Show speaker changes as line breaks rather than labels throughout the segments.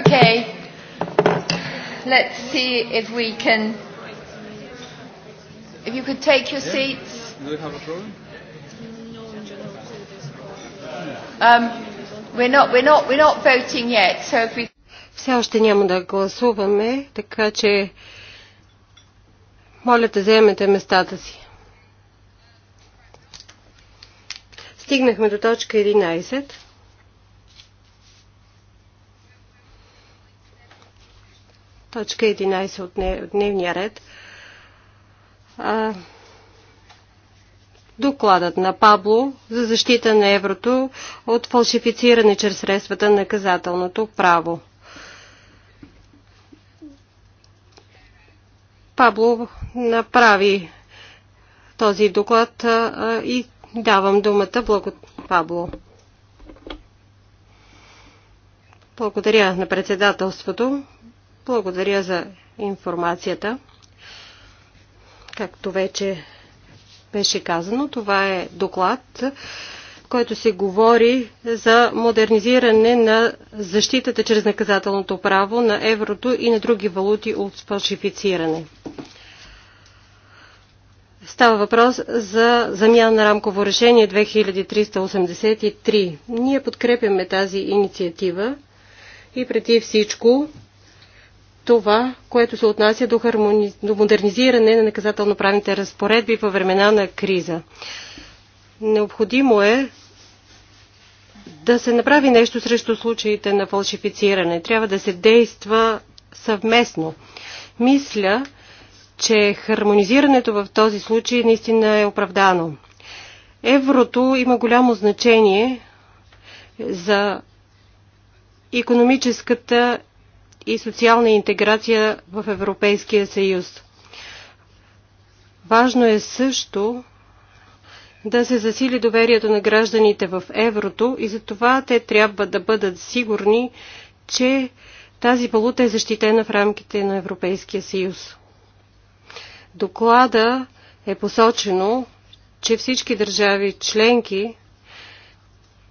Okay. Let's see if we can. If you could take your seats.
Do we have a problem? Um, we're not,
we're not, we're not voting yet. So if we.
Все още няма да гласуваме, така че моля да вземете местата си. Стигнахме до точка 11. точка 11 от дневния ред. Докладът на Пабло за защита на еврото от фалшифициране чрез средствата на наказателното право. Пабло направи този доклад и давам думата. Благодаря, Пабло. Благодаря на председателството. Благодаря за информацията. Както вече беше казано, това е доклад, в който се говори за модернизиране на защитата чрез наказателното право на еврото и на други валути от фалшифициране. Става въпрос за замяна на рамково решение 2383. Ние подкрепяме тази инициатива и преди всичко това, което се отнася до, хармони... до модернизиране на наказателно-правните разпоредби във времена на криза. Необходимо е да се направи нещо срещу случаите на фалшифициране. Трябва да се действа съвместно. Мисля, че хармонизирането в този случай наистина е оправдано. Еврото има голямо значение за економическата и социална интеграция в Европейския съюз. Важно е също да се засили доверието на гражданите в еврото и затова те трябва да бъдат сигурни, че тази валута е защитена в рамките на Европейския съюз. Доклада е посочено, че всички държави членки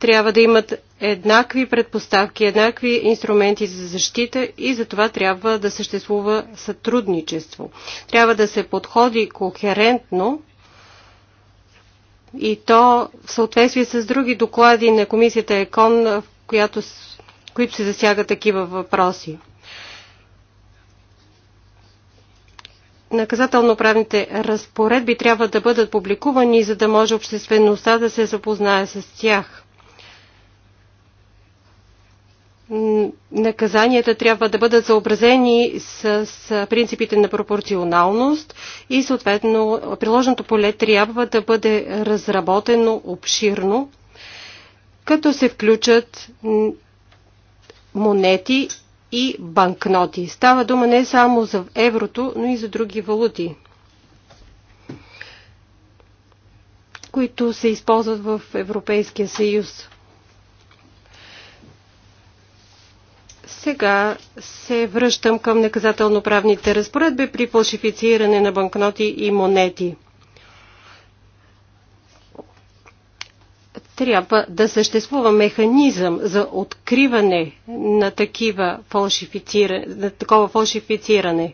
трябва да имат еднакви предпоставки, еднакви инструменти за защита и за това трябва да съществува сътрудничество. Трябва да се подходи кохерентно и то в съответствие с други доклади на комисията ЕКОН, в която, които се засягат такива въпроси. наказателно-правните разпоредби трябва да бъдат публикувани, за да може обществеността да се запознае с тях. наказанията трябва да бъдат съобразени с принципите на пропорционалност и съответно приложното поле трябва да бъде разработено обширно, като се включат монети и банкноти. Става дума не само за еврото, но и за други валути, които се използват в Европейския съюз. Сега се връщам към наказателно-правните разпоредби при фалшифициране на банкноти и монети. Трябва да съществува механизъм за откриване на, такива фалшифициране, на такова фалшифициране.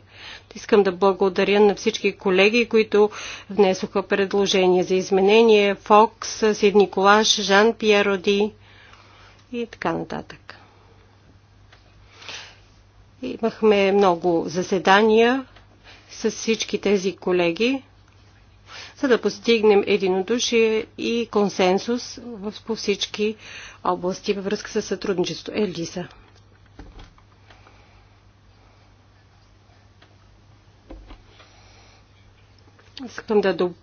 Искам да благодаря на всички колеги, които внесоха предложения за изменение. Фокс, Сид Николаш, Жан Пьероди и така нататък. Имахме много заседания с всички тези колеги, за да постигнем единодушие и консенсус по всички области във връзка с сътрудничество. Елиза. Искам да доб...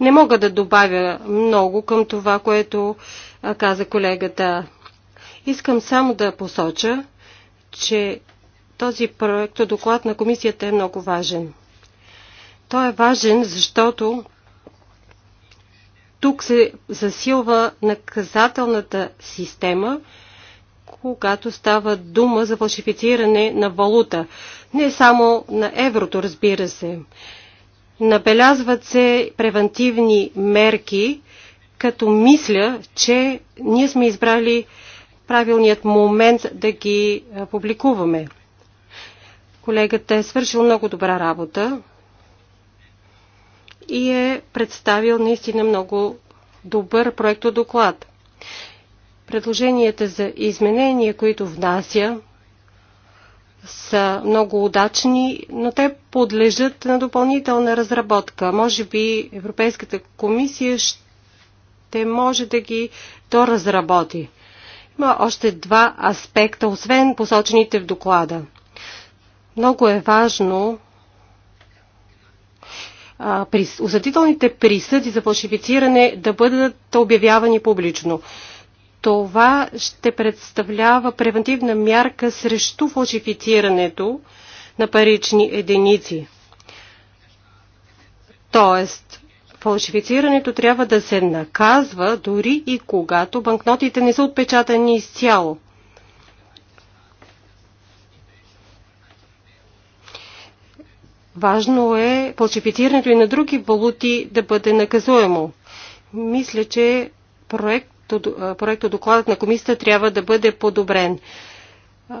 Не мога да добавя много към това, което каза колегата. Искам само да посоча, че този проект доклад на комисията е много важен. Той е важен, защото тук се засилва наказателната система, когато става дума за фалшифициране на валута. Не само на еврото, разбира се. Набелязват се превентивни мерки, като мисля, че ние сме избрали правилният момент да ги публикуваме. Колегата е свършил много добра работа и е представил наистина много добър проектодоклад. Предложенията за изменения, които внася, са много удачни, но те подлежат на допълнителна разработка. Може би Европейската комисия ще може да ги доразработи. Има още два аспекта, освен посочените в доклада – много е важно осъдителните присъди за фалшифициране да бъдат обявявани публично. Това ще представлява превентивна мярка срещу фалшифицирането на парични единици. Тоест, фалшифицирането трябва да се наказва дори и когато банкнотите не са отпечатани изцяло. Важно е фалшифицирането и на други валути да бъде наказуемо. Мисля, че проекто докладът на комисията трябва да бъде подобрен.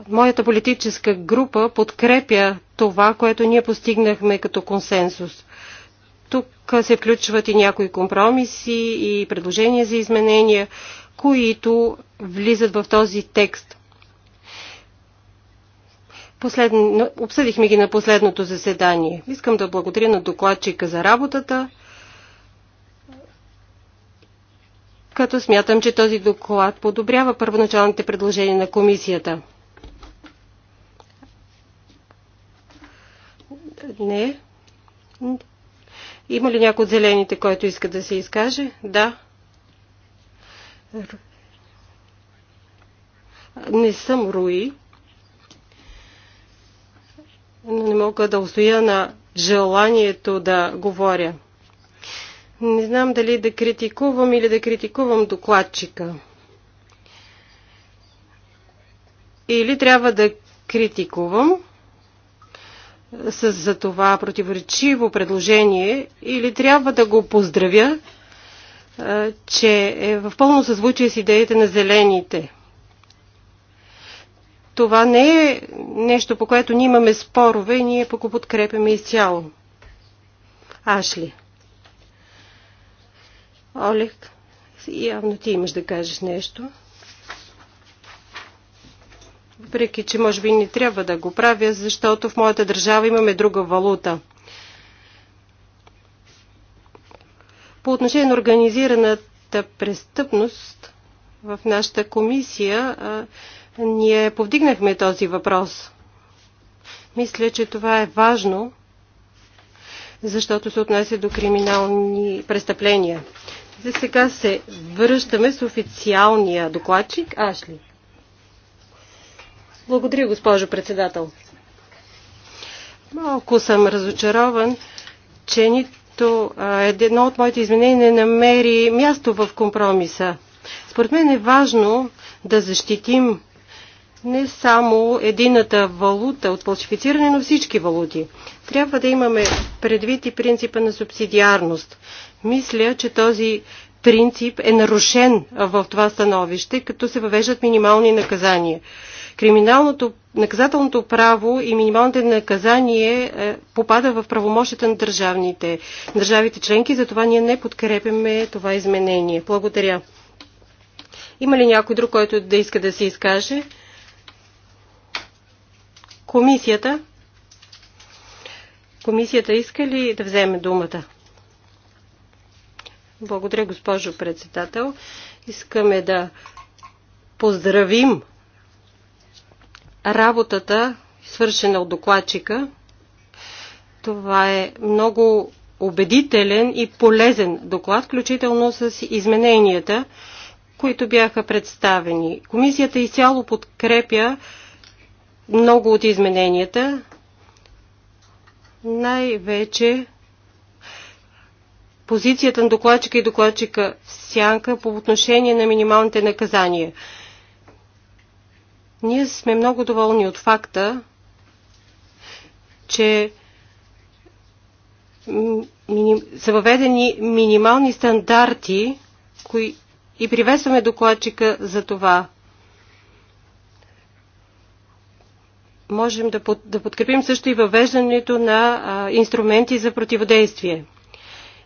Моята политическа група подкрепя това, което ние постигнахме като консенсус. Тук се включват и някои компромиси и предложения за изменения, които влизат в този текст. Последно, обсъдихме ги на последното заседание. Искам да благодаря на докладчика за работата, като смятам, че този доклад подобрява първоначалните предложения на комисията. Не. Има ли някой от зелените, който иска да се изкаже? Да. Не съм Руи но не мога да устоя на желанието да говоря. Не знам дали да критикувам или да критикувам докладчика. Или трябва да критикувам с, за това противоречиво предложение, или трябва да го поздравя, че е в пълно съзвучие с идеите на зелените. Това не е нещо, по което ние имаме спорове и ние пък го подкрепяме изцяло. Ашли. Олег, явно ти имаш да кажеш нещо. Въпреки, че може би не трябва да го правя, защото в моята държава имаме друга валута. По отношение на организираната престъпност в нашата комисия, ние повдигнахме този въпрос. Мисля, че това е важно, защото се отнася до криминални престъпления. За сега се връщаме с официалния докладчик Ашли. Благодаря, госпожо председател. Малко съм разочарован, че нито едно от моите изменения не намери място в компромиса. Според мен е важно да защитим не само едината валута от фалшифициране, но всички валути. Трябва да имаме предвид и принципа на субсидиарност. Мисля, че този принцип е нарушен в това становище, като се въвеждат минимални наказания. Криминалното, наказателното право и минималните наказание попада в правомощите на държавните, държавите членки, затова ние не подкрепяме това изменение. Благодаря. Има ли някой друг, който да иска да се изкаже? Комисията. Комисията иска ли да вземе думата? Благодаря, госпожо председател. Искаме да поздравим работата, свършена от докладчика. Това е много убедителен и полезен доклад, включително с измененията, които бяха представени. Комисията изцяло подкрепя много от измененията. Най-вече позицията на докладчика и докладчика в сянка по отношение на минималните наказания. Ние сме много доволни от факта, че са въведени минимални стандарти кои... и приветстваме докладчика за това – можем да, под, да подкрепим също и въвеждането на а, инструменти за противодействие.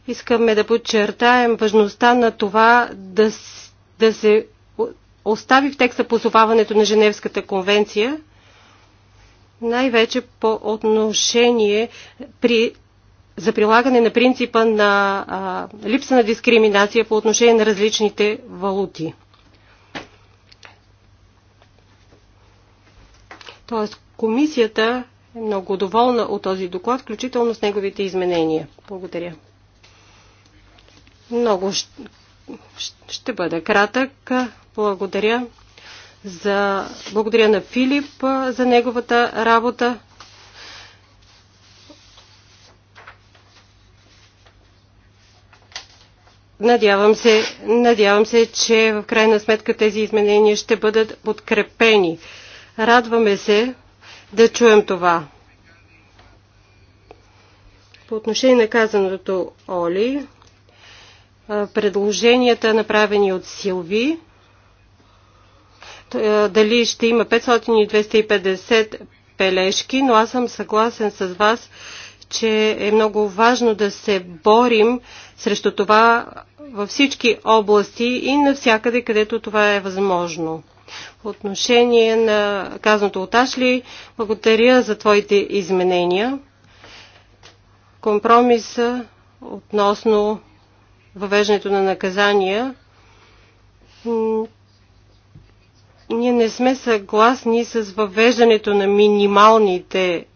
Искаме да подчертаем важността на това да, да се остави в текста позоваването на Женевската конвенция, най-вече по отношение при, за прилагане на принципа на а, липса на дискриминация по отношение на различните валути. Тоест, Комисията е много доволна от този доклад, включително с неговите изменения. Благодаря. Много ще бъда кратък. Благодаря. За... Благодаря на Филип за неговата работа. Надявам се, надявам се, че в крайна сметка тези изменения ще бъдат подкрепени. Радваме се, да чуем това. По отношение на казаното Оли, предложенията направени от Силви, дали ще има 500 и 250 пелешки, но аз съм съгласен с вас, че е много важно да се борим срещу това във всички области и навсякъде, където това е възможно отношение на казаното от Ашли, благодаря за твоите изменения. Компромиса относно въвеждането на наказания. Ние не сме съгласни с въвеждането на минималните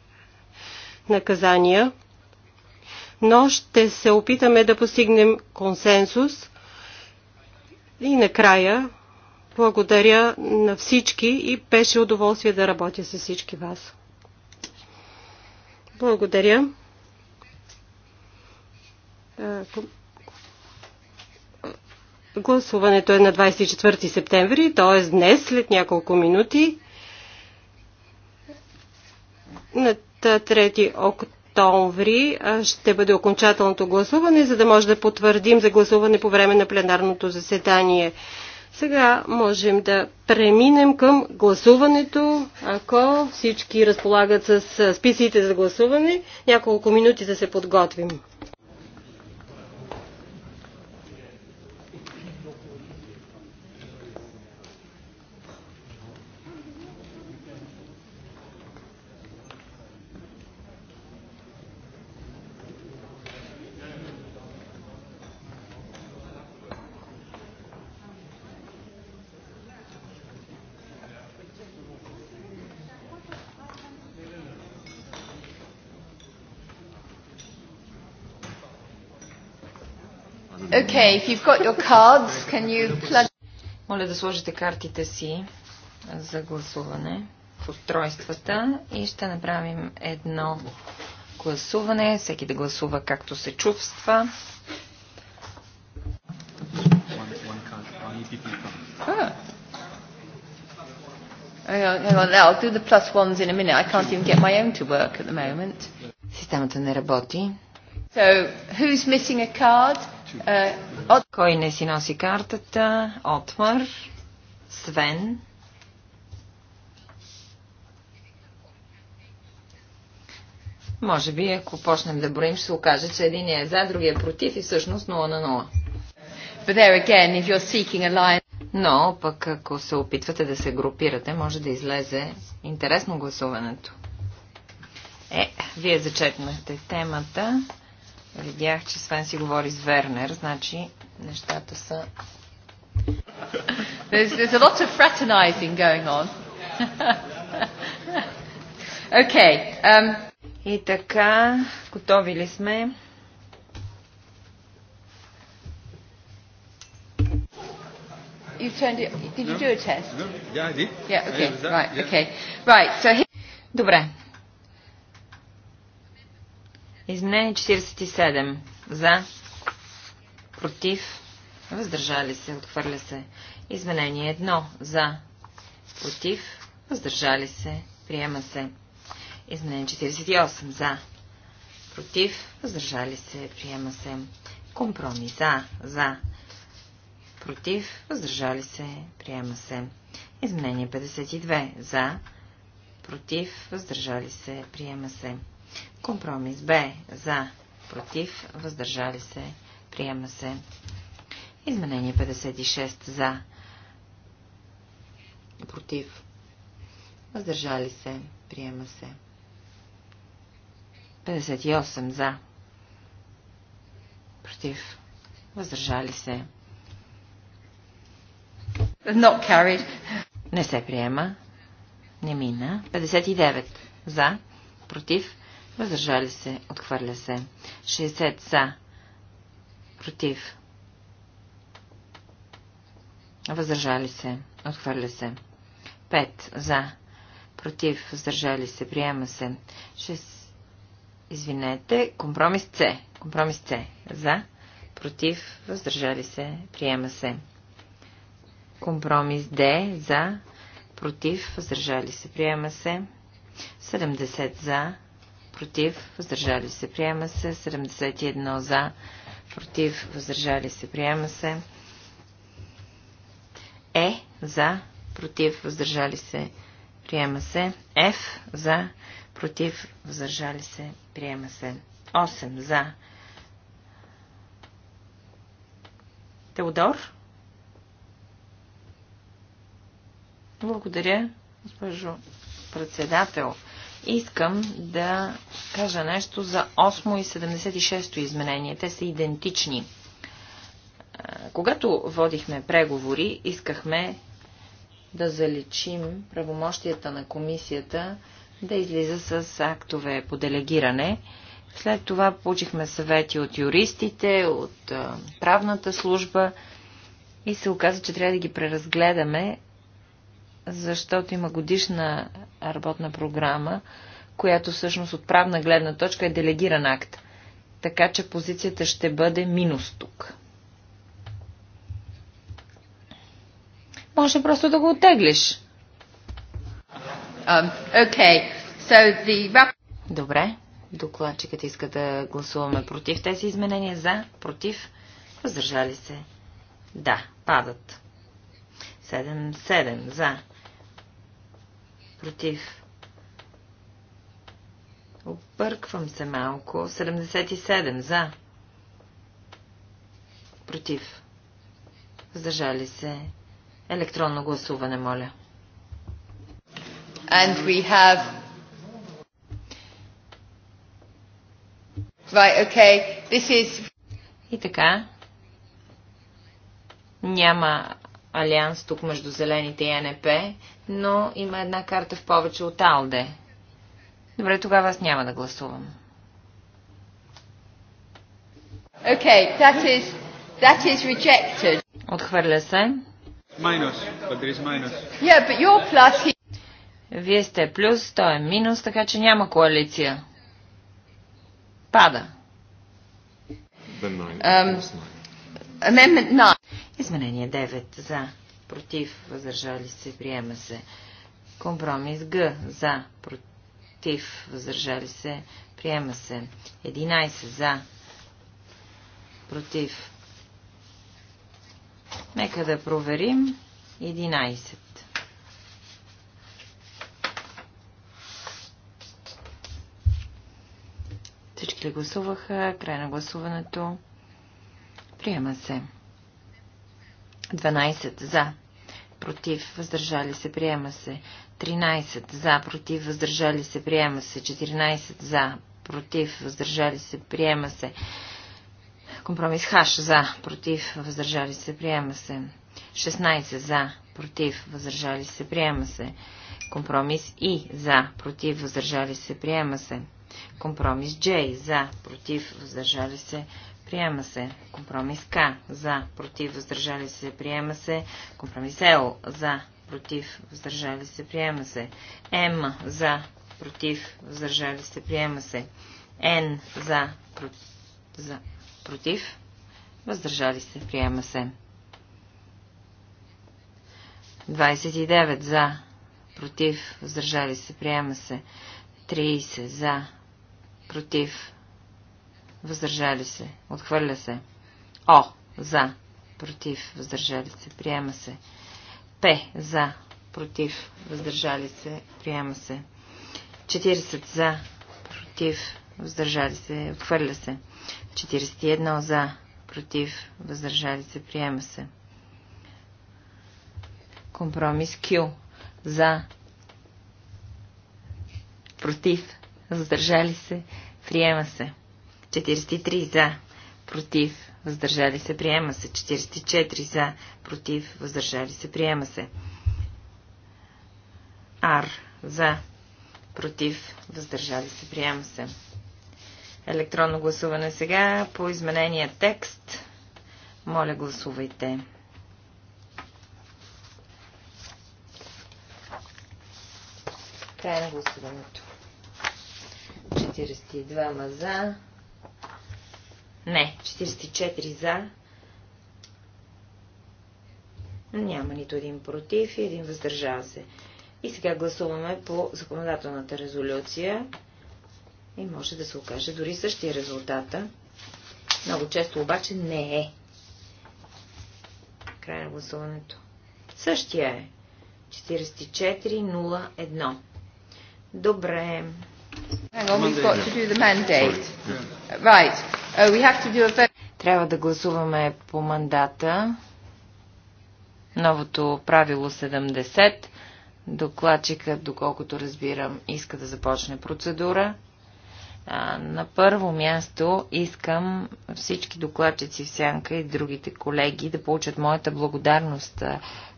наказания, но ще се опитаме да постигнем консенсус. И накрая благодаря на всички и беше удоволствие да работя с всички вас. Благодаря. Гласуването е на 24 септември, т.е. днес, след няколко минути. На 3 октомври ще бъде окончателното гласуване, за да може да потвърдим за гласуване по време на пленарното заседание. Сега можем да преминем към гласуването. Ако всички разполагат с списите за гласуване, няколко минути да се подготвим.
Okay, if you've
got your cards, can you plug...
Моля да сложите картите си за гласуване в устройствата и ще направим едно гласуване. Всеки да гласува както се чувства. Системата не работи. So, who's missing a card? Е, от кой не си носи картата? Отмар. Свен. Може би, ако почнем да броим, ще се окаже, че един е за, другия е против и всъщност 0 на 0. Again, line... Но пък ако се опитвате да се групирате, може да излезе интересно гласуването. Е, вие зачекнахте темата. Видях, че Свен си говори с Вернер, значи нещата са... There's, there's a lot of fraternizing going on. okay, um... И така, готови ли сме?
you turned it. Did you do a test? No, yeah, I did. Yeah. Okay. Yeah, right. Okay. Right. So.
Here... Добре. Изменение 47. За. Против. Въздържали се. Отхвърля се. Изменение 1. За. Против. Въздържали се. Приема се. Изменение 48. За. Против. Въздържали се. Приема се. Компромис. За. За. Против. Въздържали се. Приема се. Изменение 52. За. Против. Въздържали се. Приема се. Компромис Б. За. Против. Въздържали се. Приема се. Изменение 56. За. Против. Въздържали се. Приема се. 58. За. Против. Въздържали се. Not carried. Не се приема. Не мина. 59. За. Против. Въздържали се. Отхвърля се. 60 за. Против. Въздържали се. Отхвърля се. 5 за. Против. Въздържали се. Приема се. 6. Извинете. Компромис С. Компромис С. За. Против. Въздържали се. Приема се. Компромис Д. За. Против. Въздържали се. Приема се. 70 за против, въздържали се, приема се. 71 за, против, въздържали се, приема се. Е за, против, въздържали се, приема се. Ф за, против, въздържали се, приема се. 8 за. Теодор? Благодаря, госпожо председател. Искам да кажа нещо за 8 и 76 изменение. Те са идентични. Когато водихме преговори, искахме да заличим правомощията на комисията да излиза с актове по делегиране. След това получихме съвети от юристите, от правната служба и се оказа, че трябва да ги преразгледаме, защото има годишна работна програма, която всъщност от правна гледна точка е делегиран акт. Така че позицията ще бъде минус тук. Може просто да го отеглиш. Um, okay.
so the...
Добре. Докладчикът иска да гласуваме против тези изменения. За, против, въздържали се. Да, падат. 7-7 за, Против. Обърквам се малко. 77 за. Против. Въздържали се. Електронно гласуване, моля.
And we have...
Right, okay. This is... И така.
Няма алианс тук между Зелените и НП, но има една карта в повече от АЛДЕ. Добре, тогава аз няма да гласувам.
Okay, that is, that is
rejected.
Отхвърля се.
Minus, but there is minus.
Yeah, but your plus he... Вие сте плюс, той е минус, така че няма коалиция. Пада.
Um,
amendment 9. Изменение 9. За. Против. Въздържали се. Приема се. Компромис Г. За. Против. Въздържали се. Приема се. 11. За. Против. Нека да проверим. 11. Всички ли гласуваха? Край на гласуването. Приема се. 12 за, против, въздържали се, приема се. 13 за, против, въздържали се, приема се. 14 за, против, въздържали се, приема се. Компромис Хаш за, против, въздържали се, приема се. 16 за, против, въздържали се, приема се. Компромис И за, против, въздържали се, приема се. Компромис J за, против, въздържали се, приема се. Приема се. Компромис К. За. Против. Въздържали се. Приема се. Компромис Л. За. Против. Въздържали се. Приема се. М. За. Против. Въздържали се. Приема се. Н. За. Про... за. Против. Въздържали се. Приема се. 29. За. Против. Въздържали се. Приема се. 30. За. Против въздържали се, отхвърля се. О, за, против, въздържали се, приема се. П, за, против, въздържали се, приема се. 40 за, против, въздържали се, отхвърля се. 41 за, против, въздържали се, приема се. Компромис Q. За, против, въздържали се, приема се. 43 за, против, въздържали се, приема се. 44 за, против, въздържали се, приема се. Ар за, против, въздържали се, приема се. Електронно гласуване сега по изменения текст. Моля, гласувайте. Край на гласуването. 42 за, не, 44 за. Няма нито един против и един въздържал се. И сега гласуваме по законодателната резолюция. И може да се окаже дори същия резултата. Много често обаче не е. Край на гласуването. Същия е. 4401. Добре. Hang on, we've got to do the mandate. Right. Uh, Трябва да гласуваме по мандата. Новото правило 70. Докладчика, доколкото разбирам, иска да започне процедура. На първо място искам всички докладчици в Сянка и другите колеги да получат моята благодарност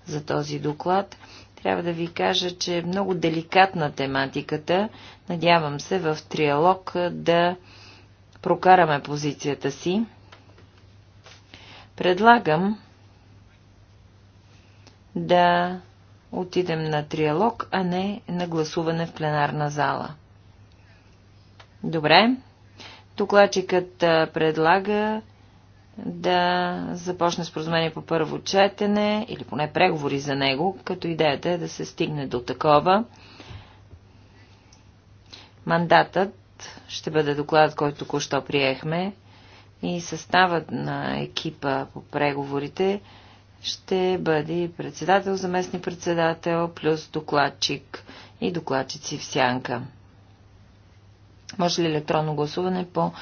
за този доклад. Трябва да ви кажа, че е много деликатна тематиката. Надявам се в триалог да прокараме позицията си, предлагам да отидем на триалог, а не на гласуване в пленарна зала. Добре. Докладчикът предлага да започне споразумение по първо четене или поне преговори за него, като идеята е да се стигне до такова. Мандатът ще бъде докладът, който току-що приехме и съставът на екипа по преговорите ще бъде председател, заместни председател, плюс докладчик и докладчици в сянка. Може ли електронно гласуване по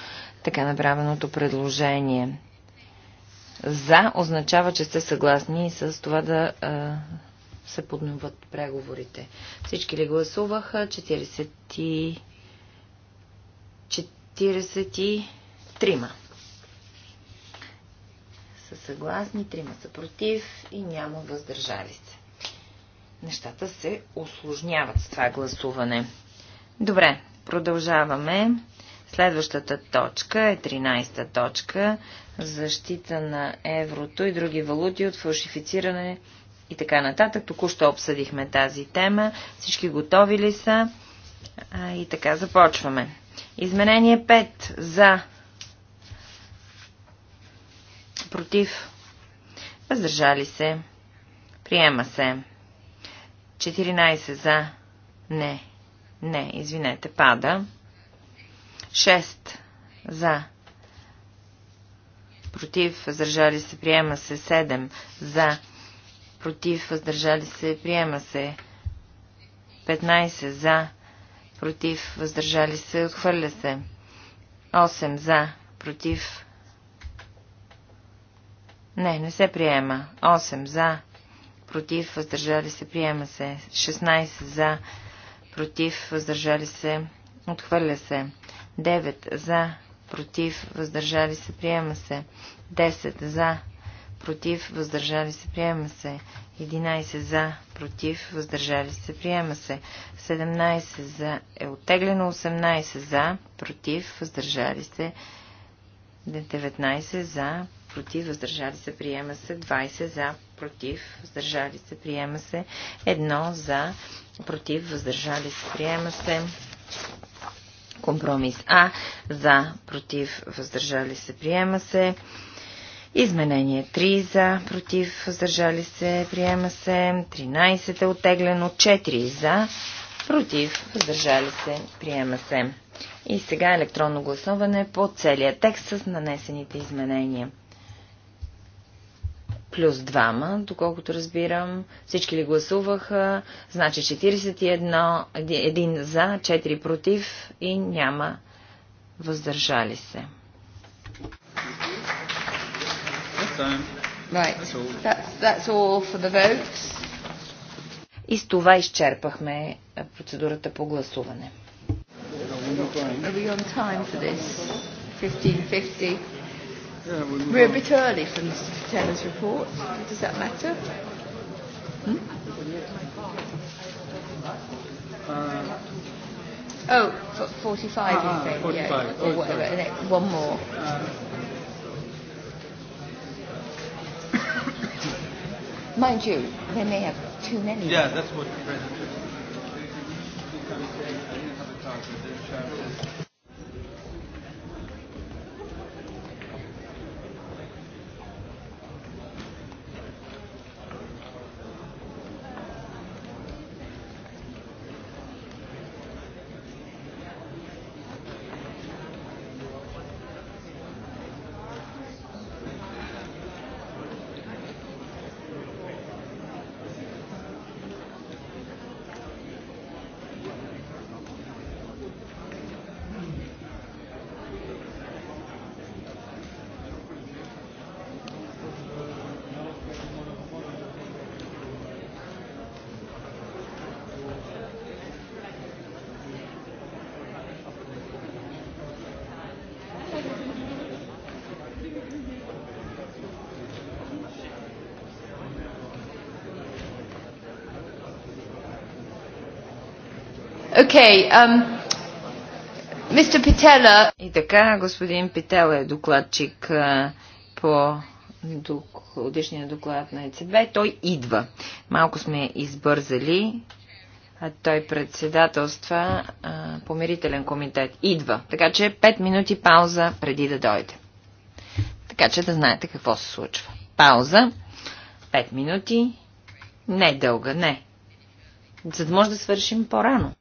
така направеното предложение? За означава, че сте съгласни с това да се подновят преговорите. Всички ли гласуваха? 40 43 са съгласни, 3 са против и няма въздържали се. Нещата се осложняват с това гласуване. Добре, продължаваме. Следващата точка е 13-та точка защита на еврото и други валути от фалшифициране и така нататък. Току-що обсъдихме тази тема. Всички готови ли са? А, и така започваме. Изменение 5 за. Против. Въздържали се. Приема се. 14 за. Не. Не, извинете, пада. 6 за. Против. Въздържали се. Приема се. 7 за. Против. Въздържали се. Приема се. 15 за против, въздържали се, отхвърля се. 8 за, против. Не, не се приема. 8 за, против, въздържали се, приема се. 16 за, против, въздържали се, отхвърля се. 9 за, против, въздържали се, приема се. 10 за, против, въздържали се, приема се. 11 за, против, въздържали се, приема се. 17 за е оттеглено, 18 за, против, въздържали се. 19 за, против, въздържали се, приема се. 20 за, против, въздържали се, приема се. 1 за, против, въздържали се, приема се. Компромис А, за, против, въздържали се, приема се. Изменение 3 за, против, въздържали се, приема се. 13 е оттеглено, 4 за, против, въздържали се, приема се. И сега електронно гласуване по целия текст с нанесените изменения. Плюс 2, доколкото разбирам. Всички ли гласуваха? Значи 41, 1 за, 4 против и няма въздържали се. time. Right. That's all. That's, that's all for the votes. И с това изчерпахме процедурата по гласуване. Are
we on time for this? 15.50? Yeah, We're a bit early
for Mr. Patella's report.
Does that matter? Hmm?
oh, 45 ah, you think? 45. Yeah, or whatever. One more. Mind you, they may have too many. Yeah, that's what. Okay, um,
Mr. Pitella. И така, господин Питела е докладчик по годишния доклад на ЕЦБ. Той идва. Малко сме избързали. А той председателства а, помирителен комитет. Идва. Така че 5 минути пауза преди да дойде. Така че да знаете какво се случва. Пауза. 5 минути. Не дълга, не. За да може да свършим по-рано.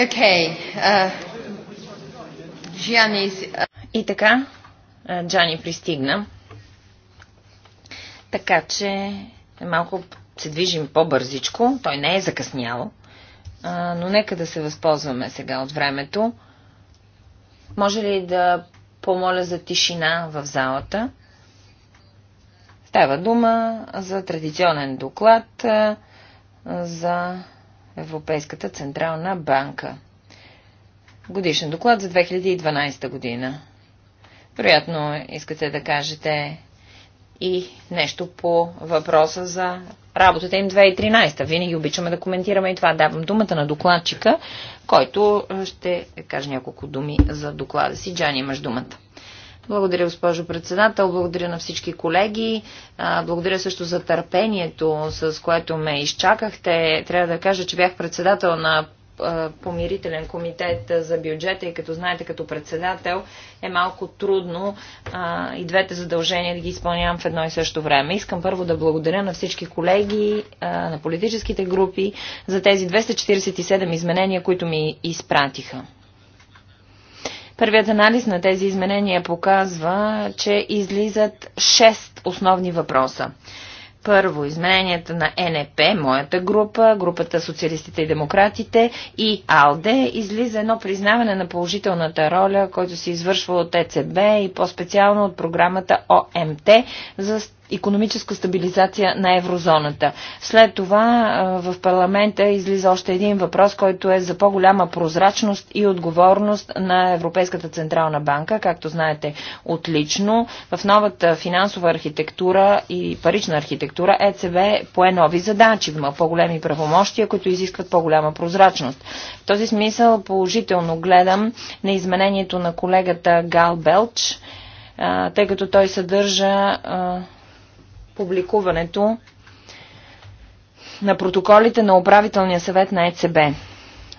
Okay. Uh,
Giannis... Uh, И така, Джани пристигна. Така че малко се движим по-бързичко. Той не е закъснял. но нека да се възползваме сега от времето. Може ли да помоля за тишина в залата? Става дума за традиционен доклад за Европейската централна банка. Годишен доклад за 2012 година. Вероятно искате да кажете и нещо по въпроса за работата им 2013. Винаги обичаме да коментираме и това. Давам думата на докладчика, който ще каже няколко думи за доклада си. Джани, имаш думата. Благодаря, госпожо председател. Благодаря на всички колеги. Благодаря също за търпението, с което ме изчакахте. Трябва да кажа, че бях председател на помирителен комитет за бюджета и като знаете, като председател е малко трудно а, и двете задължения да ги изпълнявам в едно и също време. Искам първо да благодаря на всички колеги, а, на политическите групи за тези 247 изменения, които ми изпратиха. Първият анализ на тези изменения показва, че излизат 6 основни въпроса. Първо, измененията на НП, моята група, групата Социалистите и Демократите и АЛДЕ излиза едно признаване на положителната роля, който се извършва от ЕЦБ и по-специално от програмата ОМТ за економическа стабилизация на еврозоната. След това в парламента излиза още един въпрос, който е за по-голяма прозрачност и отговорност на Европейската Централна банка. Както знаете отлично, в новата финансова архитектура и парична архитектура ЕЦБ пое нови задачи, има по-големи правомощия, които изискват по-голяма прозрачност. В този смисъл положително гледам на изменението на колегата Гал Белч, тъй като той съдържа публикуването на протоколите на управителния съвет на ЕЦБ.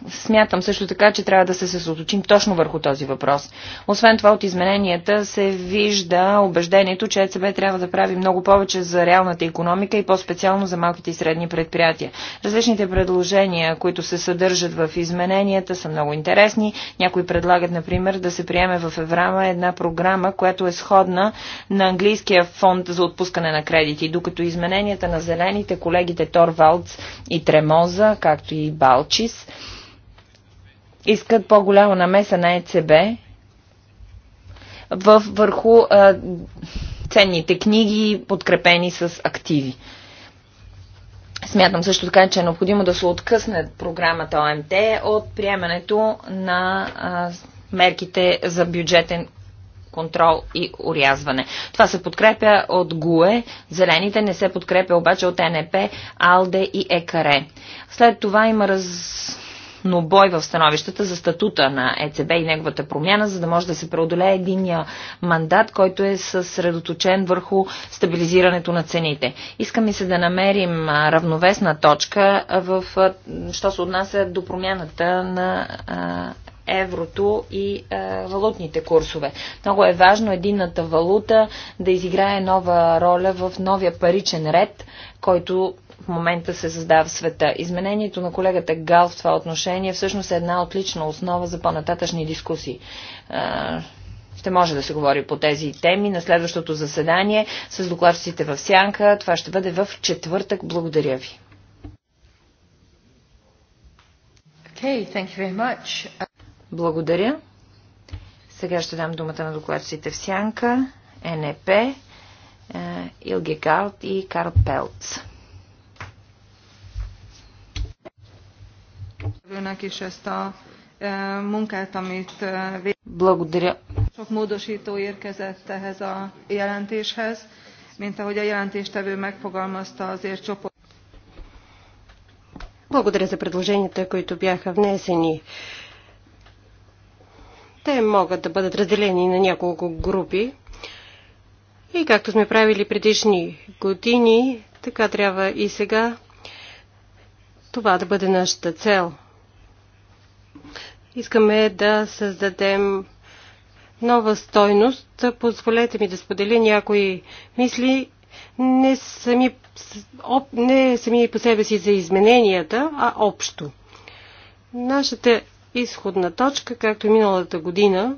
Смятам също така, че трябва да се съсредоточим точно върху този въпрос. Освен това, от измененията се вижда убеждението, че ЕЦБ трябва да прави много повече за реалната економика и по-специално за малките и средни предприятия. Различните предложения, които се съдържат в измененията, са много интересни. Някои предлагат, например, да се приеме в Еврама една програма, която е сходна на английския фонд за отпускане на кредити, докато измененията на зелените колегите Торвалдс и Тремоза, както и Балчис, искат по-голяма намеса на ЕЦБ в, върху а, ценните книги, подкрепени с активи. Смятам също така, че е необходимо да се откъсне програмата ОМТ от приемането на а, мерките за бюджетен контрол и урязване. Това се подкрепя от ГУЕ, зелените не се подкрепя обаче от НП, АЛДЕ и ЕКАРЕ. След това има раз но бой в становищата за статута на ЕЦБ и неговата промяна, за да може да се преодолее единия мандат, който е съсредоточен върху стабилизирането на цените. Искаме се да намерим равновесна точка в, що се отнася до промяната на еврото и е, валутните курсове. Много е важно единната валута да изиграе нова роля в новия паричен ред, който момента се създава света. Изменението на колегата Гал в това отношение всъщност е една отлична основа за по-нататъчни дискусии. Ще може да се говори по тези теми на следващото заседание с докладчиците в Сянка. Това ще бъде в четвъртък. Благодаря ви. Okay, thank you very much. Благодаря. Сега ще дам думата на докладчиците в Сянка, НЕП, Илги Гард и Карл Пелц. E, e, Благодаря.
Sok módosító érkezett ehhez a jelentéshez, mint ahogy a jelentéstevő megfogalmazta azért csoport. Благодаря за предложенията, които бяха внесени. Те могат да бъдат разделени на няколко групи. И както сме правили предишни години, така трябва и сега това да бъде нашата цел. Искаме да създадем нова стойност. Позволете ми да споделя някои мисли, не сами, не сами по себе си за измененията, а общо. Нашата изходна точка, както миналата година,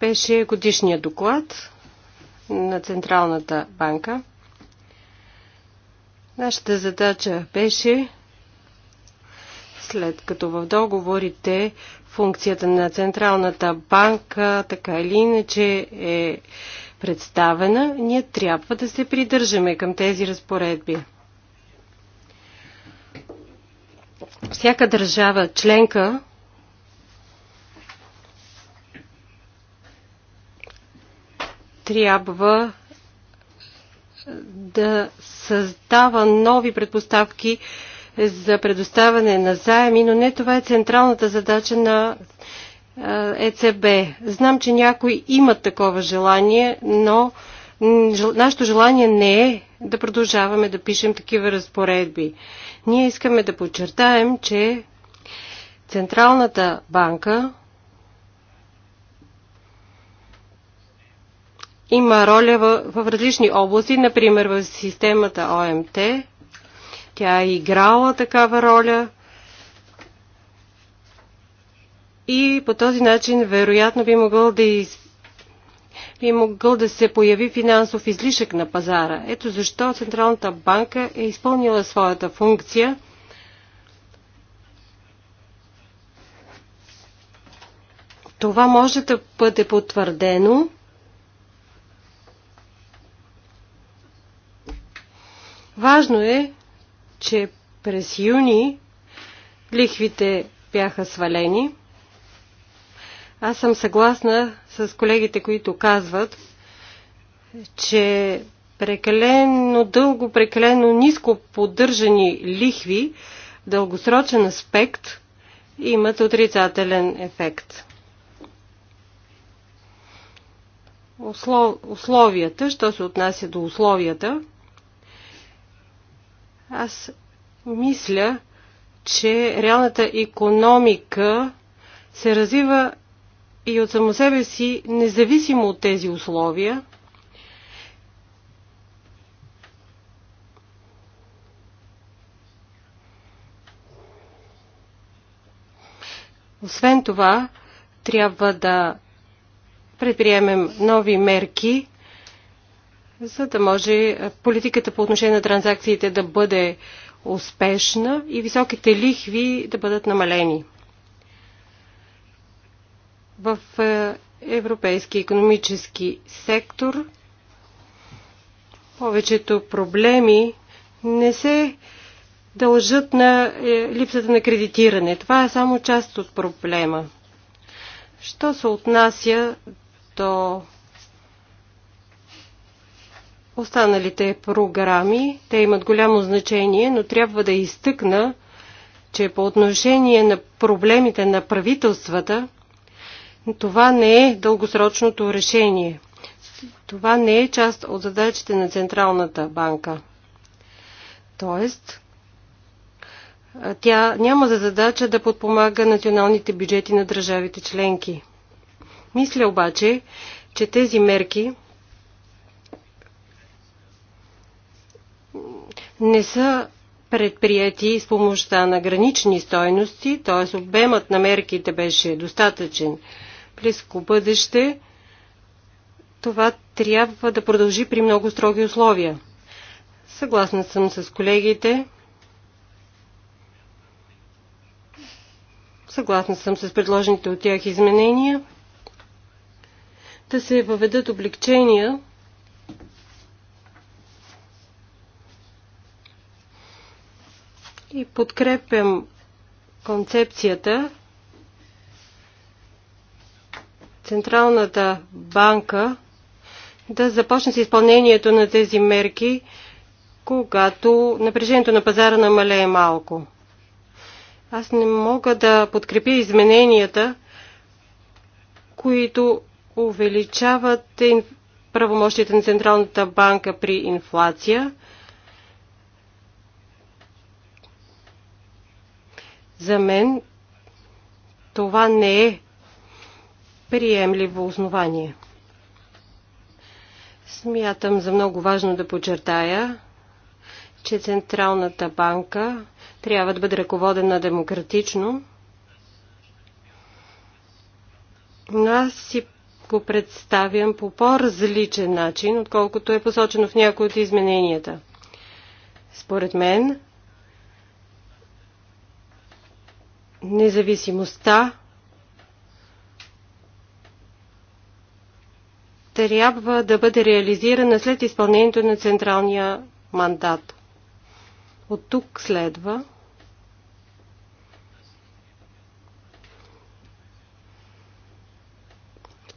беше годишния доклад на Централната банка. Нашата задача беше, след като в договорите функцията на Централната банка така или иначе е представена, ние трябва да се придържаме към тези разпоредби. Всяка държава членка трябва да създава нови предпоставки за предоставяне на заеми, но не това е централната задача на ЕЦБ. Знам, че някои имат такова желание, но нашето желание не е да продължаваме да пишем такива разпоредби. Ние искаме да подчертаем, че Централната банка има роля в, в различни области, например в системата ОМТ. Тя е играла такава роля. И по този начин вероятно би могъл да, из... би могъл да се появи финансов излишък на пазара. Ето защо Централната банка е изпълнила своята функция. Това може да бъде потвърдено Важно е, че през юни лихвите бяха свалени. Аз съм съгласна с колегите, които казват, че прекалено дълго, прекалено ниско поддържани лихви в дългосрочен аспект имат отрицателен ефект. Условията, що се отнася до условията, аз мисля, че реалната економика се развива и от само себе си, независимо от тези условия. Освен това, трябва да предприемем нови мерки за да може е, политиката по отношение на транзакциите да бъде успешна и високите лихви да бъдат намалени. В е, европейски економически сектор повечето проблеми не се дължат на е, липсата на кредитиране. Това е само част от проблема. Що се отнася до останалите програми. Те имат голямо значение, но трябва да изтъкна, че по отношение на проблемите на правителствата, това не е дългосрочното решение. Това не е част от задачите на Централната банка. Тоест, тя няма за задача да подпомага националните бюджети на държавите членки. Мисля обаче, че тези мерки не са предприяти с помощта на гранични стойности, т.е. обемът на мерките беше достатъчен. Близко бъдеще това трябва да продължи при много строги условия. Съгласна съм с колегите. Съгласна съм с предложените от тях изменения. Да се въведат облегчения и подкрепям концепцията Централната банка да започне с изпълнението на тези мерки, когато напрежението на пазара намалее малко. Аз не мога да подкрепя измененията, които увеличават правомощите на Централната банка при инфлация За мен това не е приемливо основание. Смятам за много важно да подчертая, че Централната банка трябва да бъде ръководена демократично. Но аз си го представям по по-различен начин, отколкото е посочено в някои от измененията. Според мен, независимостта трябва да бъде реализирана след изпълнението на централния мандат. От тук следва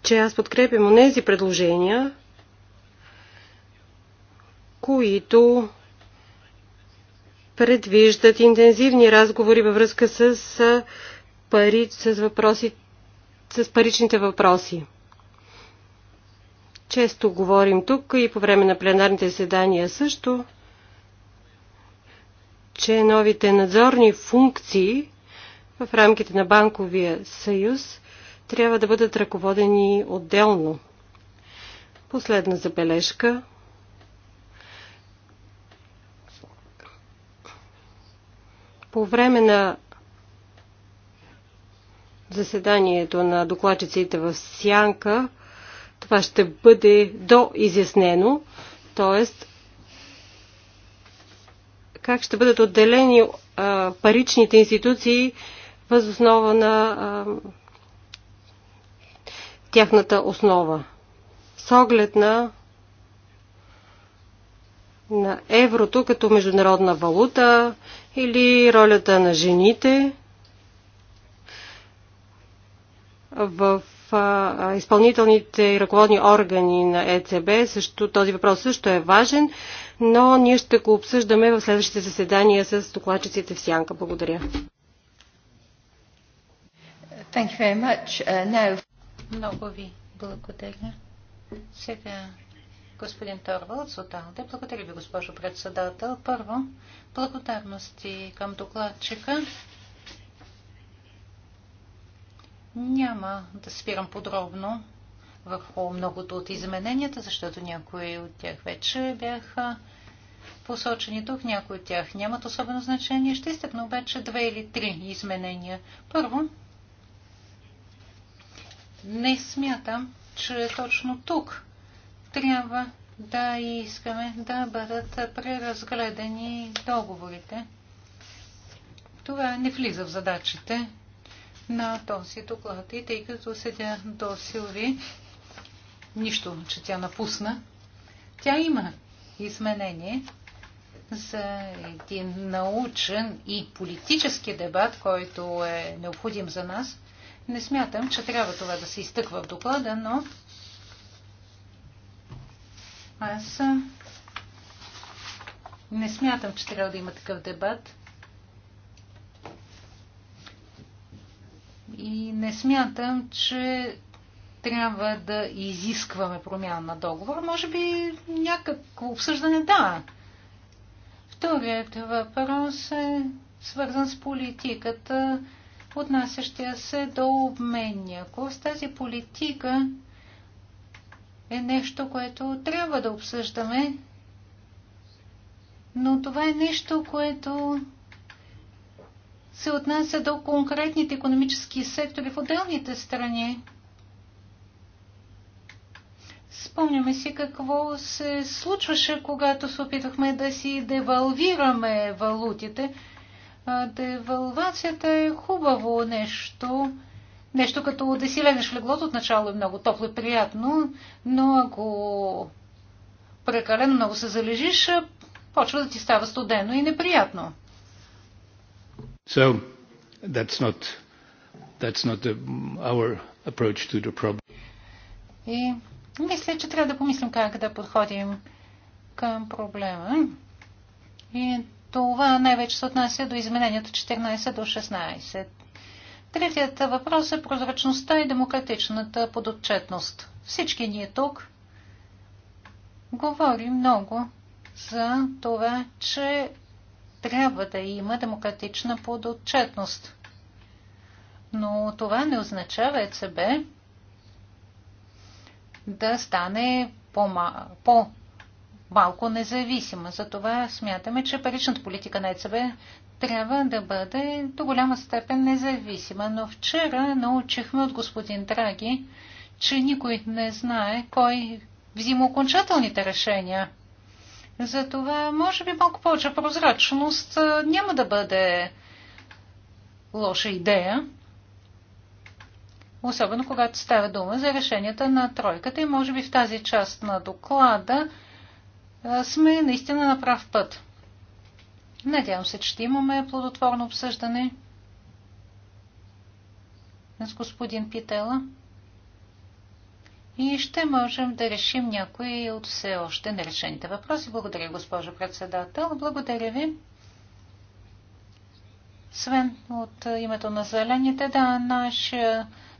че аз подкрепям онези предложения, които предвиждат интензивни разговори във връзка с, пари, с, въпроси, с паричните въпроси. Често говорим тук и по време на пленарните седания също, че новите надзорни функции в рамките на Банковия съюз трябва да бъдат ръководени отделно. Последна забележка. По време на заседанието на докладчиците в Сянка, това ще бъде доизяснено, т.е. как ще бъдат отделени а, паричните институции въз основа на а, тяхната основа. С оглед на на еврото като международна валута или ролята на жените в изпълнителните и ръководни органи на ЕЦБ. Също, този въпрос също е важен, но ние ще го обсъждаме в следващите заседания с докладчиците в Сянка.
Благодаря. Thank you very much. Uh, no.
Много ви благодаря. Сега Господин от Соталде, благодаря ви, госпожо председател. Първо, благодарности към докладчика. Няма да спирам подробно върху многото от измененията, защото някои от тях вече бяха посочени тук, някои от тях нямат особено значение. Ще изтъкна обаче две или три изменения. Първо, не смятам, че точно тук трябва да искаме да бъдат преразгледани договорите. Това не влиза в задачите на този доклад. И тъй като седя до Силви, нищо, че тя напусна, тя има изменение за един научен и политически дебат, който е необходим за нас. Не смятам, че трябва това да се изтъква в доклада, но аз не смятам, че трябва да има такъв дебат. И не смятам, че трябва да изискваме промяна на договор. Може би някакво обсъждане да. Вторият въпрос е свързан с политиката, отнасящия се до обменния курс. Тази политика е нещо, което трябва да обсъждаме, но това е нещо, което се отнася до конкретните економически сектори в отделните страни. Спомняме си какво се случваше, когато се опитвахме да си девалвираме валутите. Девалвацията е хубаво нещо, нещо като да си ленеш в леглото отначало е много топло и приятно, но ако прекалено много се залежиш, е, почва да ти става студено и неприятно.
So, that's not, that's not the, our approach to the problem.
И мисля, че трябва да помислим как да подходим към проблема. И това най-вече се отнася до изменението 14 до 16. Третият въпрос е прозрачността и демократичната подотчетност. Всички ние тук говорим много за това, че трябва да има демократична подотчетност. Но това не означава ЕЦБ да стане по-малко по независима. Затова смятаме, че паричната политика на ЕЦБ трябва да бъде до голяма степен независима. Но вчера научихме от господин Драги, че никой не знае кой взима окончателните решения. Затова, може би, малко повече прозрачност няма да бъде лоша идея. Особено когато става дума за решенията на тройката и може би в тази част на доклада сме наистина на прав път. Надявам се, че ще имаме плодотворно обсъждане с господин Питела и ще можем да решим някои от все още нерешените въпроси. Благодаря, госпожо председател. Благодаря ви. Свен, от името на Зелените, да, наш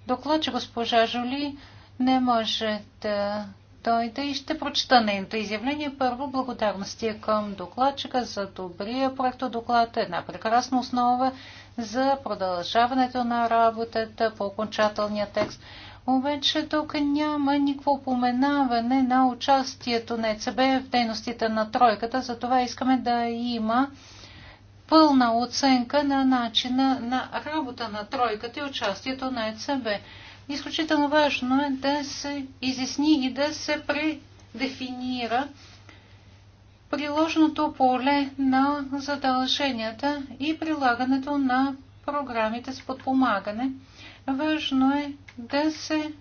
доклад, че госпожа Жули, не може да дойде и ще прочета нейното изявление. Първо, благодарности към докладчика за добрия проект доклад. Една прекрасна основа за продължаването на работата по окончателния текст. Обаче тук няма никакво поменаване на участието на ЕЦБ в дейностите на тройката, затова искаме да има пълна оценка на начина на работа на тройката и участието на ЕЦБ. Изключително важно е да се изясни и да се предефинира приложното поле на задълженията и прилагането на програмите с подпомагане. Важно е да се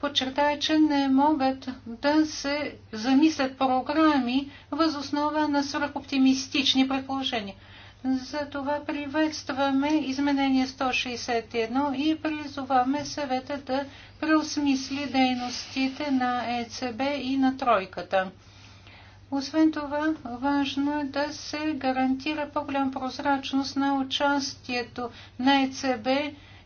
подчертая, че не могат да се замислят програми възоснова на свръхоптимистични предположения. Затова приветстваме изменение 161 и призоваме съвета да преосмисли дейностите на ЕЦБ и на тройката. Освен това, важно е да се гарантира по-голям прозрачност на участието на ЕЦБ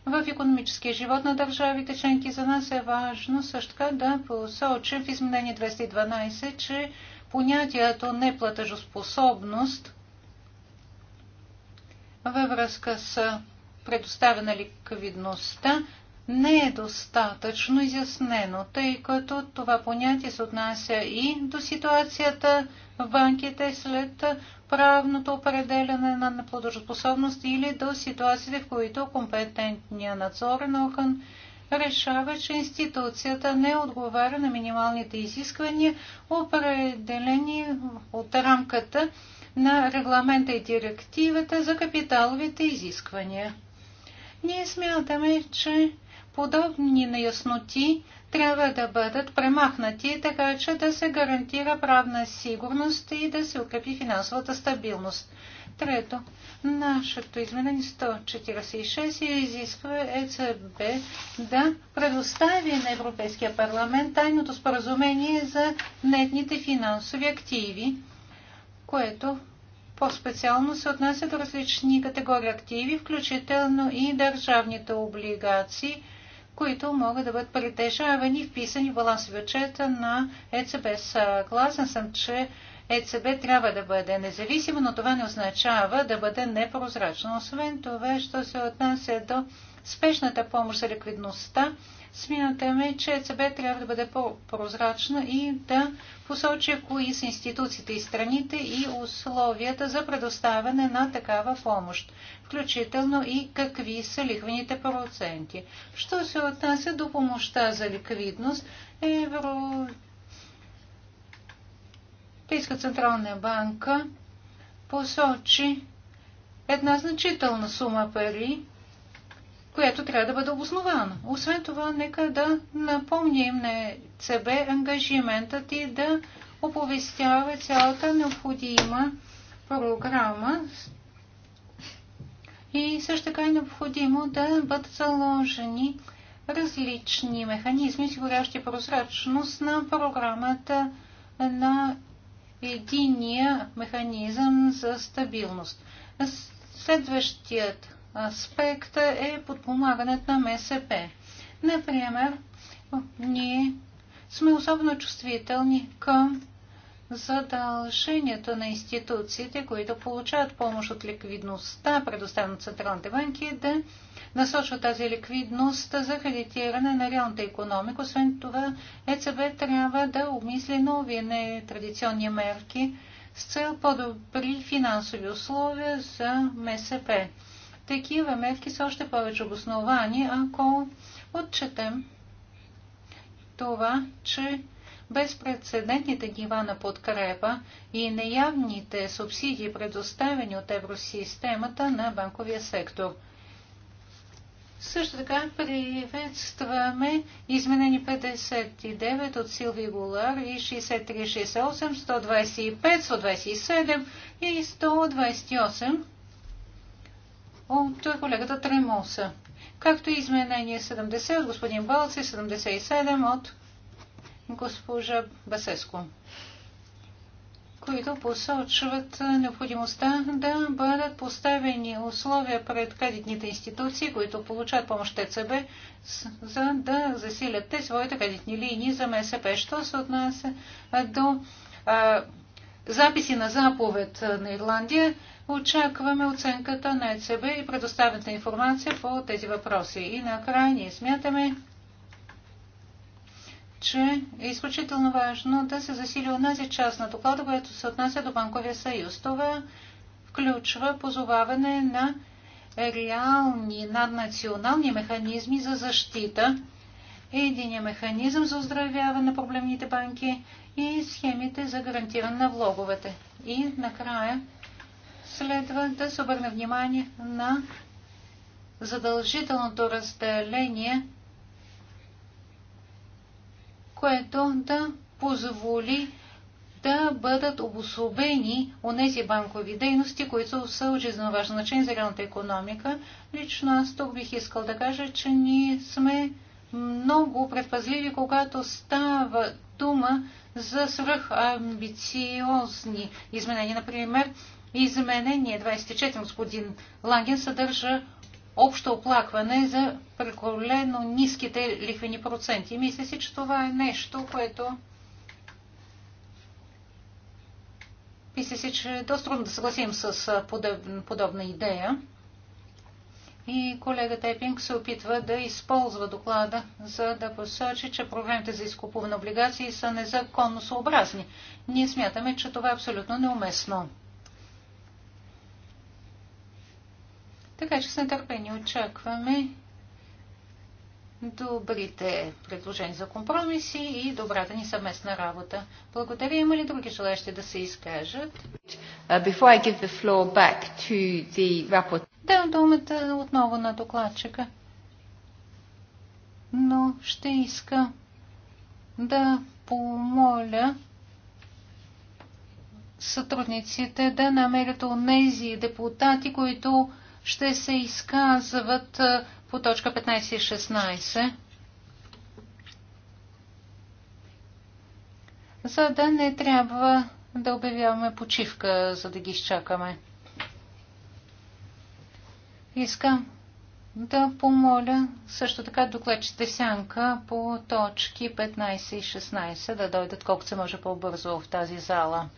в економическия живот на държавите членки. За нас е важно също така да посочим в изменение 212, че понятието неплатежоспособност – във връзка с предоставена ликвидността не е достатъчно изяснено, тъй като това понятие се отнася и до ситуацията в банките след правното определяне на неплодоспособност или до ситуациите, в които компетентният надзорен орган решава, че институцията не отговаря на минималните изисквания, определени от рамката на регламента и директивата за капиталовите изисквания. Ние смятаме, че подобни неясноти трябва да бъдат премахнати, така че да се гарантира правна сигурност и да се укрепи финансовата стабилност. Трето, нашето изменение 146 изисква ЕЦБ да предостави на Европейския парламент тайното споразумение за нетните финансови активи което по-специално се отнася до различни категории активи, включително и държавните облигации, които могат да бъдат притежавани и вписани в балансовия бюджета на ЕЦБ. Съгласен съм, че ЕЦБ трябва да бъде независимо, но това не означава да бъде непрозрачно. Освен това, що се отнася до спешната помощ за ликвидността, смятаме, че ЕЦБ трябва да бъде по-прозрачна и да посочи кои са институциите и страните и условията за предоставяне на такава помощ, включително и какви са лихвените проценти. Що се отнася до помощта за ликвидност, Евро... Пейска централна банка посочи една значителна сума пари, която трябва да бъде обоснована. Освен това, нека да напомним на себе ангажиментът и да оповестява цялата необходима програма и също така е необходимо да бъдат заложени различни механизми, осигуряващи прозрачност на програмата на единия механизъм за стабилност. Следващият аспект е подпомагането на МСП. Например, ние сме особено чувствителни към задължението на институциите, които получават помощ от ликвидността, предоставена от централните банки, да насочва тази ликвидност за кредитиране на реалната економика. Освен това, ЕЦБ трябва да обмисли нови нетрадиционни мерки с цел по-добри финансови условия за МСП такива мерки са още повече обосновани, ако отчетем това, че безпредседентните нива на подкрепа и неявните субсидии, предоставени от евросистемата на банковия сектор. Също така приветстваме изменени 59 от Силви Гулар и 63, 68, 125, 127 и 128 от колегата Тремоса, както и изменение 70 от господин Балц и 77 от госпожа Басеско, които посочват необходимостта да бъдат поставени условия пред кредитните институции, които получат помощ ТЦБ, за да засилят те своите кредитни линии за МСП. Що се отнася до а, записи на заповед на Ирландия, Очакваме оценката на ЕЦБ и предоставената информация по тези въпроси. И накрая ние смятаме, че е изключително важно да се засили онази част на доклада, която се отнася до Банковия съюз. Това включва позоваване на реални наднационални механизми за защита, единия механизъм за оздравяване на проблемните банки и схемите за гарантиране на влоговете. И накрая следва да се обърне внимание на задължителното разделение, което да позволи да бъдат обособени от тези банкови дейности, които са от жизненно важно значение за реалната економика. Лично аз тук бих искал да кажа, че ние сме много предпазливи, когато става дума за свръхамбициозни изменения. Например, Изменение 24, господин Ланген, съдържа общо оплакване за прекалено ниските лихвени проценти. Мисля си, че това е нещо, което мисля си, че е доста трудно да съгласим с подобна, подобна идея. И колегата Епинг се опитва да използва доклада, за да посочи, че проблемите за изкупуване облигации са незаконно съобразни. Ние смятаме, че това е абсолютно неуместно. Така че с нетърпение очакваме добрите предложения за компромиси и добрата ни съвместна работа. Благодаря. Има ли други желаящи да се изкажат?
Uh,
Давам думата отново на докладчика. Но ще иска да помоля сътрудниците да намерят онези депутати, които ще се изказват по точка 15 и 16, за да не трябва да обявяваме почивка, за да ги изчакаме. Искам да помоля също така докладчите сянка по точки 15 и 16 да дойдат колкото се може по-бързо в тази зала.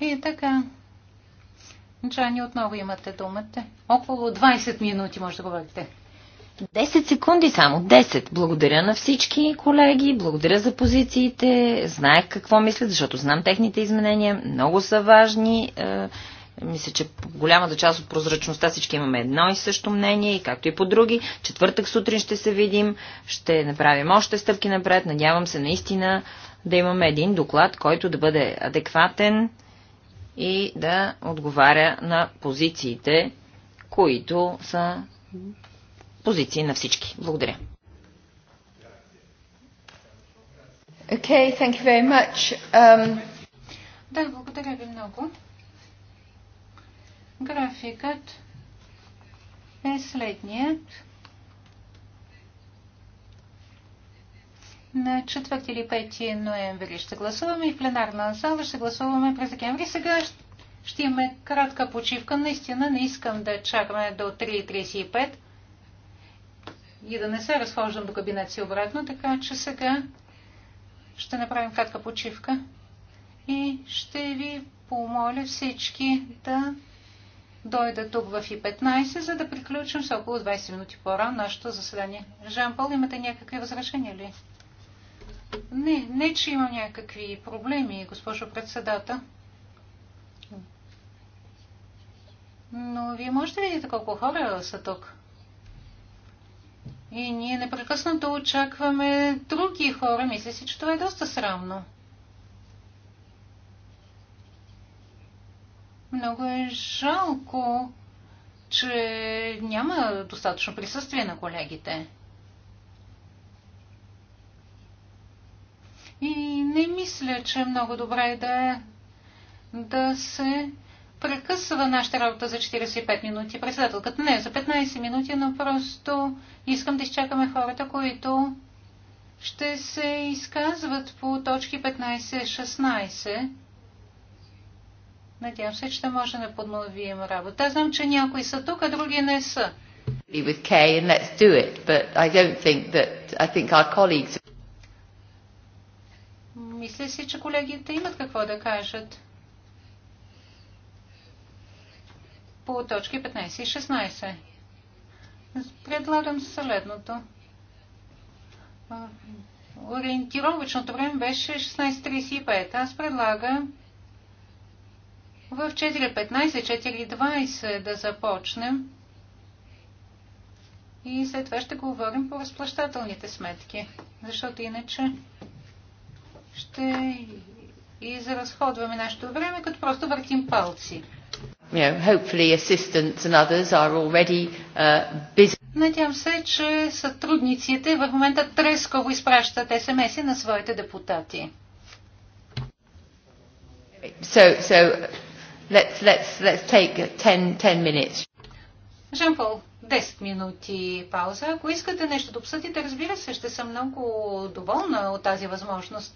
И така, Джани, отново имате думата. Около 20 минути може да говорите.
10 секунди само. 10. Благодаря на всички колеги, благодаря за позициите, знаех какво мислят, защото знам техните изменения, много са важни. Е, мисля, че по голямата част от прозрачността всички имаме едно и също мнение, и както и по други. Четвъртък сутрин ще се видим, ще направим още стъпки напред. Надявам се наистина да имаме един доклад, който да бъде адекватен и да отговаря на позициите, които са позиции на всички. Благодаря.
Okay, thank you very much. Um...
Да, благодаря ви много. Графикът е следният. на 4 или 5 ноември ще гласуваме и в пленарна зала ще гласуваме през декември. Сега ще имаме кратка почивка. Наистина не искам да чакаме до 3.35 и да не се разхождам до кабинет си обратно, така че сега ще направим кратка почивка и ще ви помоля всички да дойдат тук в И-15, за да приключим с около 20 минути по-рано нашето заседание. Жан Пол, имате някакви възражения ли? Не, не, че имам някакви проблеми, госпожо председател. Но вие можете да видите колко хора са тук. И ние непрекъснато очакваме други хора. Мисля си, че това е доста срамно. Много е жалко, че няма достатъчно присъствие на колегите. И не мисля, че е много добра идея да, се прекъсва нашата работа за 45 минути. Председателката не, за 15 минути, но просто искам да изчакаме хората, които ще се изказват по точки 15-16. Надявам се, че може да подновим работа. Аз знам, че някои са тук, а други не са.
With Kay and let's do it, but I don't think that I think our colleagues
мисля си, че колегите имат какво да кажат по точки 15 и 16. Предлагам следното. Ориентировъчното време беше 16.35. Аз предлагам в 4.15-4.20 да започнем и след това ще говорим по разплащателните сметки, защото иначе ще изразходваме нашето време, като просто въртим палци. You
know, are already uh,
Надявам се, че сътрудниците в момента трескаво изпращат СМС-и на своите депутати.
So, so let's, let's, let's take 10, 10 minutes.
Жан-Пол, 10 минути пауза. Ако искате нещо да обсъдите, разбира се, ще съм много доволна от тази възможност.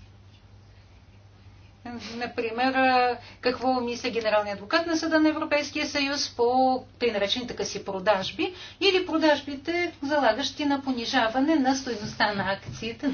Например, какво мисля генералният адвокат на Съда на Европейския съюз по тъй наречените си продажби или продажбите, залагащи на понижаване на стоеността на акциите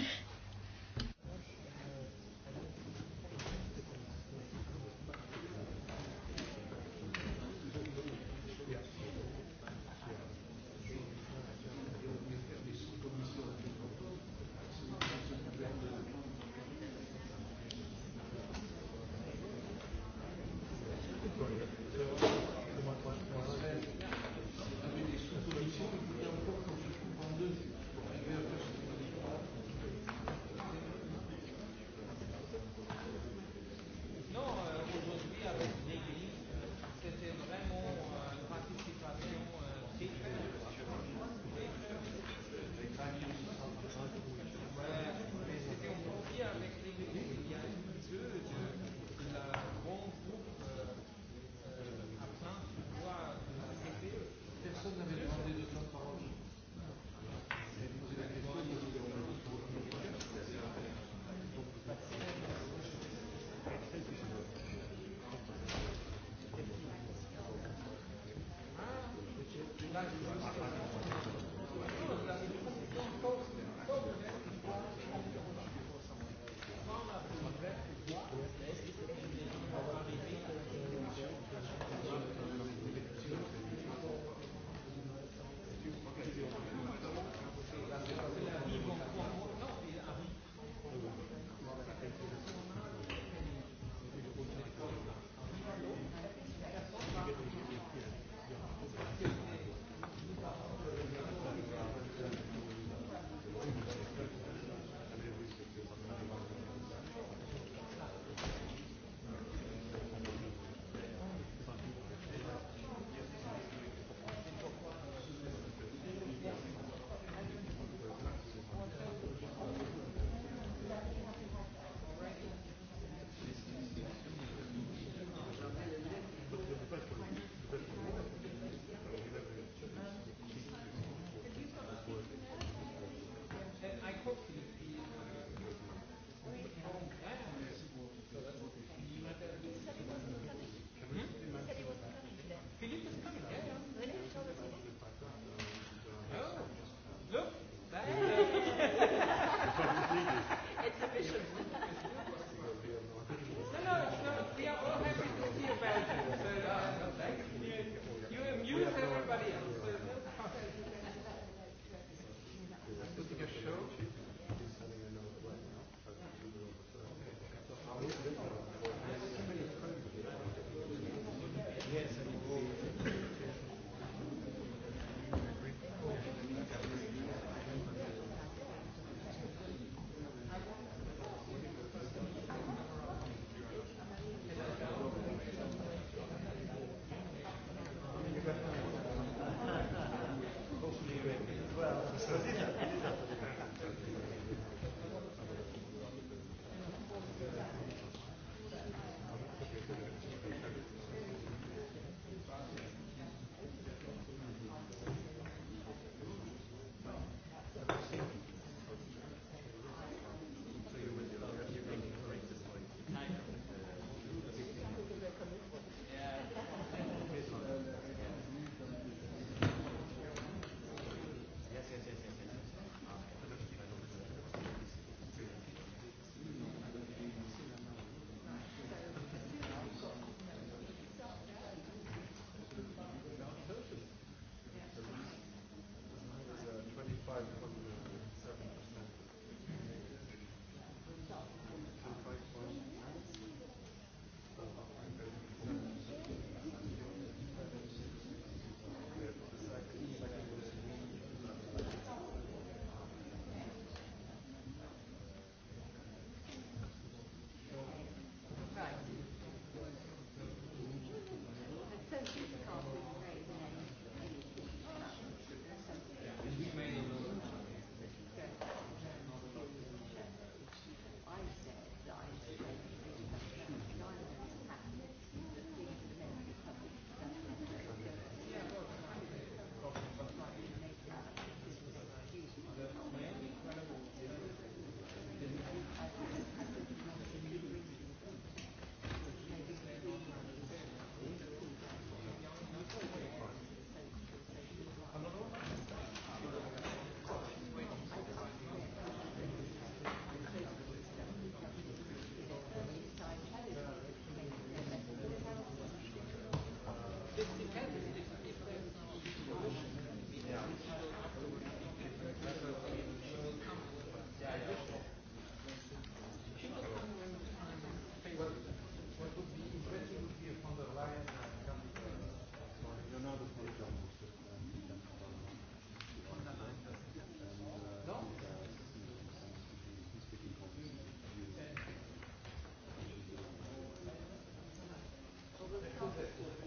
Thank you.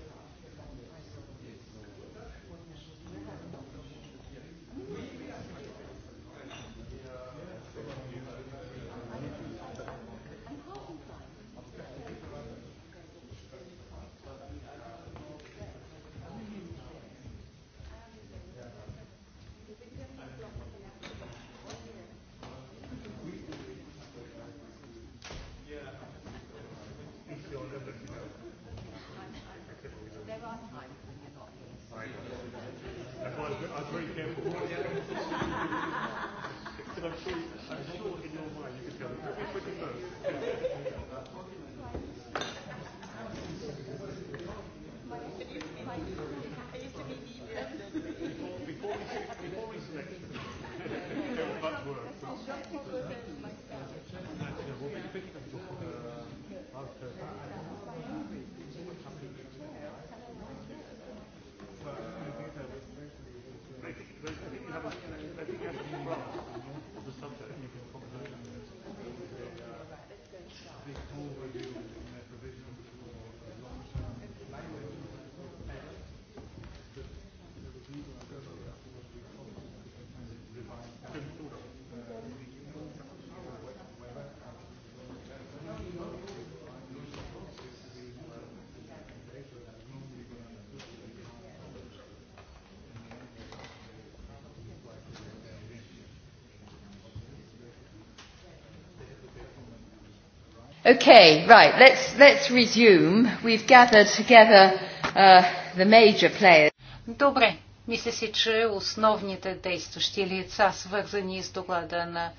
Okay, right, let's, let's resume. We've gathered together uh, the major players.
Добре, мисля си, че основните действащи лица, свързани с доклада на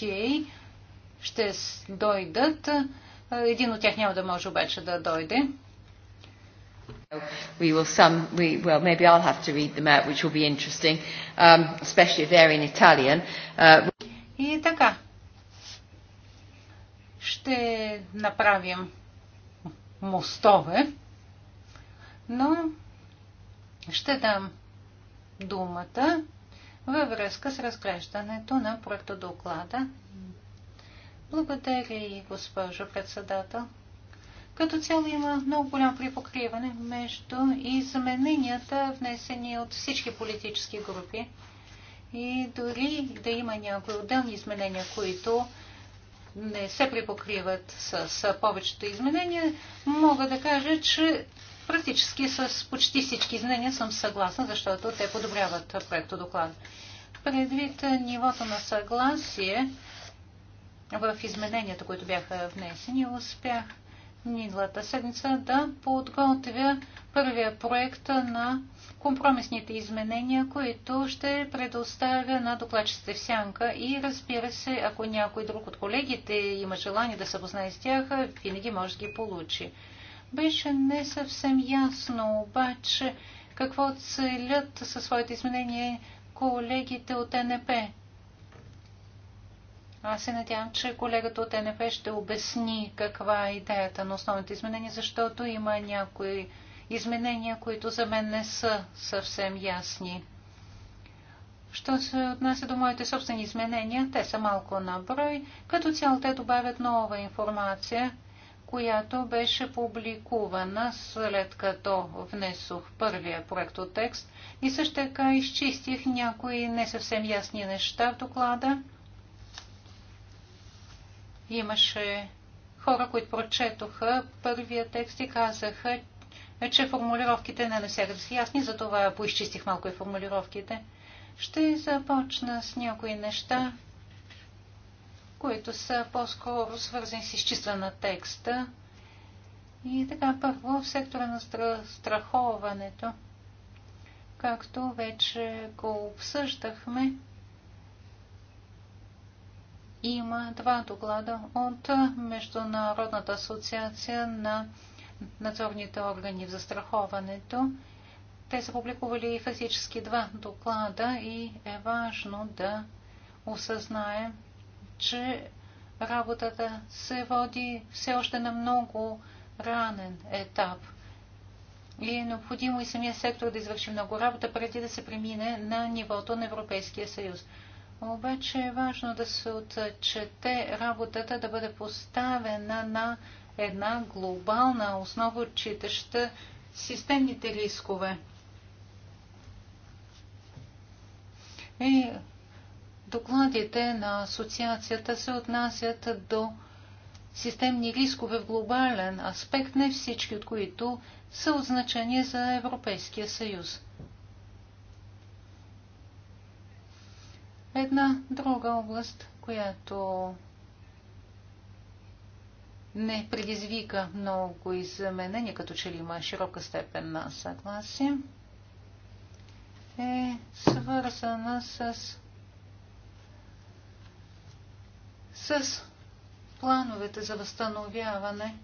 Кей, ще дойдат. Един от тях няма да може обаче да дойде.
We will some, we, well, maybe I'll have to read them out, which will be interesting, um, especially if they're in Italian. Uh,
правим мостове, но ще дам думата във връзка с разглеждането на проекта доклада. Благодаря и госпожо председател. Като цяло има много голям припокриване между измененията, внесени от всички политически групи. И дори да има някои отделни изменения, които не се припокриват с, повечето изменения, мога да кажа, че практически с почти всички изменения съм съгласна, защото те подобряват проекто доклада. Предвид нивото на съгласие в измененията, които бяха внесени, успях миналата седмица да подготвя първия проект на компромисните изменения, които ще предоставя на докладчиците в сянка. И разбира се, ако някой друг от колегите има желание да се познае с тях, винаги може да ги получи. Беше не съвсем ясно обаче какво целят със своите изменения колегите от НП. Аз се надявам, че колегата от НП ще обясни каква е идеята на основните изменения, защото има някои изменения, които за мен не са съвсем ясни. Що се отнася до моите собствени изменения, те са малко на брой. Като цяло те добавят нова информация, която беше публикувана след като внесох първия проект от текст и също така изчистих някои не съвсем ясни неща в доклада. Имаше хора, които прочетоха първия текст и казаха, е, че формулировките не навсякъде са ясни, затова поизчистих малко и формулировките. Ще започна с някои неща, които са по-скоро свързани с изчистване на текста. И така, първо в сектора на страховането, както вече го обсъждахме, има два доклада от Международната асоциация на надзорните органи в застраховането. Те са публикували фактически два доклада и е важно да осъзнаем, че работата се води все още на много ранен етап. И е необходимо и самия сектор да извърши много работа, преди да се премине на нивото на Европейския съюз. Обаче е важно да се отчете работата да бъде поставена на една глобална основа, отчитаща системните рискове. И докладите на асоциацията се отнасят до системни рискове в глобален аспект, не всички от които са от значение за Европейския съюз. Една друга област, която не предизвика много изменения, като че ли има широка степен на съгласие, е свързана с, с плановете за възстановяване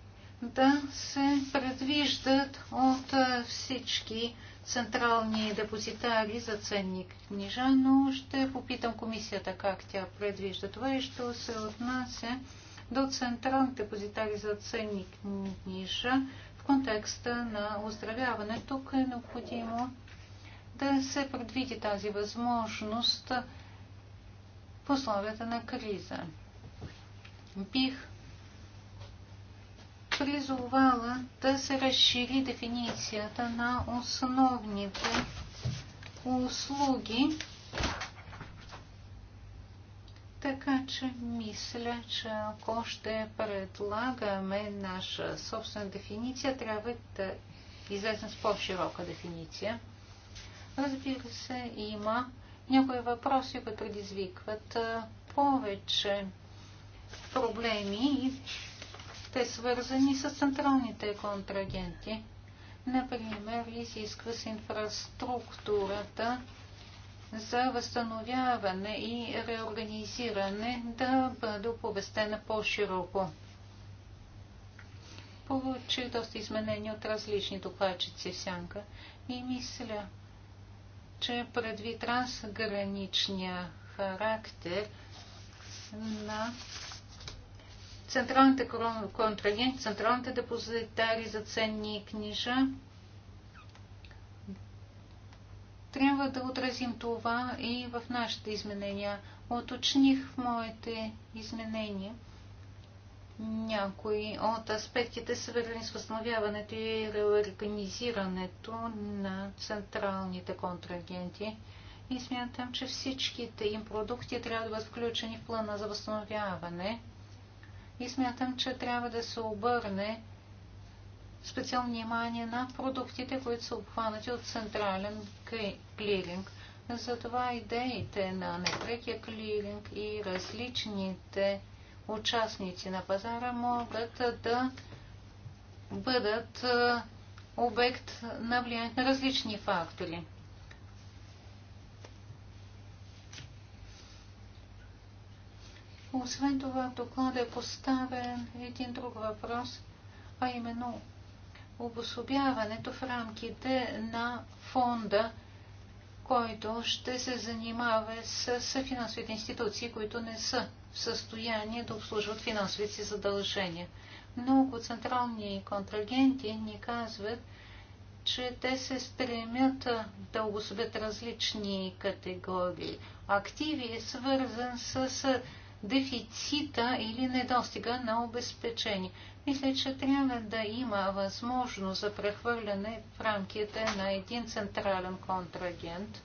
да се предвиждат от е, всички централни депозитари за ценни книжа, но ще попитам комисията как тя предвижда това и що се отнася до централните позитари за ценни книжа в контекста на оздравяване. Тук е необходимо да се предвиди тази възможност в условията на криза. Бих призовала да се разшири дефиницията на основните услуги, така че мисля, че ако ще предлагаме наша собствена дефиниция, трябва да излезем с по-широка дефиниция. Разбира се, има някои въпроси, които предизвикват повече проблеми и те свързани с централните контрагенти. Например, изисква се инфраструктурата за възстановяване и реорганизиране да бъде оповестена по-широко. Получих доста изменения от различни докладчици в сянка и мисля, че предвид трансграничния характер на централните контрагенти, централните депозитари за ценни книжа, трябва да отразим това и в нашите изменения. Оточних в моите изменения някои от аспектите, свързани с възстановяването и реорганизирането на централните контрагенти. И смятам, че всичките им продукти трябва да бъдат включени в плана за възстановяване. И смятам, че трябва да се обърне специално внимание на продуктите, които са обхванати от централен клиринг. Затова идеите на непрекия клиринг и различните участници на пазара могат да бъдат обект на влияние на различни фактори. Освен това, в доклада е поставен един друг въпрос, а именно обособяването в рамките на фонда който ще се занимава с финансовите институции, които не са в състояние да обслужват финансовите си задължения. Много централни контрагенти ни казват, че те се стремят да обособят различни категории. Активи е свързан с дефицита или недостига на обезпечение. Мисля, че трябва да има възможност за прехвърляне в рамките на един централен контрагент.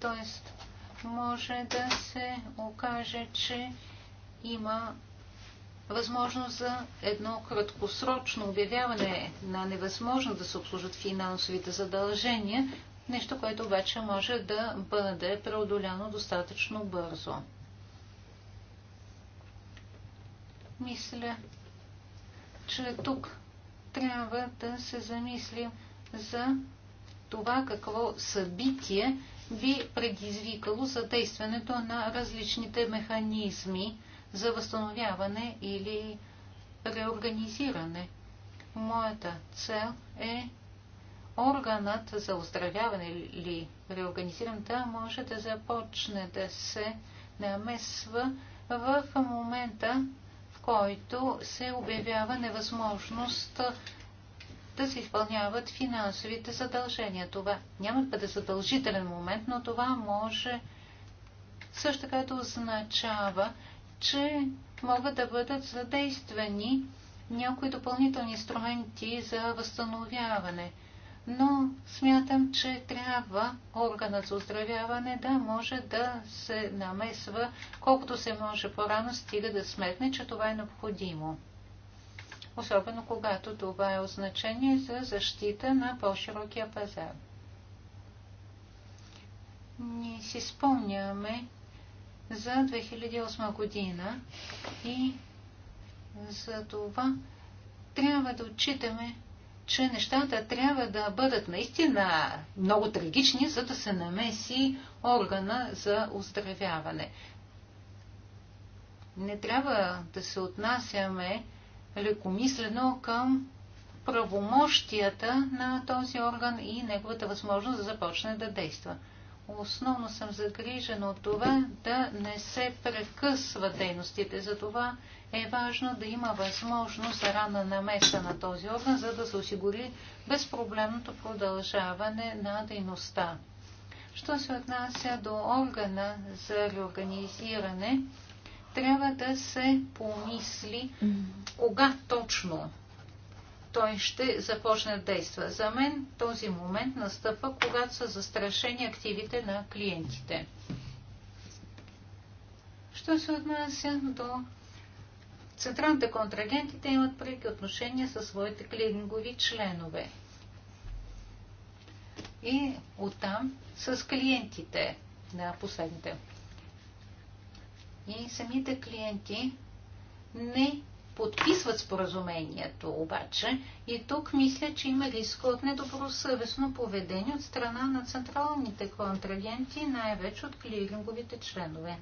Тоест, може да се окаже, че има възможност за едно краткосрочно обявяване на невъзможно да се обслужат финансовите задължения, нещо, което обаче може да бъде преодоляно достатъчно бързо. Мисля, че тук трябва да се замислим за това какво събитие би предизвикало задействането на различните механизми за възстановяване или реорганизиране. Моята цел е органът за оздравяване или реорганизиране да може да започне да се намесва в момента, който се обявява невъзможност да се изпълняват финансовите задължения. Това няма да бъде задължителен момент, но това може също така да означава, че могат да бъдат задействани някои допълнителни инструменти за възстановяване – но смятам, че трябва органът за оздравяване да може да се намесва колкото се може по-рано, стига да сметне, че това е необходимо. Особено когато това е означение за защита на по-широкия пазар. Ние си спомняме за 2008 година и за това трябва да отчитаме че нещата трябва да бъдат наистина много трагични, за да се намеси органа за оздравяване. Не трябва да се отнасяме лекомислено към правомощията на този орган и неговата възможност да започне да действа. Основно съм загрижена от това да не се прекъсва дейностите. За това е важно да има възможност за рана намеса на този орган, за да се осигури безпроблемното продължаване на дейността. Що се отнася до органа за реорганизиране, трябва да се помисли кога точно той ще започне да действа. За мен този момент настъпва, когато са застрашени активите на клиентите. Що се отнася до Централните контрагенти те имат преки отношения със своите клинингови членове. И оттам с клиентите на последните. И самите клиенти не подписват споразумението обаче и тук мисля, че има риск от недобросъвестно поведение от страна на централните контрагенти, най-вече от клиринговите членове.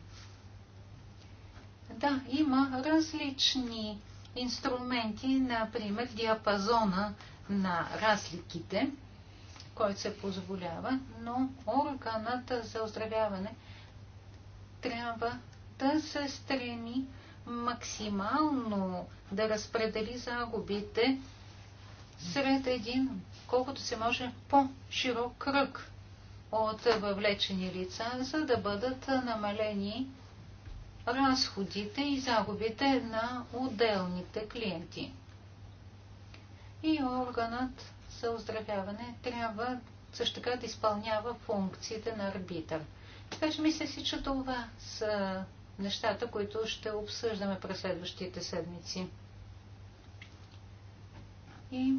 Да, има различни инструменти, например диапазона на разликите, който се позволява, но органът за оздравяване трябва да се стреми максимално да разпредели загубите сред един, колкото се може по-широк кръг от въвлечени лица, за да бъдат намалени разходите и загубите на отделните клиенти. И органът за оздравяване трябва също така да изпълнява функциите на арбитър. Така че мисля си, че това са нещата, които ще обсъждаме през следващите седмици. И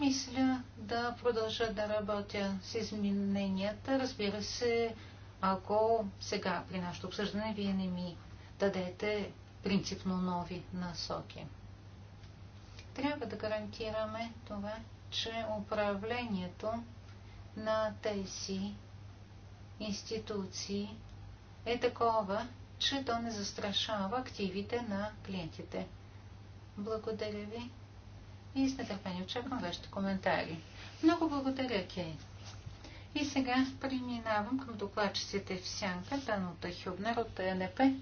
мисля да продължа да работя с измененията. Разбира се, ако сега при нашето обсъждане вие не ми дадете принципно нови насоки. Трябва да гарантираме това, че управлението на тези институции е такова, че то не застрашава активите на клиентите. Благодаря ви и с нетърпение очаквам вашите коментари. Много благодаря, Кейт. И сега преминавам към докладчиците в сянка, Данута Хюбнер от ТНП.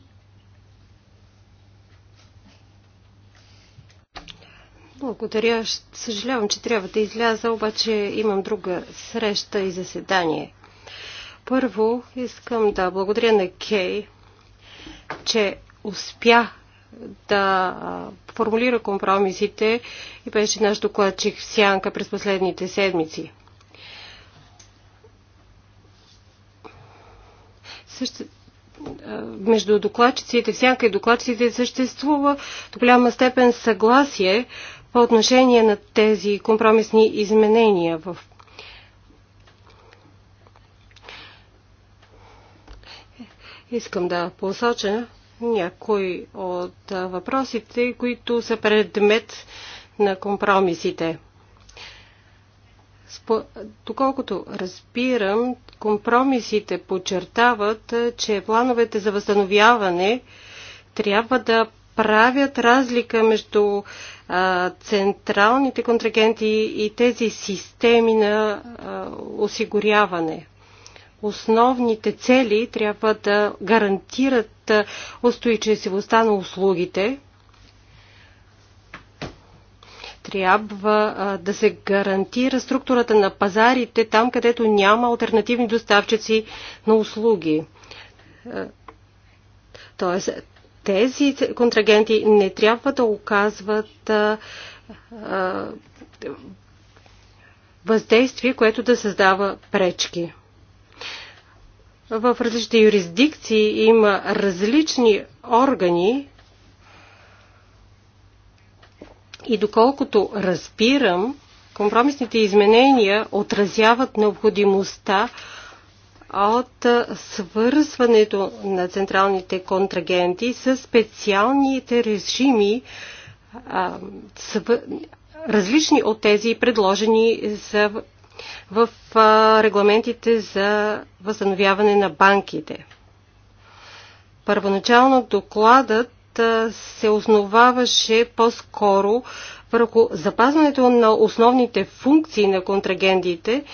Благодаря. Съжалявам, че трябва да изляза, обаче имам друга среща и заседание. Първо искам да благодаря на Кей, че успя да формулира компромисите и беше наш докладчик в сянка през последните седмици. съще... между докладчиците, всяка и докладчиците съществува до голяма степен съгласие по отношение на тези компромисни изменения в Искам да посоча някои от въпросите, които са предмет на компромисите – Доколкото разбирам, компромисите подчертават, е, че плановете за възстановяване трябва да правят разлика между а, централните контрагенти и тези системи на а, осигуряване. Основните цели трябва да гарантират устойчивостта на услугите, трябва а, да се гарантира структурата на пазарите там, където няма альтернативни доставчици на услуги. Тоест, тези контрагенти не трябва да оказват а, а, въздействие, което да създава пречки. В различните юрисдикции има различни органи, И доколкото разбирам, компромисните изменения отразяват необходимостта от свързването на централните контрагенти с специалните режими, различни от тези предложени за, в регламентите за възстановяване на банките. Първоначално докладът се основаваше по-скоро върху запазването на основните функции на контрагентите,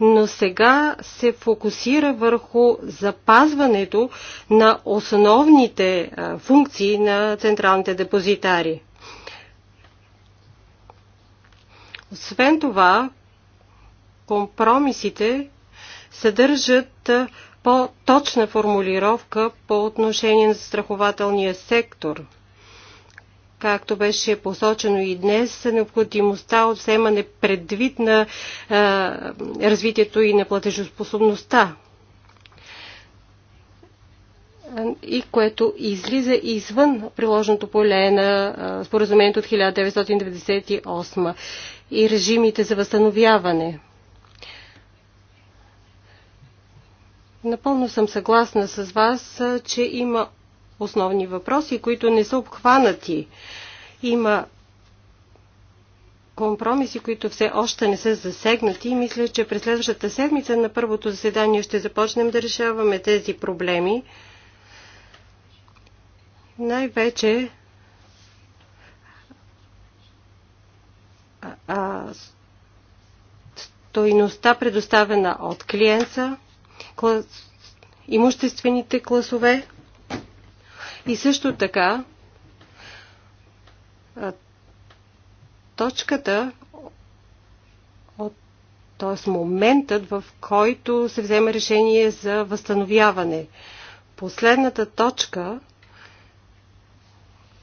но сега се фокусира върху запазването на основните функции на централните депозитари. Освен това, компромисите съдържат по-точна формулировка по отношение на страхователния сектор. Както беше посочено и днес, необходимостта от вземане предвид на а, развитието и на платежоспособността и което излиза извън приложното поле на споразумението от 1998 и режимите за възстановяване. Напълно съм съгласна с вас, че има основни въпроси, които не са обхванати. Има компромиси, които все още не са засегнати и мисля, че през следващата седмица на първото заседание ще започнем да решаваме тези проблеми. Най-вече стойността предоставена от клиента клас... имуществените класове и също така точката от т.е. моментът, в който се взема решение за възстановяване. Последната точка,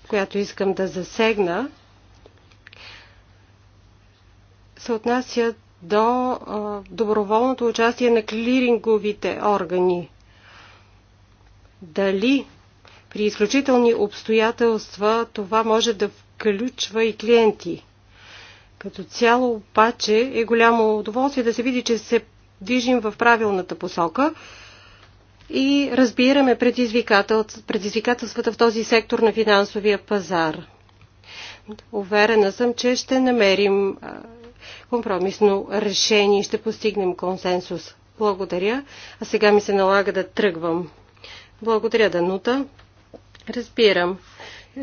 която искам да засегна, се отнасят до доброволното участие на клиринговите органи. Дали при изключителни обстоятелства това може да включва и клиенти? Като цяло обаче е голямо удоволствие да се види, че се движим в правилната посока и разбираме предизвикателствата в този сектор на финансовия пазар. Уверена съм, че ще намерим компромисно решение и ще постигнем консенсус. Благодаря. А сега ми се налага да тръгвам. Благодаря, Данута. Разбирам.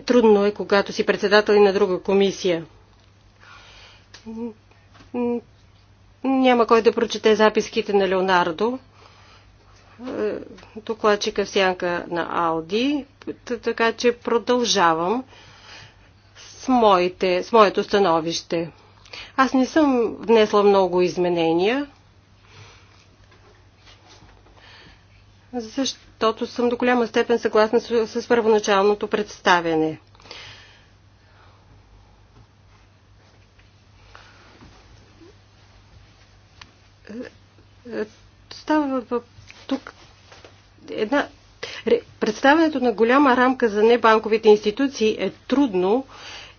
Трудно е, когато си председател и на друга комисия. Няма кой да прочете записките на Леонардо, е, докладчика в сянка на Ауди, така че продължавам с, моите, с моето становище. Аз не съм внесла много изменения, защото съм до голяма степен съгласна с, с първоначалното представяне. Става тук една Представянето на голяма рамка за небанковите институции е трудно,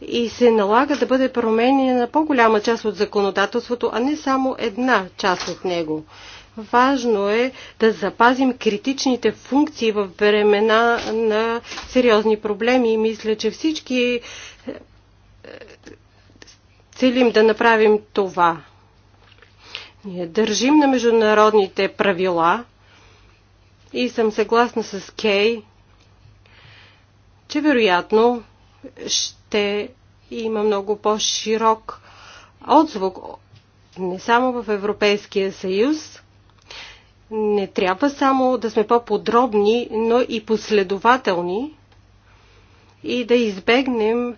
и се налага да бъде променена по-голяма част от законодателството, а не само една част от него. Важно е да запазим критичните функции в времена на сериозни проблеми и мисля, че всички е, е, целим да направим това. Ние държим на международните правила и съм съгласна с Кей, че вероятно ще ще има много по-широк отзвук не само в Европейския съюз. Не трябва само да сме по-подробни, но и последователни и да избегнем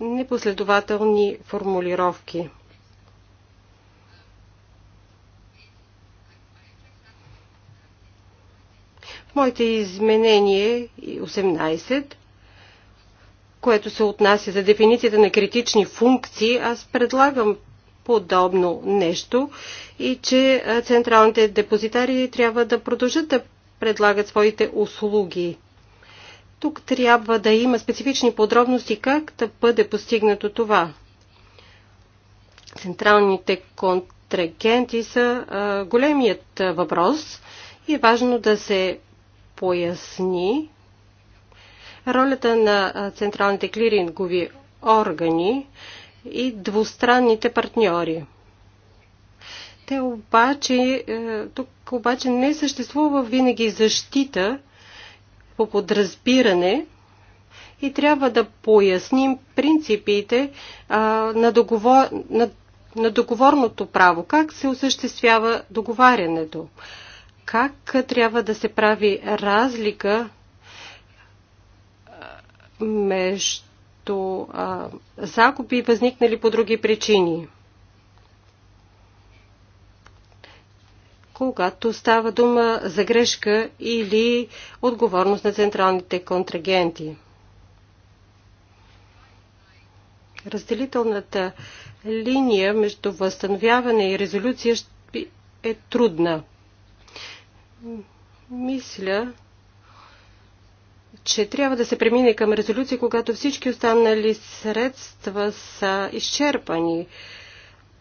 непоследователни формулировки. моите изменение 18 което се отнася за дефиницията на критични функции, аз предлагам подобно нещо и че централните депозитари трябва да продължат да предлагат своите услуги. Тук трябва да има специфични подробности как да бъде постигнато това. Централните контрагенти са а, големият въпрос и е важно да се поясни ролята на централните клирингови органи и двустранните партньори. Те обаче, е, тук обаче не съществува винаги защита по подразбиране и трябва да поясним принципите на, договор, на, на договорното право, как се осъществява договарянето, как трябва да се прави разлика между а, загуби, възникнали по други причини. Когато става дума за грешка или отговорност на централните контрагенти. Разделителната линия между възстановяване и резолюция е трудна. Мисля, че трябва да се премине към резолюция, когато всички останали средства са изчерпани.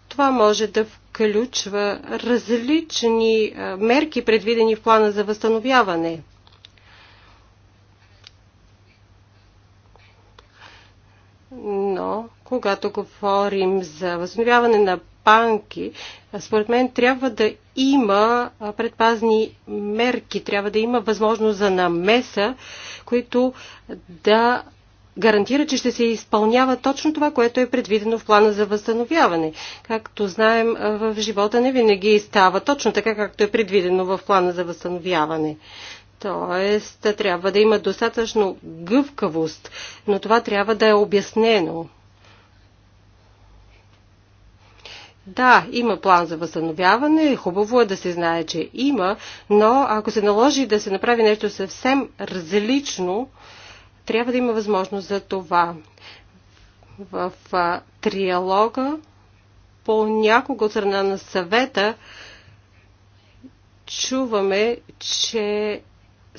Това може да включва различни мерки, предвидени в плана за възстановяване. Но, когато говорим за възстановяване на банки, според мен трябва да има предпазни мерки, трябва да има възможност за намеса, които да гарантира, че ще се изпълнява точно това, което е предвидено в плана за възстановяване. Както знаем, в живота не винаги става точно така, както е предвидено в плана за възстановяване. Тоест, трябва да има достатъчно гъвкавост, но това трябва да е обяснено. Да, има план за възстановяване, хубаво е да се знае, че има, но ако се наложи да се направи нещо съвсем различно, трябва да има възможност за това. В а, триалога някога от страна на съвета чуваме, че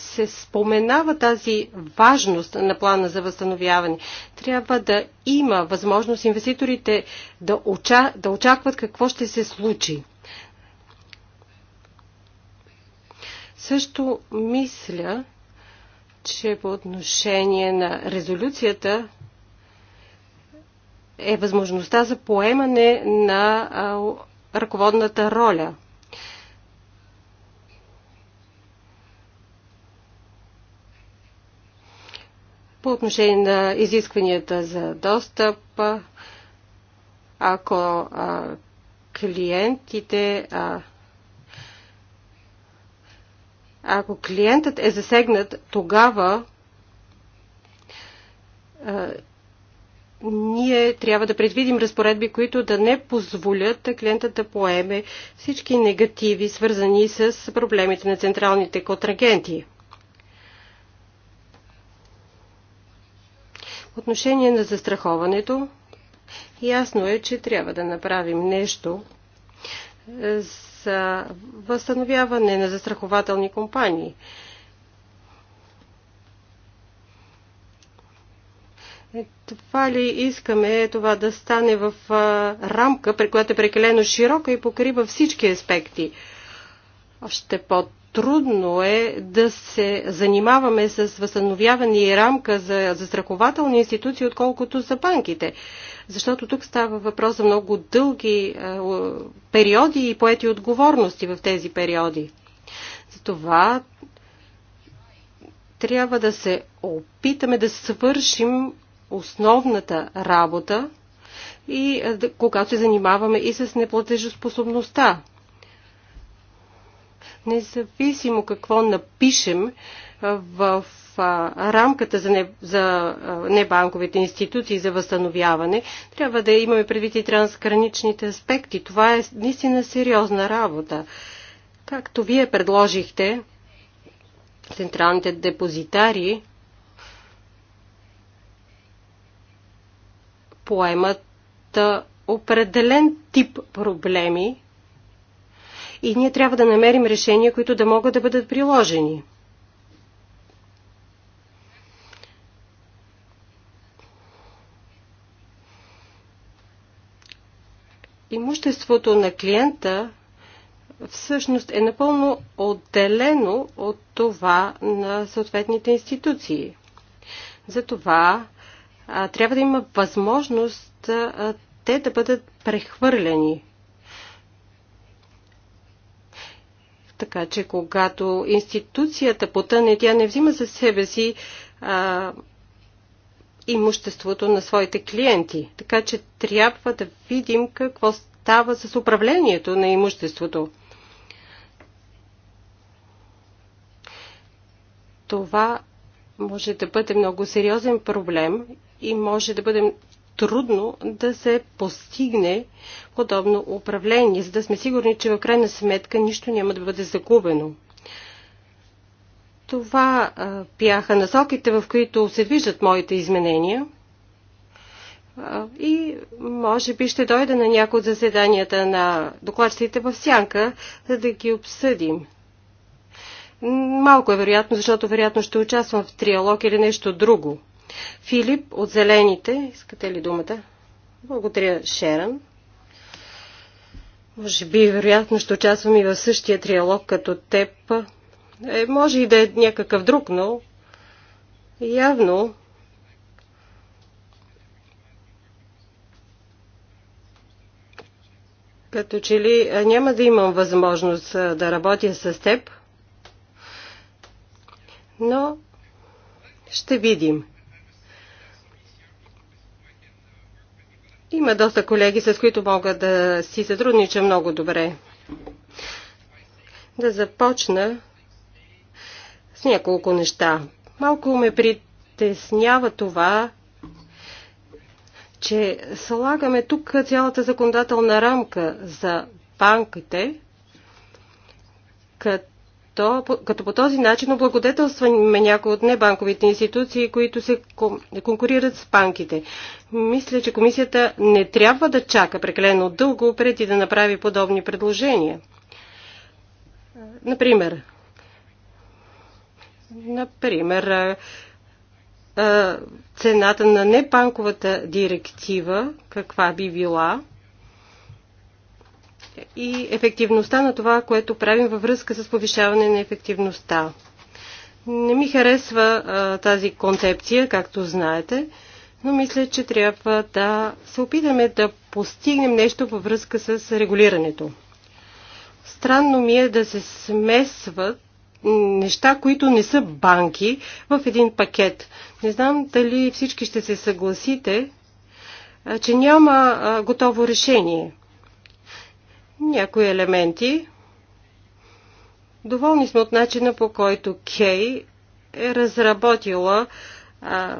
се споменава тази важност на плана за възстановяване. Трябва да има възможност инвеститорите да, уча, да очакват какво ще се случи. Също мисля, че по отношение на резолюцията е възможността за поемане на ръководната роля – по отношение на изискванията за достъп, ако а, клиентите. А, ако клиентът е засегнат, тогава а, ние трябва да предвидим разпоредби, които да не позволят клиентът да поеме всички негативи, свързани с проблемите на централните контрагенти. Отношение на застраховането. Ясно е, че трябва да направим нещо е, за възстановяване на застрахователни компании. Е, това ли искаме това да стане в е, рамка, при която е прекалено широка и покрива всички аспекти? Още под трудно е да се занимаваме с възстановяване и рамка за застрахователни институции, отколкото за банките. Защото тук става въпрос за много дълги периоди и поети отговорности в тези периоди. Затова трябва да се опитаме да свършим основната работа и когато се занимаваме и с неплатежоспособността Независимо какво напишем в рамката за, не, за небанковите институции за възстановяване, трябва да имаме предвид и трансграничните аспекти. Това е наистина сериозна работа. Както вие предложихте, централните депозитари поемат определен тип проблеми, и ние трябва да намерим решения, които да могат да бъдат приложени. Имуществото на клиента всъщност е напълно отделено от това на съответните институции. Затова а, трябва да има възможност а, те да бъдат прехвърлени. Така че когато институцията потъне, тя не взима за себе си а, имуществото на своите клиенти. Така че трябва да видим какво става с управлението на имуществото. Това може да бъде много сериозен проблем и може да бъде трудно да се постигне подобно управление, за да сме сигурни, че в крайна сметка нищо няма да бъде загубено. Това а, бяха насоките, в които се движат моите изменения. А, и може би ще дойда на някои от заседанията на докладчиците в Сянка, за да ги обсъдим. Малко е вероятно, защото вероятно ще участвам в триалог или нещо друго. Филип от Зелените, искате ли думата? Благодаря, Шерън. Може би, вероятно, ще участвам и в същия триалог като теб. Е, може и да е някакъв друг, но явно като че ли няма да имам възможност да работя с теб, но ще видим. Има доста колеги, с които мога да си сътруднича много добре. Да започна с няколко неща. Малко ме притеснява това, че слагаме тук цялата законодателна рамка за банките, като то, като по този начин облагодетелстваме някои от небанковите институции, които се конкурират с банките. Мисля, че комисията не трябва да чака прекалено дълго преди да направи подобни предложения. Например, например цената на небанковата директива, каква би била – и ефективността на това, което правим във връзка с повишаване на ефективността. Не ми харесва а, тази концепция, както знаете, но мисля, че трябва да се опитаме да постигнем нещо във връзка с регулирането. Странно ми е да се смесват неща, които не са банки, в един пакет. Не знам дали всички ще се съгласите, че няма готово решение някои елементи. Доволни сме от начина по който Кей е разработила а,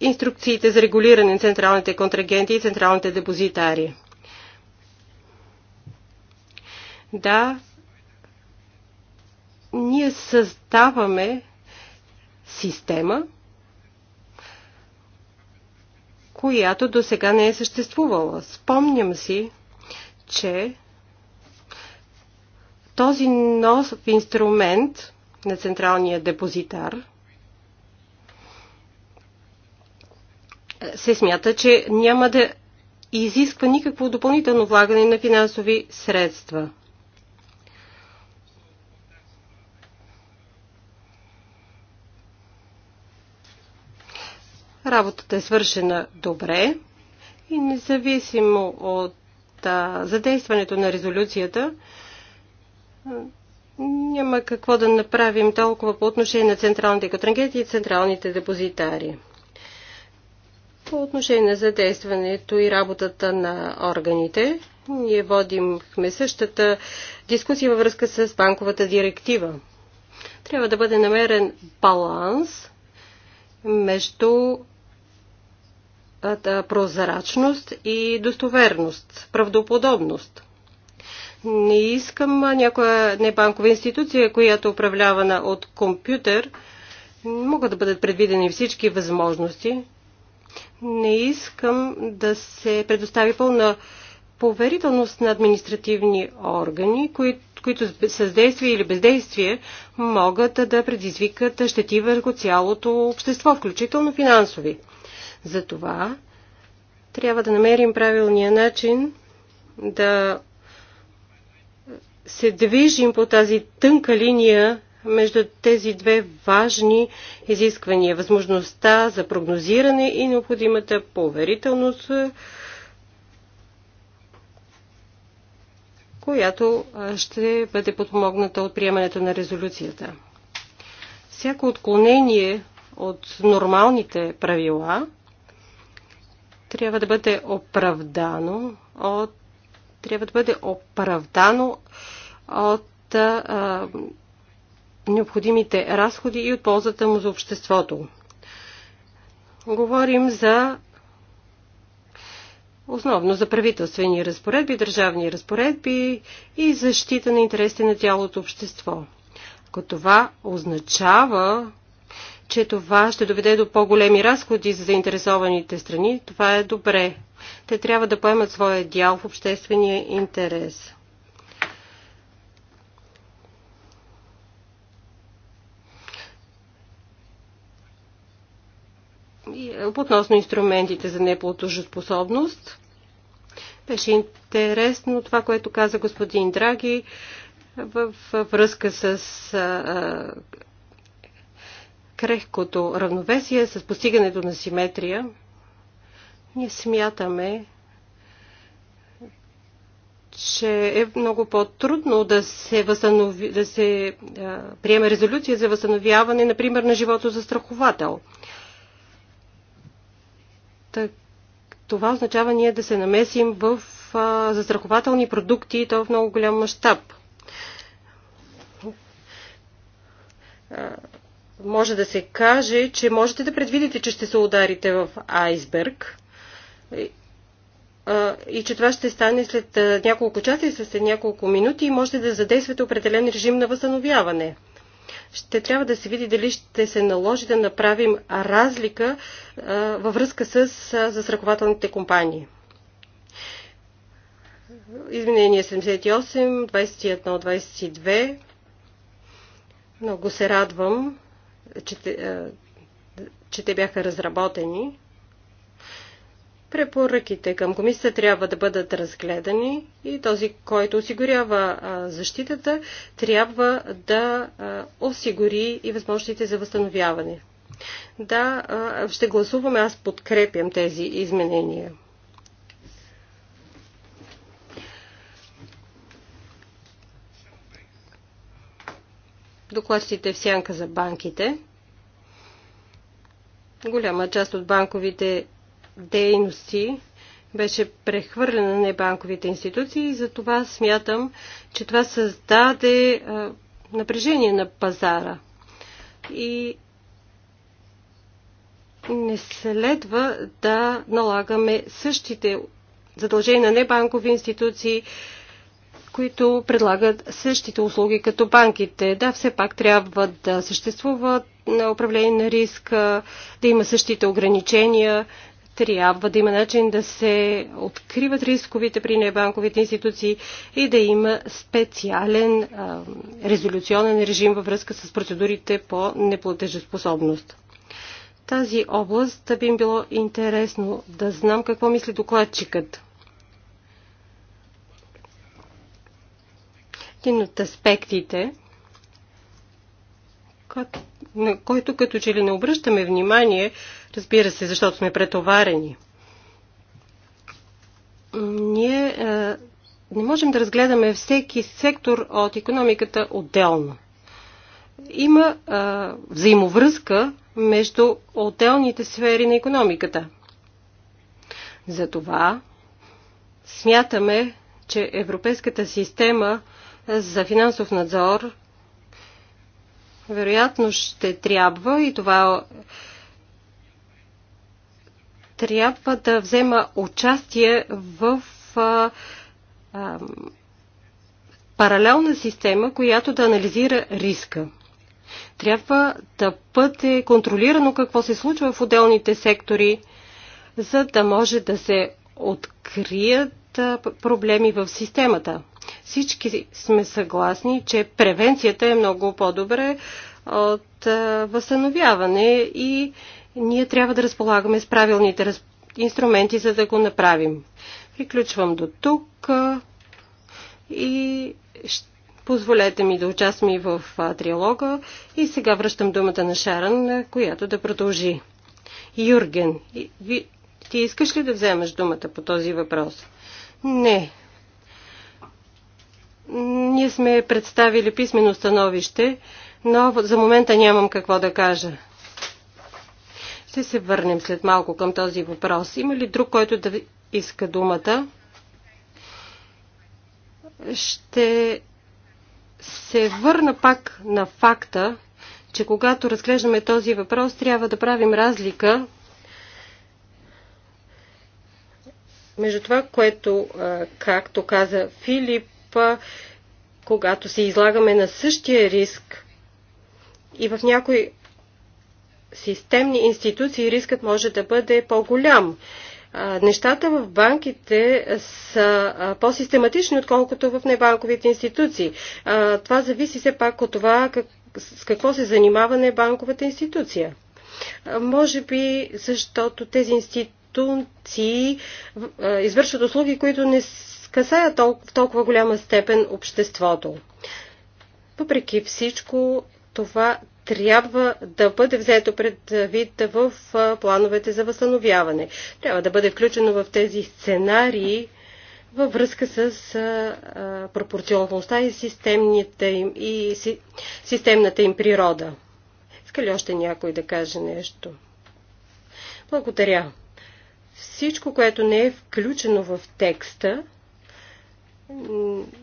инструкциите за регулиране на централните контрагенти и централните депозитари. Да, ние създаваме система, която до сега не е съществувала. Спомням си, че този нов инструмент на централния депозитар се смята, че няма да изисква никакво допълнително влагане на финансови средства. Работата е свършена добре и независимо от за действането на резолюцията, няма какво да направим толкова по отношение на централните контрагенти и централните депозитари. По отношение на задействането и работата на органите, ние водимхме същата дискусия във връзка с банковата директива. Трябва да бъде намерен баланс между прозрачност и достоверност, правдоподобност. Не искам някоя небанкова институция, която управлявана от компютър, могат да бъдат предвидени всички възможности. Не искам да се предостави пълна поверителност на административни органи, които, които с действие или бездействие могат да предизвикат щети върху цялото общество, включително финансови. Затова трябва да намерим правилния начин да се движим по тази тънка линия между тези две важни изисквания възможността за прогнозиране и необходимата поверителност, която ще бъде подпомогната от приемането на резолюцията. Всяко отклонение от нормалните правила трябва да бъде оправдано от трябва да бъде оправдано от а, необходимите разходи и от ползата му за обществото. Говорим за основно за правителствени разпоредби, държавни разпоредби и защита на интересите на цялото общество. Ако това означава че това ще доведе до по-големи разходи за заинтересованите страни, това е добре. Те трябва да поемат своя дял в обществения интерес. Е, относно инструментите за неплатежоспособност, беше интересно това, което каза господин Драги във връзка с крехкото равновесие с постигането на симетрия, ние смятаме, че е много по-трудно да се, възстанови, да се а, приеме резолюция за възстановяване, например, на живото за страховател. Так, това означава ние да се намесим в а, застрахователни продукти и то в много голям мащаб може да се каже, че можете да предвидите, че ще се ударите в айсберг и че това ще стане след няколко часа и след няколко минути и можете да задействате определен режим на възстановяване. Ще трябва да се види дали ще се наложи да направим разлика във връзка с застрахователните компании. Изменение 78, 21, 22. Много се радвам, че те, че те бяха разработени. Препоръките към комисията трябва да бъдат разгледани и този, който осигурява защитата, трябва да осигури и възможностите за възстановяване. Да, ще гласуваме, аз подкрепям тези изменения. докладчите в сянка за банките. Голяма част от банковите дейности беше прехвърлена на небанковите институции и за това смятам, че това създаде напрежение на пазара. И не следва да налагаме същите задължения на небанкови институции, които предлагат същите услуги като банките. Да, все пак трябва да съществуват на управление на риска, да има същите ограничения, трябва да има начин да се откриват рисковите при небанковите институции и да има специален а, резолюционен режим във връзка с процедурите по неплатежеспособност. Тази област би им било интересно да знам какво мисли докладчикът. един от аспектите, на който като че ли не обръщаме внимание, разбира се, защото сме претоварени. Ние е, не можем да разгледаме всеки сектор от економиката отделно. Има е, взаимовръзка между отделните сфери на економиката. Затова смятаме, че европейската система – за финансов надзор вероятно ще трябва и това трябва да взема участие в а, а, паралелна система, която да анализира риска. Трябва да бъде контролирано какво се случва в отделните сектори, за да може да се открият проблеми в системата. Всички сме съгласни, че превенцията е много по-добре от е, възстановяване и ние трябва да разполагаме с правилните инструменти, за да го направим. Приключвам до тук е, и позволете ми да участвам и в е, триалога и сега връщам думата на Шаран, която да продължи. Юрген, ти искаш ли да вземеш думата по този въпрос? Не, ние сме представили писмено становище, но за момента нямам какво да кажа. Ще се върнем след малко към този въпрос. Има ли друг, който да иска думата? Ще се върна пак на факта, че когато разглеждаме този въпрос, трябва да правим разлика между това, което, както каза Филип, изисква, когато се излагаме на същия риск и в някои системни институции рискът може да бъде по-голям. Нещата в банките са по-систематични, отколкото в небанковите институции. Това зависи все пак от това как, с какво се занимава небанковата институция. Може би защото тези институции извършват услуги, които не касая в толкова голяма степен обществото. Въпреки всичко, това трябва да бъде взето пред вид в плановете за възстановяване. Трябва да бъде включено в тези сценарии във връзка с пропорционалността и, системните им, и си, системната им природа. Иска ли още някой да каже нещо? Благодаря. Всичко, което не е включено в текста,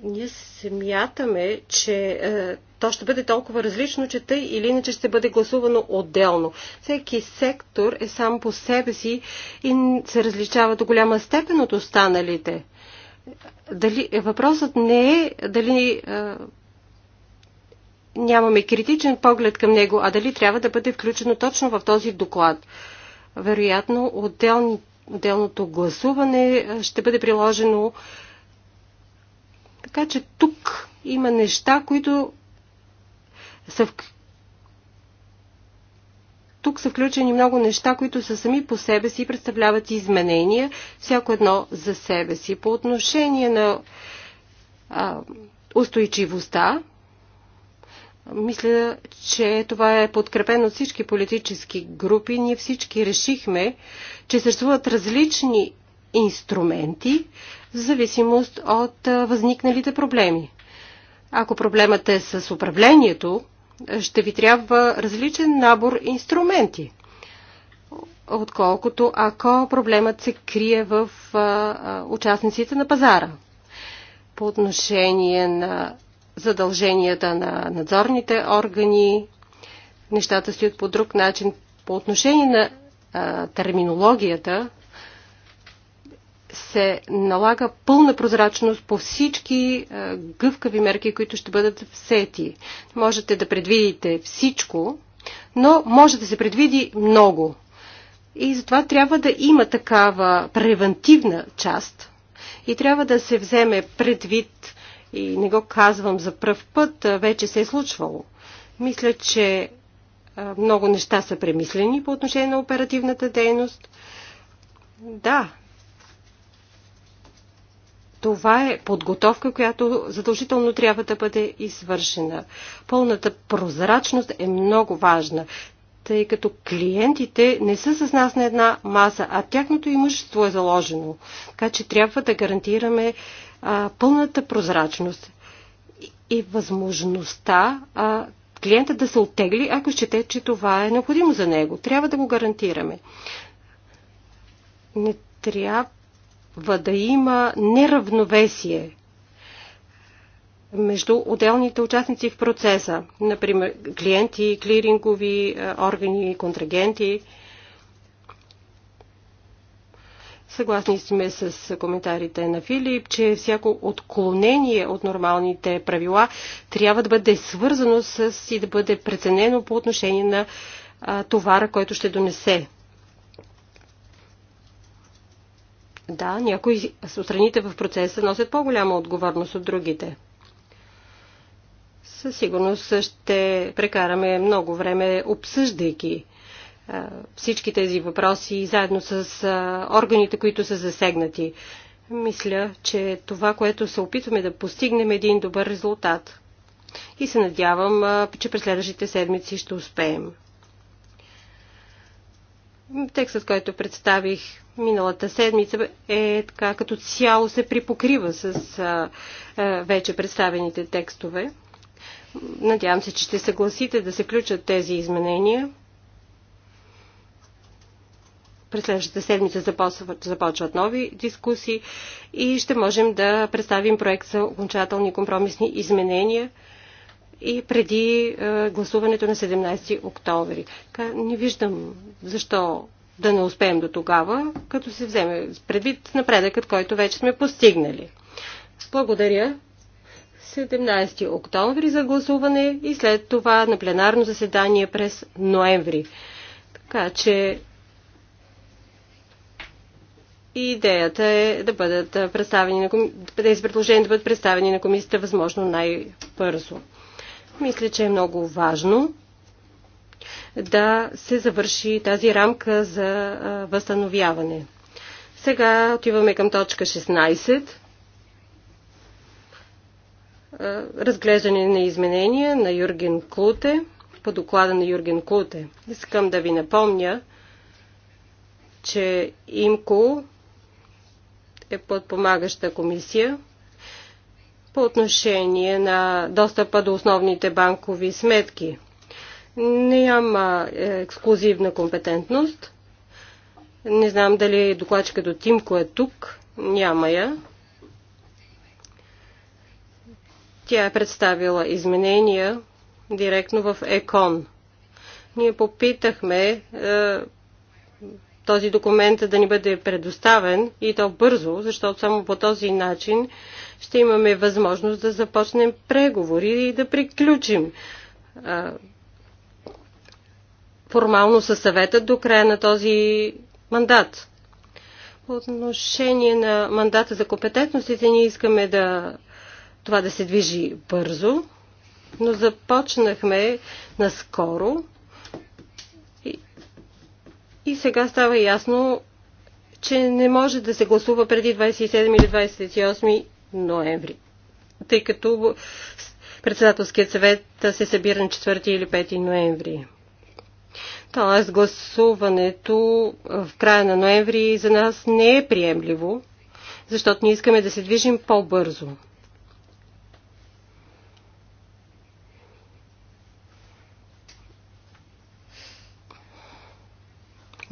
ние смятаме, че е, то ще бъде толкова различно, че тъй или иначе ще бъде гласувано отделно. Всеки сектор е сам по себе си и се различава до голяма степен от останалите. Дали, въпросът не е дали е, нямаме критичен поглед към него, а дали трябва да бъде включено точно в този доклад. Вероятно, отделни, отделното гласуване е, ще бъде приложено така че тук има неща, които са в... Тук са включени много неща, които са сами по себе си и представляват изменения, всяко едно за себе си. По отношение на а, устойчивостта, мисля, че това е подкрепено от всички политически групи. Ние всички решихме, че съществуват различни инструменти в зависимост от възникналите проблеми. Ако проблемът е с управлението, ще ви трябва различен набор инструменти, отколкото ако проблемът се крие в участниците на пазара. По отношение на задълженията на надзорните органи, нещата стоят по друг начин. По отношение на терминологията, се налага пълна прозрачност по всички е, гъвкави мерки, които ще бъдат всети. Можете да предвидите всичко, но може да се предвиди много. И затова трябва да има такава превентивна част и трябва да се вземе предвид, и не го казвам за пръв път, вече се е случвало. Мисля, че е, много неща са премислени по отношение на оперативната дейност. Да, това е подготовка, която задължително трябва да бъде извършена. Пълната прозрачност е много важна, тъй като клиентите не са с нас на една маса, а тяхното имущество е заложено. Така че трябва да гарантираме а, пълната прозрачност и, възможността а, клиента да се оттегли, ако счете, че това е необходимо за него. Трябва да го гарантираме. Не трябва трябва да има неравновесие между отделните участници в процеса, например клиенти, клирингови е, органи, контрагенти. Съгласни сме с коментарите на Филип, че всяко отклонение от нормалните правила трябва да бъде свързано с и да бъде преценено по отношение на товара, който ще донесе Да, някои страните в процеса носят по-голяма отговорност от другите. Със сигурност ще прекараме много време обсъждайки всички тези въпроси заедно с органите, които са засегнати. Мисля, че това, което се опитваме да постигнем е един добър резултат. И се надявам, че през следващите седмици ще успеем. Текстът, който представих миналата седмица, е така като цяло се припокрива с а, а, вече представените текстове. Надявам се, че ще съгласите да се включат тези изменения. През следващата седмица започват, започват нови дискусии и ще можем да представим проект за окончателни компромисни изменения – и преди е, гласуването на 17 октомври. Не виждам защо да не успеем до тогава, като се вземе предвид напредъкът, който вече сме постигнали. Благодаря. 17 октомври за гласуване и след това на пленарно заседание през ноември. Така че и идеята е да бъдат представени на, е да бъдат представени на комисията възможно най-бързо. Мисля, че е много важно да се завърши тази рамка за възстановяване. Сега отиваме към точка 16. Разглеждане на изменения на Юрген Клуте по доклада на Юрген Клуте. Искам да ви напомня, че ИМКО е подпомагаща комисия по отношение на достъпа до основните банкови сметки. Няма е, ексклюзивна компетентност. Не знам дали до Тимко е тук. Няма я. Тя е представила изменения директно в ЕКОН. Ние попитахме е, този документ да ни бъде предоставен и то бързо, защото само по този начин ще имаме възможност да започнем преговори и да приключим формално със съвета до края на този мандат. По отношение на мандата за компетентностите ние искаме да това да се движи бързо, но започнахме наскоро и, и сега става ясно, че не може да се гласува преди 27 или 28 ноември. Тъй като председателският съвет се събира на 4 или 5 ноември. Тоест гласуването в края на ноември за нас не е приемливо, защото ние искаме да се движим по-бързо.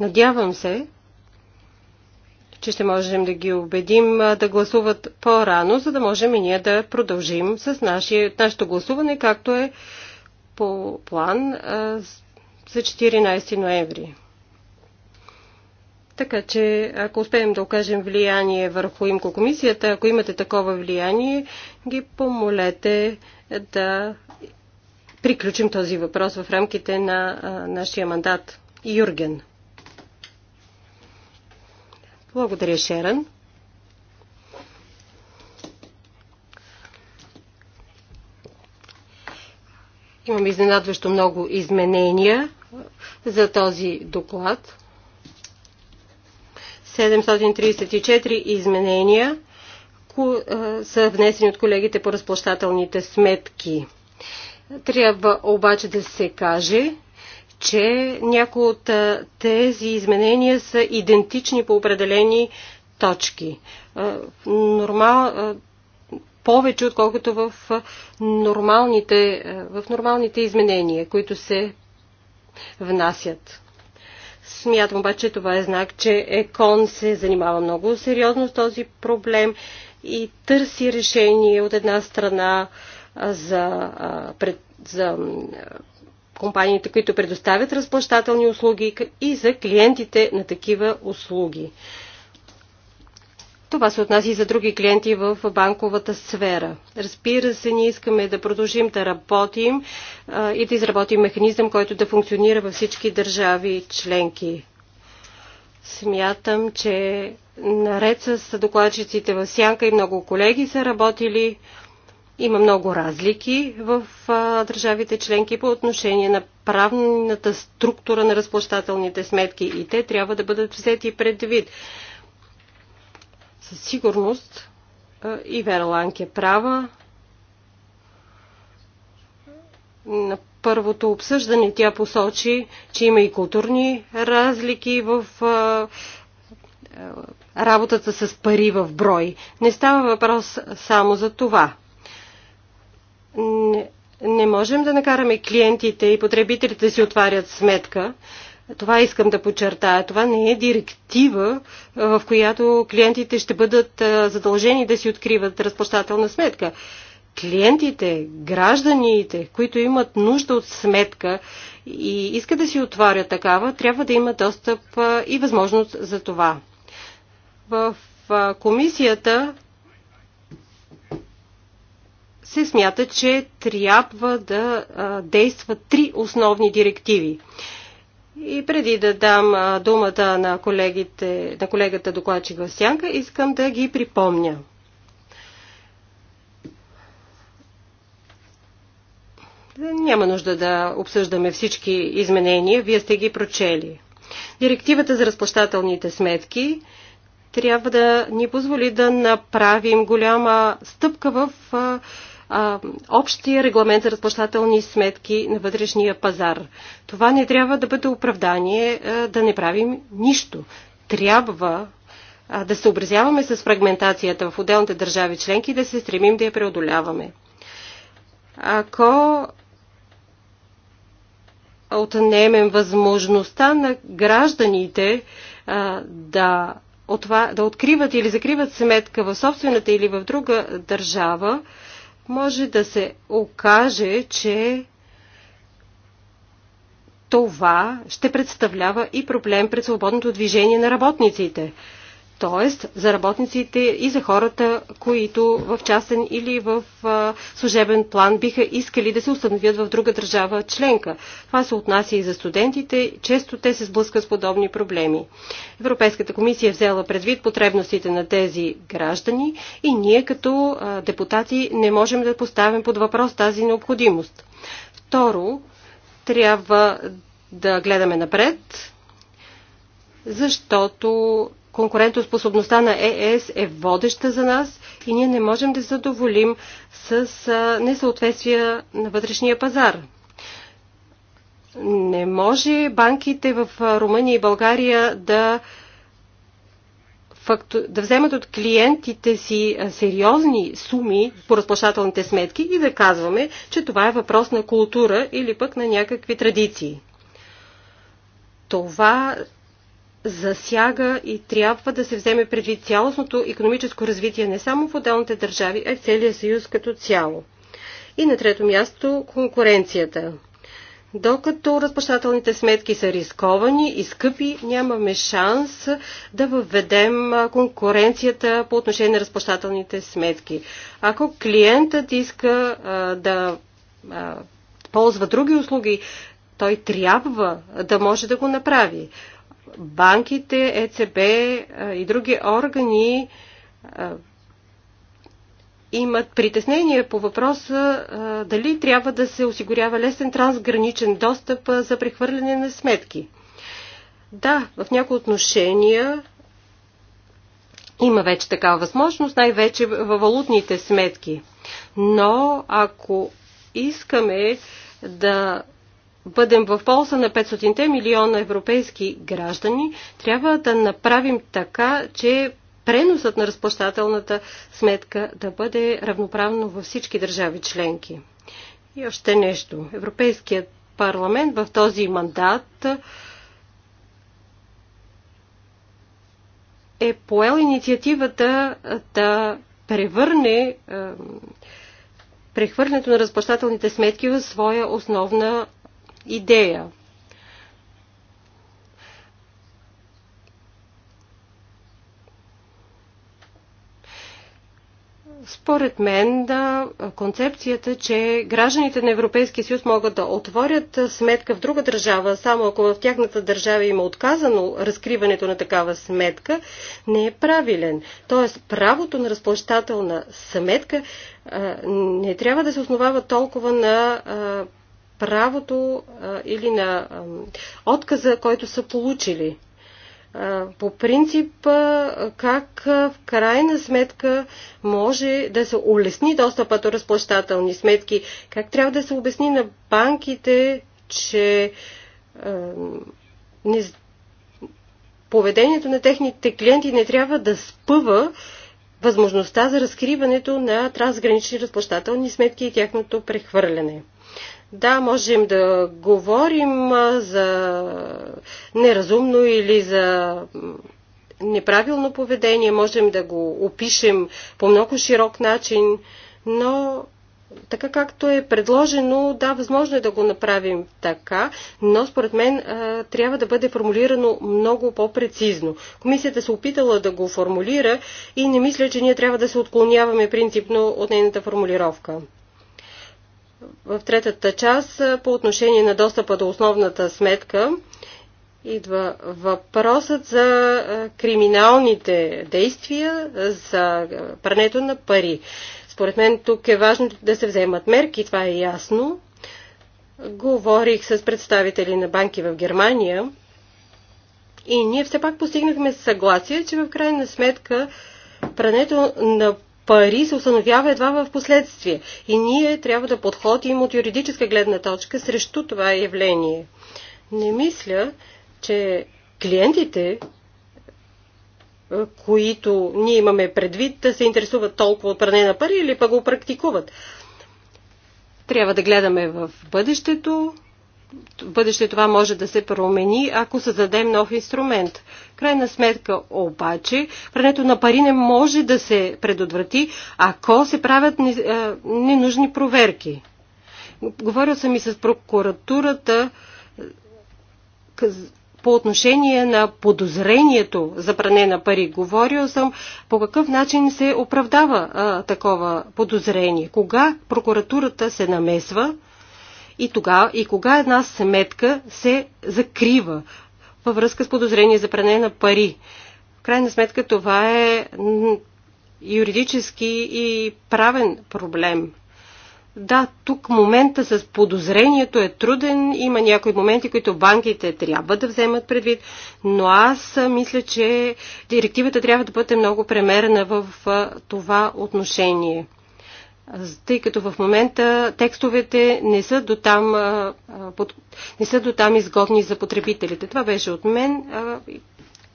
Надявам се, че ще можем да ги убедим да гласуват по-рано, за да можем и ние да продължим с нашия, нашето гласуване, както е по план за 14 ноември. Така че, ако успеем да окажем влияние върху имко комисията, ако имате такова влияние, ги помолете да приключим този въпрос в рамките на а, нашия мандат. Юрген. Благодаря, Шерън. Имам изненадващо много изменения за този доклад. 734 изменения са внесени от колегите по разплащателните сметки. Трябва обаче да се каже, че някои от тези изменения са идентични по определени точки. Нормал, повече отколкото в нормалните, в нормалните изменения, които се внасят. Смятам обаче, това е знак, че ЕКОН се занимава много сериозно с този проблем и търси решение от една страна за, пред, за компаниите, които предоставят разплащателни услуги и за клиентите на такива услуги. Това се отнася и за други клиенти в банковата сфера. Разбира се, ние искаме да продължим да работим а, и да изработим механизъм, който да функционира във всички държави членки. Смятам, че наред с докладчиците в Сянка и много колеги са работили има много разлики в държавите членки по отношение на правната структура на разплащателните сметки и те трябва да бъдат взети предвид. Със сигурност и Ланк е права. На първото обсъждане тя посочи, че има и културни разлики в работата с пари в брой. Не става въпрос само за това. Не, можем да накараме клиентите и потребителите да си отварят сметка. Това искам да подчертая. Това не е директива, е, в която клиентите ще бъдат е, задължени да си откриват разплащателна сметка. Клиентите, гражданите, които имат нужда от сметка и искат да си отварят такава, трябва да имат достъп е, и възможност за това. В комисията се смята, че трябва да действат три основни директиви. И преди да дам думата на, колегите, на колегата докладчик Васянка, искам да ги припомня. Няма нужда да обсъждаме всички изменения, вие сте ги прочели. Директивата за разплащателните сметки трябва да ни позволи да направим голяма стъпка в общия регламент за разплащателни сметки на вътрешния пазар. Това не трябва да бъде оправдание да не правим нищо. Трябва да се образяваме с фрагментацията в отделните държави членки и да се стремим да я преодоляваме. Ако отнемем възможността на гражданите а, да, от това, да откриват или закриват сметка в собствената или в друга държава, може да се окаже, че това ще представлява и проблем пред свободното движение на работниците т.е. за работниците и за хората, които в частен или в служебен план биха искали да се установят в друга държава членка. Това се отнася и за студентите, често те се сблъскват с подобни проблеми. Европейската комисия е взела предвид потребностите на тези граждани и ние като депутати не можем да поставим под въпрос тази необходимост. Второ, трябва да гледаме напред, защото конкурентоспособността на ЕС е водеща за нас и ние не можем да задоволим с несъответствия на вътрешния пазар. Не може банките в Румъния и България да, факту... да вземат от клиентите си сериозни суми по разплащателните сметки и да казваме, че това е въпрос на култура или пък на някакви традиции. Това засяга и трябва да се вземе предвид цялостното економическо развитие не само в отделните държави, а и в целия съюз като цяло. И на трето място конкуренцията. Докато разплащателните сметки са рисковани и скъпи, нямаме шанс да въведем конкуренцията по отношение на разплащателните сметки. Ако клиентът иска а, да а, ползва други услуги, той трябва да може да го направи банките, ЕЦБ и други органи имат притеснения по въпроса дали трябва да се осигурява лесен трансграничен достъп за прехвърляне на сметки. Да, в някои отношения има вече такава възможност, най-вече във валутните сметки. Но ако искаме да бъдем в полза на 500 милиона европейски граждани, трябва да направим така, че преносът на разплащателната сметка да бъде равноправно във всички държави членки. И още нещо. Европейският парламент в този мандат е поел инициативата да превърне прехвърлянето на разплащателните сметки в своя основна идея. според мен да, концепцията, че гражданите на Европейския съюз могат да отворят сметка в друга държава, само ако в тяхната държава има отказано разкриването на такава сметка, не е правилен. Тоест, правото на разплащателна сметка а, не трябва да се основава толкова на а, правото а, или на а, отказа, който са получили. А, по принцип, а, как а, в крайна сметка може да се улесни достъпа до разплащателни сметки, как трябва да се обясни на банките, че а, не, поведението на техните клиенти не трябва да спъва възможността за разкриването на трансгранични разплащателни сметки и тяхното прехвърляне. Да, можем да говорим за неразумно или за неправилно поведение, можем да го опишем по много широк начин, но така както е предложено, да, възможно е да го направим така, но според мен трябва да бъде формулирано много по-прецизно. Комисията се опитала да го формулира и не мисля, че ние трябва да се отклоняваме принципно от нейната формулировка в третата част по отношение на достъпа до основната сметка идва въпросът за криминалните действия, за прането на пари. Според мен тук е важно да се вземат мерки, това е ясно. Говорих с представители на банки в Германия и ние все пак постигнахме съгласие, че в крайна сметка прането на пари се установява едва в последствие. И ние трябва да подходим от юридическа гледна точка срещу това явление. Не мисля, че клиентите, които ние имаме предвид, да се интересуват толкова от пране на пари или пък го практикуват. Трябва да гледаме в бъдещето, бъдеще това може да се промени, ако създадем нов инструмент. Крайна сметка обаче, прането на пари не може да се предотврати, ако се правят ненужни проверки. Говорил съм и с прокуратурата по отношение на подозрението за пране на пари. Говорил съм по какъв начин се оправдава а, такова подозрение. Кога прокуратурата се намесва, и, тога, и кога една сметка се закрива във връзка с подозрение за пране на пари. В крайна сметка това е юридически и правен проблем. Да, тук момента с подозрението е труден. Има някои моменти, които банките трябва да вземат предвид, но аз мисля, че директивата трябва да бъде много премерена в това отношение тъй като в момента текстовете не са до там, не са до там изгодни за потребителите. Това беше от мен.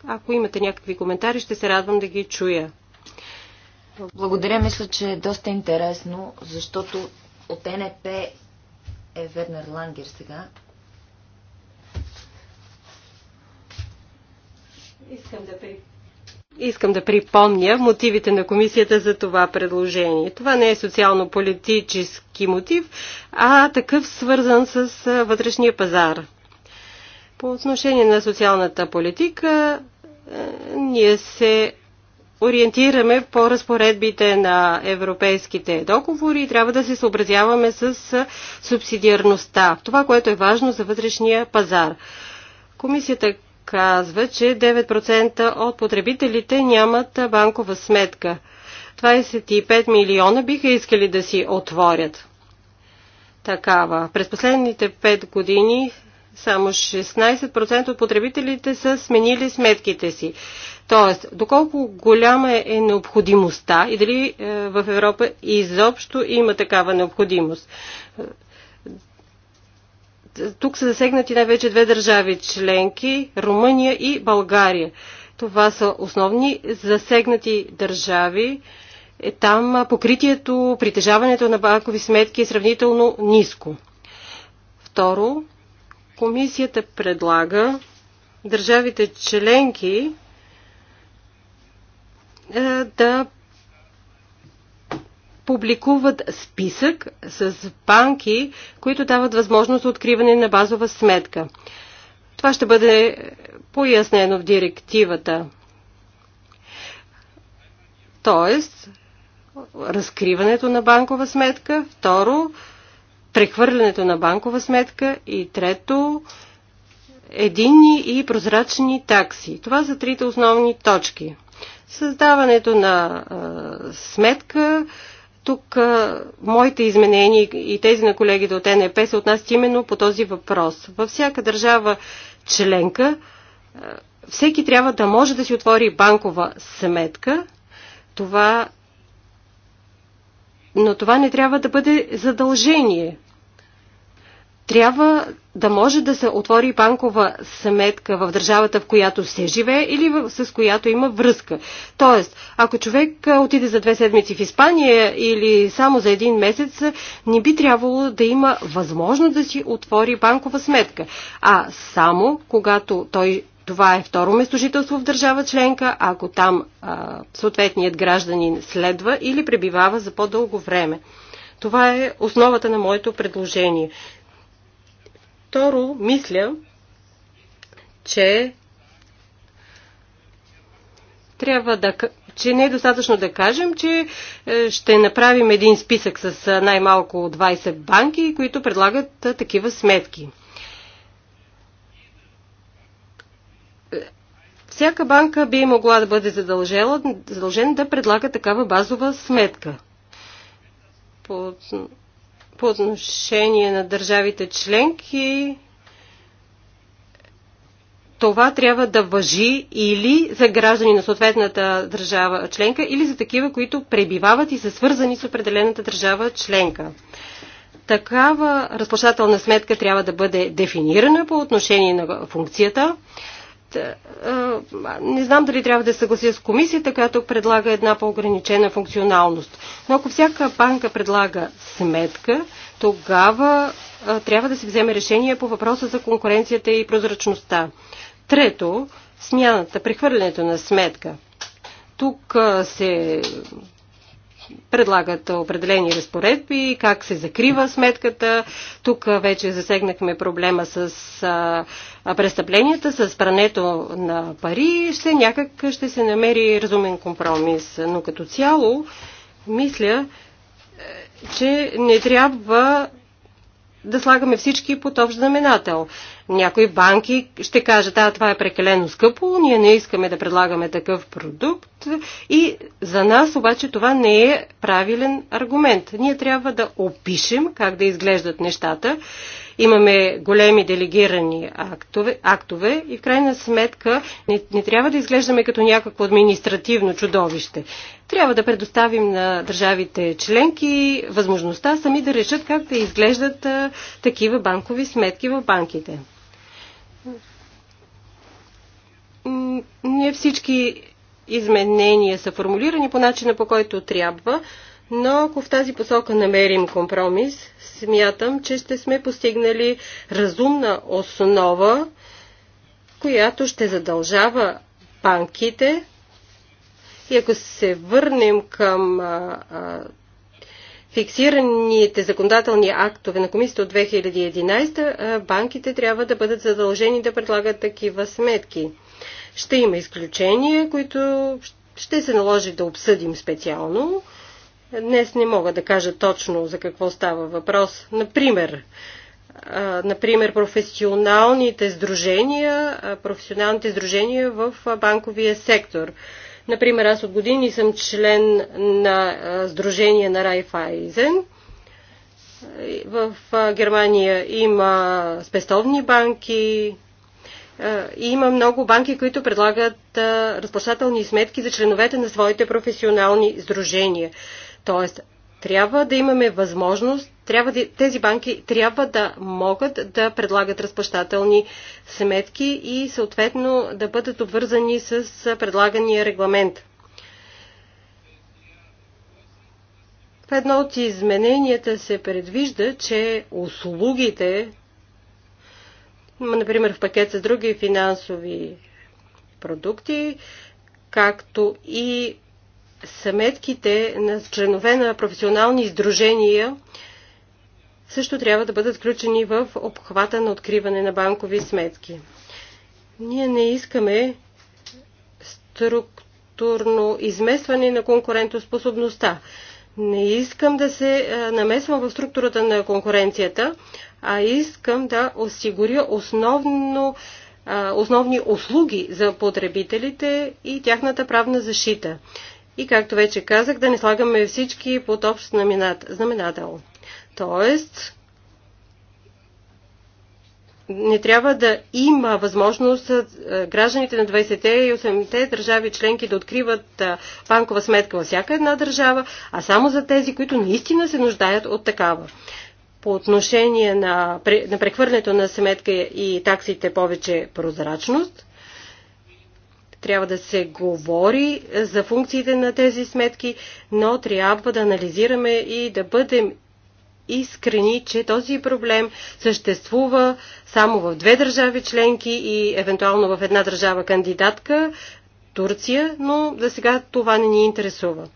Ако имате някакви коментари, ще се радвам да ги чуя. Благодаря, мисля,
че е доста интересно, защото от НП е Вернер Лангер сега.
Искам да при...
Искам да припомня мотивите на комисията за това предложение. Това не е социално-политически мотив, а такъв свързан с вътрешния пазар. По отношение на социалната политика, ние се ориентираме по разпоредбите на европейските договори и трябва да се съобразяваме с субсидиарността, това, което е важно за вътрешния пазар. Комисията казва, че 9% от потребителите нямат банкова сметка. 25 милиона биха искали да си отворят такава. През последните 5 години само 16% от потребителите са сменили сметките си. Тоест, доколко голяма е необходимостта и дали е, в Европа изобщо има такава необходимост. Тук са засегнати най-вече две държави членки Румъния и България. Това са основни засегнати държави. Е, там покритието, притежаването на банкови сметки е сравнително ниско. Второ, комисията предлага държавите членки е, да публикуват списък с банки, които дават възможност за откриване на базова сметка. Това ще бъде пояснено в директивата. Тоест, разкриването на банкова сметка, второ, прехвърлянето на банкова сметка и трето, единни и прозрачни такси. Това са трите основни точки. Създаването на а, сметка, тук а, моите изменения и тези на колегите от НЕП се отнасят именно по този въпрос. Във всяка държава членка а, всеки трябва да може да си отвори банкова сметка. Това но това не трябва да бъде задължение трябва да може да се отвори банкова сметка в държавата, в която се живее или в, с която има връзка. Тоест, ако човек отиде за две седмици в Испания или само за един месец, не би трябвало да има възможност да си отвори банкова сметка. А само когато той това е второ местожителство в държава членка, ако там а, съответният гражданин следва или пребивава за по-дълго време. Това е основата на моето предложение. Второ, мисля, че трябва да, че не е достатъчно да кажем, че е, ще направим един списък с е, най-малко 20 банки, които предлагат е, такива сметки. Всяка банка би могла да бъде задължена, задължена да предлага такава базова сметка. По по отношение на държавите членки, това трябва да въжи или за граждани на съответната държава членка, или за такива, които пребивават и са свързани с определената държава членка. Такава разплащателна сметка трябва да бъде дефинирана по отношение на функцията, е, е, не знам дали трябва да съглася с комисията, която предлага една по-ограничена функционалност. Но ако всяка банка предлага сметка, тогава е, трябва да се вземе решение по въпроса за конкуренцията и прозрачността. Трето, смяната, прехвърлянето на сметка. Тук се предлагат определени разпоредби, как се закрива сметката. Тук вече засегнахме проблема с престъпленията, с прането на пари. Ще някак ще се намери разумен компромис. Но като цяло, мисля, е, че не трябва да слагаме всички под общ знаменател. Някои банки ще кажат, да, това е прекалено скъпо, ние не искаме да предлагаме такъв продукт и за нас обаче това не е правилен аргумент. Ние трябва да опишем как да изглеждат нещата имаме големи делегирани актове, актове и в крайна сметка не, не трябва да изглеждаме като някакво административно чудовище. Трябва да предоставим на държавите членки възможността сами да решат как да изглеждат а, такива банкови сметки в банките. Не всички изменения са формулирани по начина по който трябва но ако в тази посока намерим компромис, смятам, че ще сме постигнали разумна основа, която ще задължава банките. И ако се върнем към а, а, фиксираните законодателни актове на комисията от 2011, банките трябва да бъдат задължени да предлагат такива сметки. Ще има изключения, които ще се наложи да обсъдим специално Днес не мога да кажа точно за какво става въпрос. Например, например, професионалните сдружения, професионалните сдружения в банковия сектор. Например, аз от години съм член на сдружение на Райфайзен. В Германия има спестовни банки, и има много банки, които предлагат разплащателни сметки за членовете на своите професионални сдружения. Тоест, трябва да имаме възможност, трябва да, тези банки трябва да могат да предлагат разплащателни сметки и съответно да бъдат обвързани с предлагания регламент. В едно от измененията се предвижда, че услугите, например в пакет с други финансови продукти, както и Съметките на членове на професионални издружения също трябва да бъдат включени в обхвата на откриване на банкови сметки. Ние не искаме структурно изместване на конкурентоспособността. Не искам да се намесвам в структурата на конкуренцията, а искам да осигуря основно, основни услуги за потребителите и тяхната правна защита и, както вече казах, да не слагаме всички под общ знаменател. Тоест, не трябва да има възможност гражданите на 20-те и 8-те държави членки да откриват банкова сметка във всяка една държава, а само за тези, които наистина се нуждаят от такава. По отношение на, на прехвърлянето на сметка и таксите повече прозрачност, трябва да се говори за функциите на тези сметки, но трябва да анализираме и да бъдем искрени, че този проблем съществува само в две държави членки и евентуално в една държава кандидатка, Турция, но за сега това не ни интересува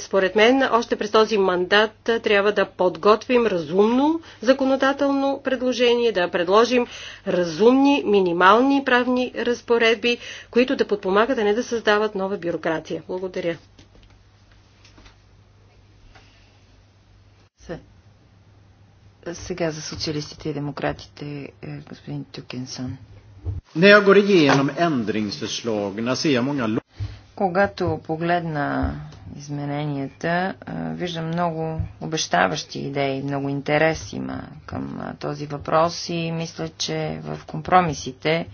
според мен, още през този мандат трябва да подготвим разумно законодателно предложение, да предложим разумни, минимални правни разпоредби, които да подпомагат, а не да създават нова бюрокрация. Благодаря.
Сега за социалистите и демократите, е, господин Тюкенсон. Не, я го
igenom ändringsförslagen ser jag
Когато погледна измененията. Виждам много обещаващи идеи, много интерес има към този въпрос и мисля, че в компромисите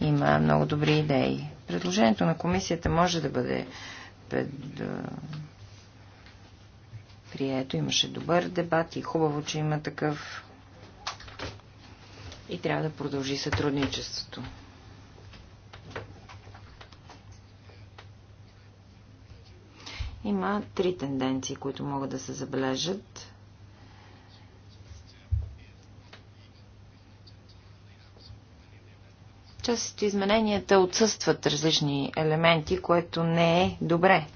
има много добри идеи. Предложението на комисията може да бъде пред... прието. Имаше добър дебат и хубаво, че има такъв. И трябва да продължи сътрудничеството. Има три тенденции, които могат да се забележат. Част от измененията отсъстват различни елементи, което не е добре.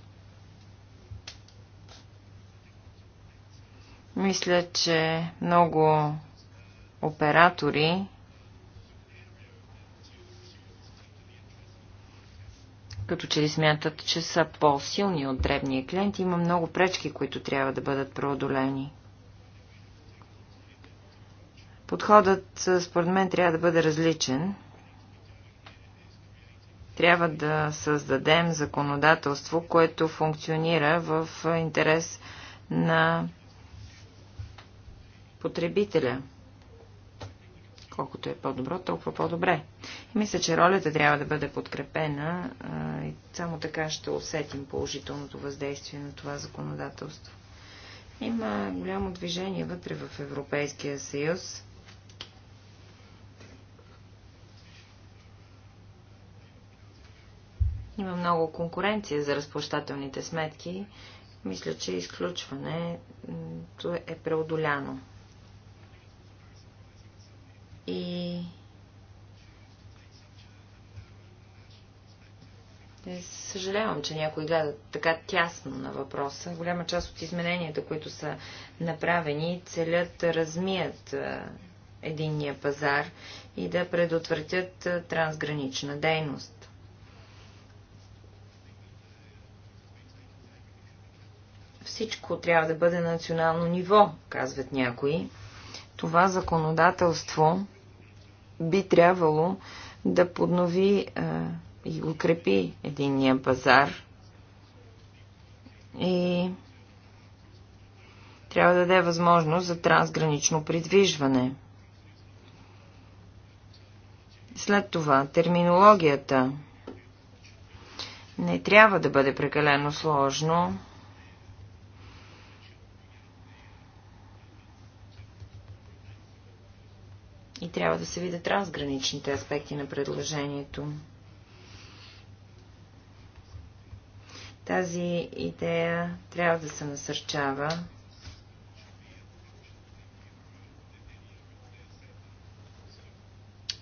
Мисля, че много оператори като че ли смятат, че са по-силни от дребния клиент. Има много пречки, които трябва да бъдат преодолени. Подходът, според мен, трябва да бъде различен. Трябва да създадем законодателство, което функционира в интерес на потребителя. Колкото е по-добро, толкова по-добре. И мисля, че ролята трябва да бъде подкрепена и само така ще усетим положителното въздействие на това законодателство. Има голямо движение вътре в Европейския съюз. Има много конкуренция за разплащателните сметки. Мисля, че изключването е преодоляно y Съжалявам, че някои гледат така тясно на въпроса. Голяма част от измененията, които са направени, целят да размият единния пазар и да предотвратят трансгранична дейност. Всичко трябва да бъде на национално ниво, казват някои. Това законодателство би трябвало да поднови а, е, и укрепи единния пазар и трябва да даде възможност за трансгранично придвижване. След това, терминологията. Не трябва да бъде прекалено сложно и трябва да се видят трансграничните аспекти на предложението. Тази идея трябва да се насърчава.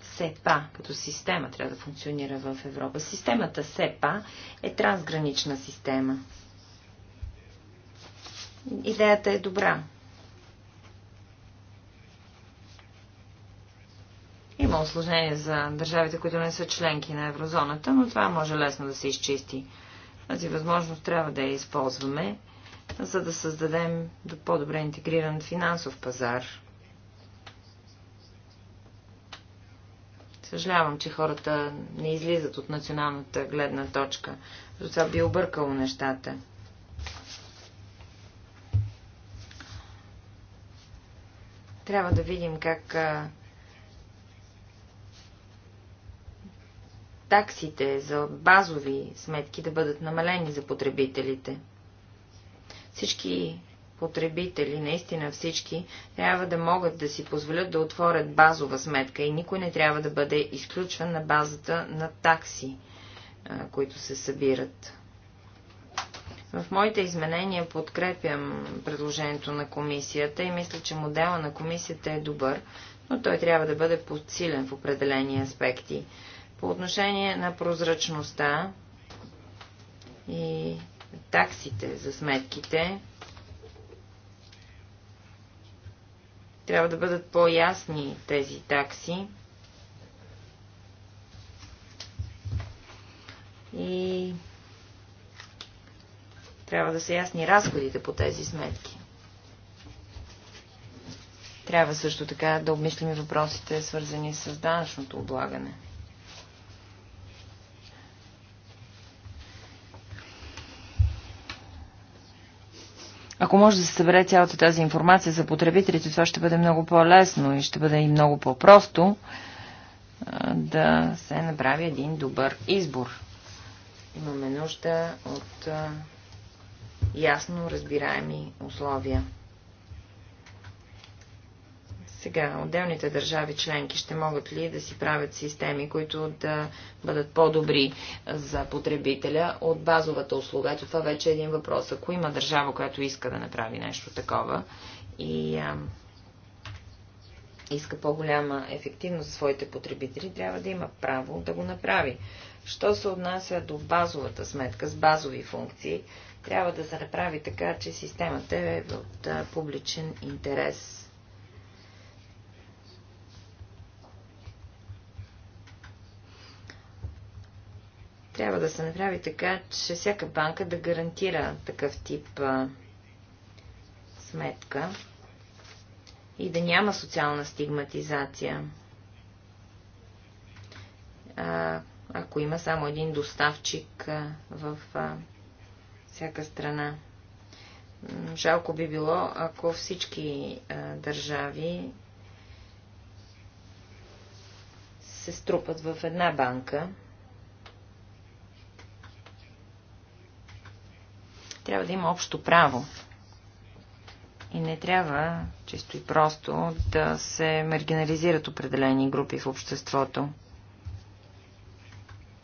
СЕПА като система трябва да функционира в Европа. Системата СЕПА е трансгранична система. Идеята е добра. Има осложнение за държавите, които не са членки на еврозоната, но това може лесно да се изчисти. Тази възможност трябва да я използваме, за да създадем до по-добре интегриран финансов пазар. Съжалявам, че хората не излизат от националната гледна точка. За това би объркало нещата. Трябва да видим как таксите за базови сметки да бъдат намалени за потребителите. Всички потребители, наистина всички, трябва да могат да си позволят да отворят базова сметка и никой не трябва да бъде изключван на базата на такси, които се събират. В моите изменения подкрепям предложението на комисията и мисля, че модела на комисията е добър, но той трябва да бъде подсилен в определени аспекти. По отношение на прозрачността и таксите за сметките, трябва да бъдат по-ясни тези такси. И трябва да са ясни разходите по тези сметки. Трябва също така да обмислим и въпросите, свързани с данъчното облагане. Ако може да се събере цялата тази информация за потребителите, това ще бъде много по-лесно и ще бъде и много по-просто да се направи един добър избор. Имаме нужда от ясно разбираеми условия. Сега, отделните държави членки ще могат ли да си правят системи, които да бъдат по-добри за потребителя от базовата услуга? Ето това вече е един въпрос. Ако има държава, която иска да направи нещо такова и а, иска по-голяма ефективност за своите потребители, трябва да има право да го направи. Що се отнася до базовата сметка с базови функции, трябва да се направи така, че системата е от публичен интерес Трябва да се направи така, че всяка банка да гарантира такъв тип а, сметка и да няма социална стигматизация. А, ако има само един доставчик а, в а, всяка страна. Жалко би било, ако всички а, държави се струпат в една банка Трябва да има общо право. И не трябва, чисто и просто, да се маргинализират определени групи в обществото.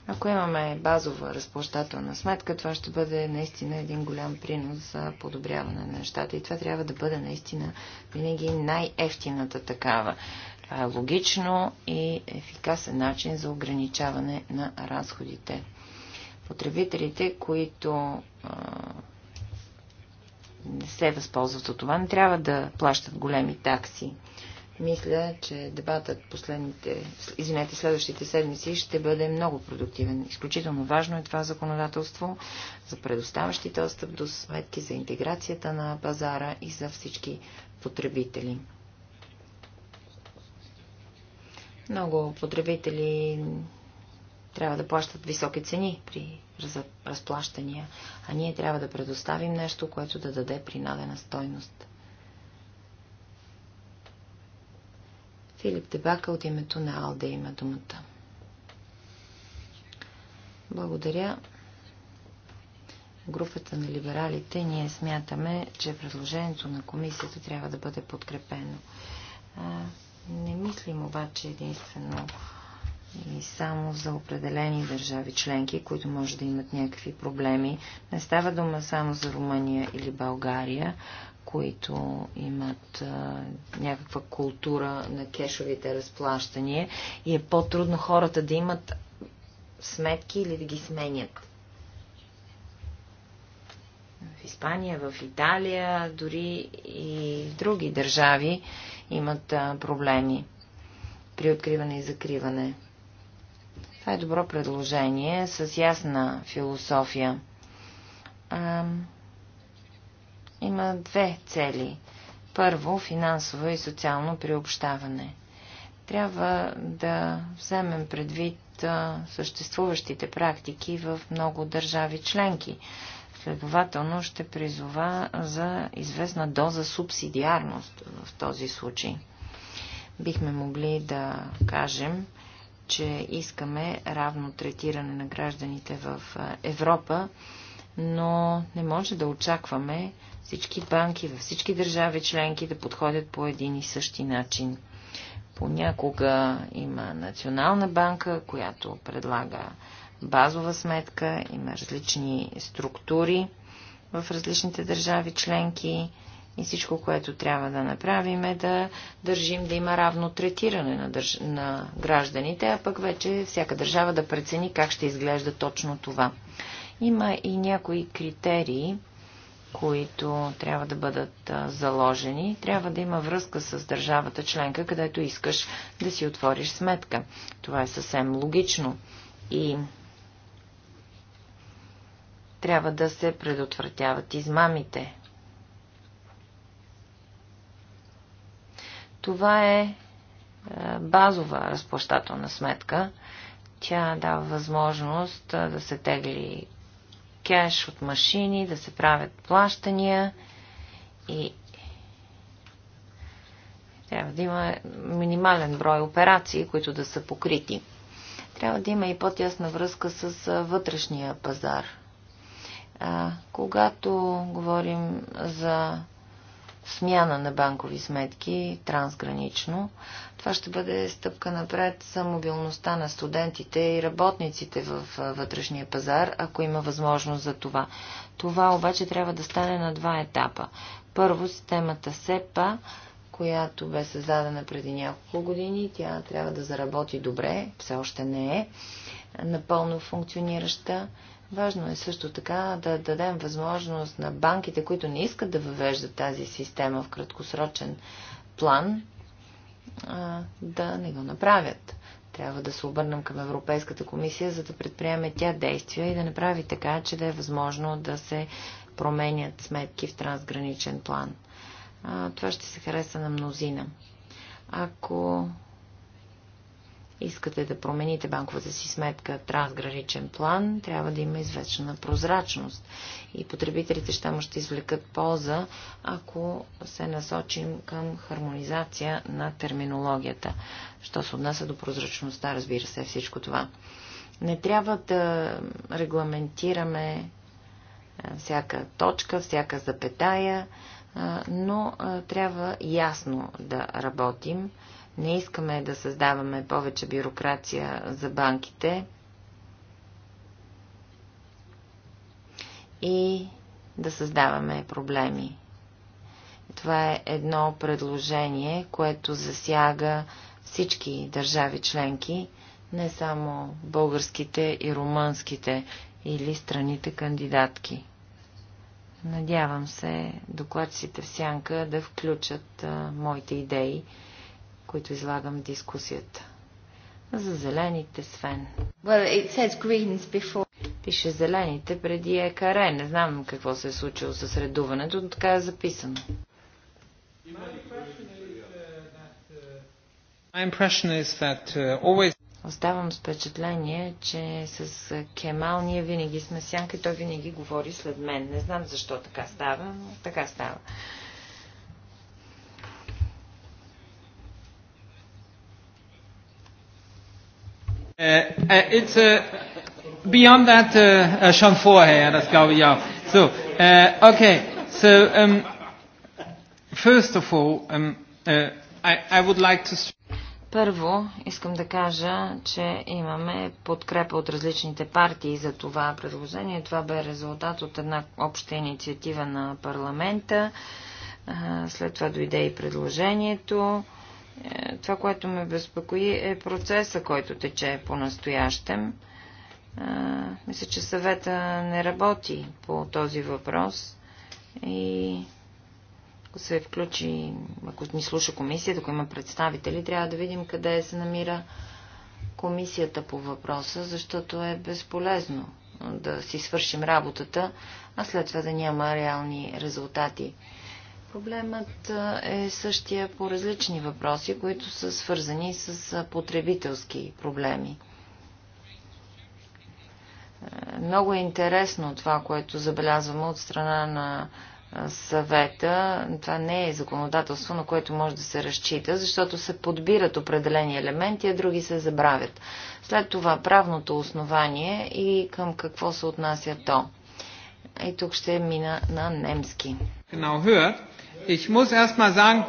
Ако имаме базова разплащателна сметка, това ще бъде наистина един голям принос за подобряване на нещата. И това трябва да бъде наистина винаги най-ефтината такава. Това е логично и ефикасен начин за ограничаване на разходите. Потребителите, които не се възползват от това, не трябва да плащат големи такси. Мисля, че дебатът последните, извинете, следващите седмици ще бъде много продуктивен. Изключително важно е това законодателство за предоставащите достъп до сметки, за интеграцията на пазара и за всички потребители. Много потребители трябва да плащат високи цени при за разплащания, а ние трябва да предоставим нещо, което да даде принадена стойност. Филип Дебака от името на Алде има думата. Благодаря. Групата на либералите ние смятаме, че предложението на комисията трябва да бъде подкрепено. Не мислим обаче единствено и само за определени държави членки, които може да имат някакви проблеми. Не става дума само за Румъния или България, които имат а, някаква култура на кешовите разплащания и е по-трудно хората да имат сметки или да ги сменят. В Испания, в Италия, дори и в други държави имат а, проблеми при откриване и закриване това е добро предложение с ясна философия. А, има две цели. Първо, финансово и социално приобщаване. Трябва да вземем предвид съществуващите практики в много държави членки. Следователно ще призова за известна доза субсидиарност в този случай. Бихме могли да кажем, че искаме равно третиране на гражданите в Европа, но не може да очакваме всички банки във всички държави членки да подходят по един и същи начин. Понякога има Национална банка, която предлага базова сметка, има различни структури в различните държави членки, и всичко, което трябва да направим е да държим да има равно третиране на, държ... на гражданите, а пък вече всяка държава да прецени как ще изглежда точно това. Има и някои критерии, които трябва да бъдат заложени, трябва да има връзка с държавата членка, където искаш да си отвориш сметка. Това е съвсем логично. И трябва да се предотвратяват измамите. Това е, е базова разплащателна сметка. Тя дава възможност е, да се тегли кеш от машини, да се правят плащания и трябва да има минимален брой операции, които да са покрити. Трябва да има и по-тясна връзка с е, вътрешния пазар. А, когато говорим за смяна на банкови сметки трансгранично. Това ще бъде стъпка напред за мобилността на студентите и работниците в вътрешния пазар, ако има възможност за това. Това обаче трябва да стане на два етапа. Първо, системата СЕПА, която бе създадена преди няколко години, тя трябва да заработи добре, все още не е напълно функционираща Важно е също така да дадем възможност на банките, които не искат да въвеждат тази система в краткосрочен план, да не го направят. Трябва да се обърнем към Европейската комисия, за да предприеме тя действия и да направи така, че да е възможно да се променят сметки в трансграничен план. Това ще се хареса на мнозина. Ако искате да промените банковата си сметка трансграничен план, трябва да има известна прозрачност. И потребителите ще му ще извлекат полза, ако се насочим към хармонизация на терминологията. Що се отнася до прозрачността, разбира се, е всичко това. Не трябва да регламентираме всяка точка, всяка запетая, но трябва ясно да работим не искаме да създаваме повече бюрокрация за банките и да създаваме проблеми. Това е едно предложение, което засяга всички държави членки, не само българските и румънските или страните кандидатки. Надявам се докладците в сянка да включат а, моите идеи които излагам в дискусията. За зелените, Свен. Well, it says greens before. Пише зелените преди екаре. Не знам какво се е случило с редуването, но така е записано. Uh, Оставам с впечатление, че с Кемал ние винаги сме сянка и той винаги говори след мен. Не знам защо така става, но така става. Uh, Uh, uh, it's uh,
beyond that uh, uh, schon vorher, das glaube ich auch. So, uh, okay, so um, first of all, um, uh, I, I would
like to. Първо, искам да кажа, че имаме подкрепа от различните партии за това предложение. Това бе резултат от една обща инициатива на парламента. След това дойде и предложението. Е, това, което ме безпокои, е процеса, който тече по-настоящем. Е, мисля, че съвета не работи по този въпрос и ако се включи, ако ни слуша комисията, ако има представители, трябва да видим къде се намира комисията по въпроса, защото е безполезно да си свършим работата, а след това да няма реални резултати. Проблемът е същия по различни въпроси, които са свързани с потребителски проблеми. Много е интересно това, което забелязваме от страна на съвета. Това не е законодателство, на което може да се разчита, защото се подбират определени елементи, а други се забравят. След това правното основание и към какво се отнася то. И тук ще мина на немски.
Genau hört, Ich muss erst mal sagen...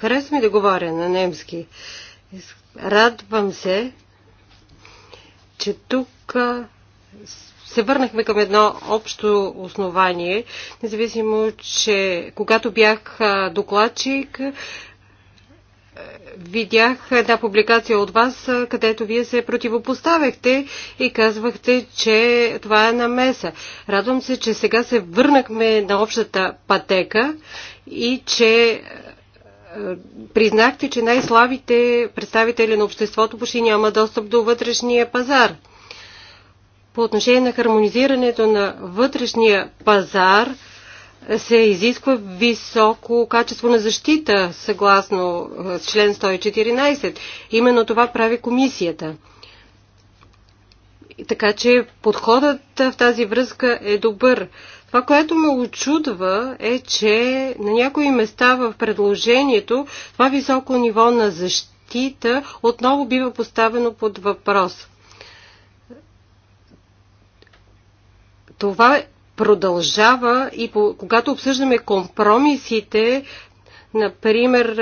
Харесва ми да говоря на немски. Радвам се, че тук се върнахме към едно общо основание, независимо, че когато бях докладчик, видях една публикация от вас, където вие се противопоставяхте и казвахте, че това е намеса. Радвам се, че сега се върнахме на общата пътека и че е, признахте, че най-слабите представители на обществото почти няма достъп до вътрешния пазар. По отношение на хармонизирането на вътрешния пазар – се изисква високо качество на защита, съгласно член 114. Именно това прави комисията. Така че подходът в тази връзка е добър. Това, което ме очудва е, че на някои места в предложението това високо ниво на защита отново бива поставено под въпрос. Това продължава и по, когато обсъждаме компромисите, например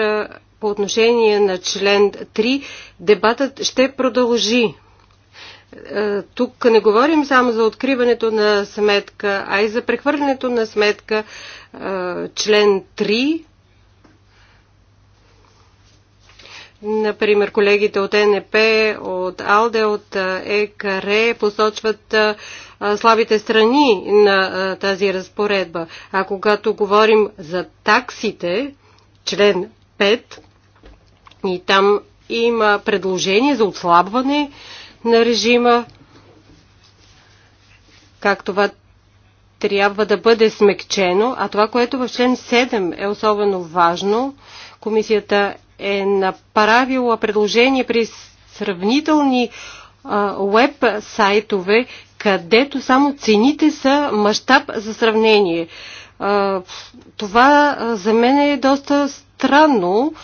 по отношение на член 3, дебатът ще продължи. Тук не говорим само за откриването на сметка, а и за прехвърлянето на сметка член 3 Например, колегите от НП, от АЛДЕ, от ЕКРЕ посочват слабите страни на тази разпоредба. А когато говорим за таксите, член 5, и там има предложение за отслабване на режима, как това трябва да бъде смекчено, а това, което в член 7 е особено важно, комисията е направила предложение при сравнителни веб сайтове, където само цените са мащаб за сравнение. А, това за мен е доста странно,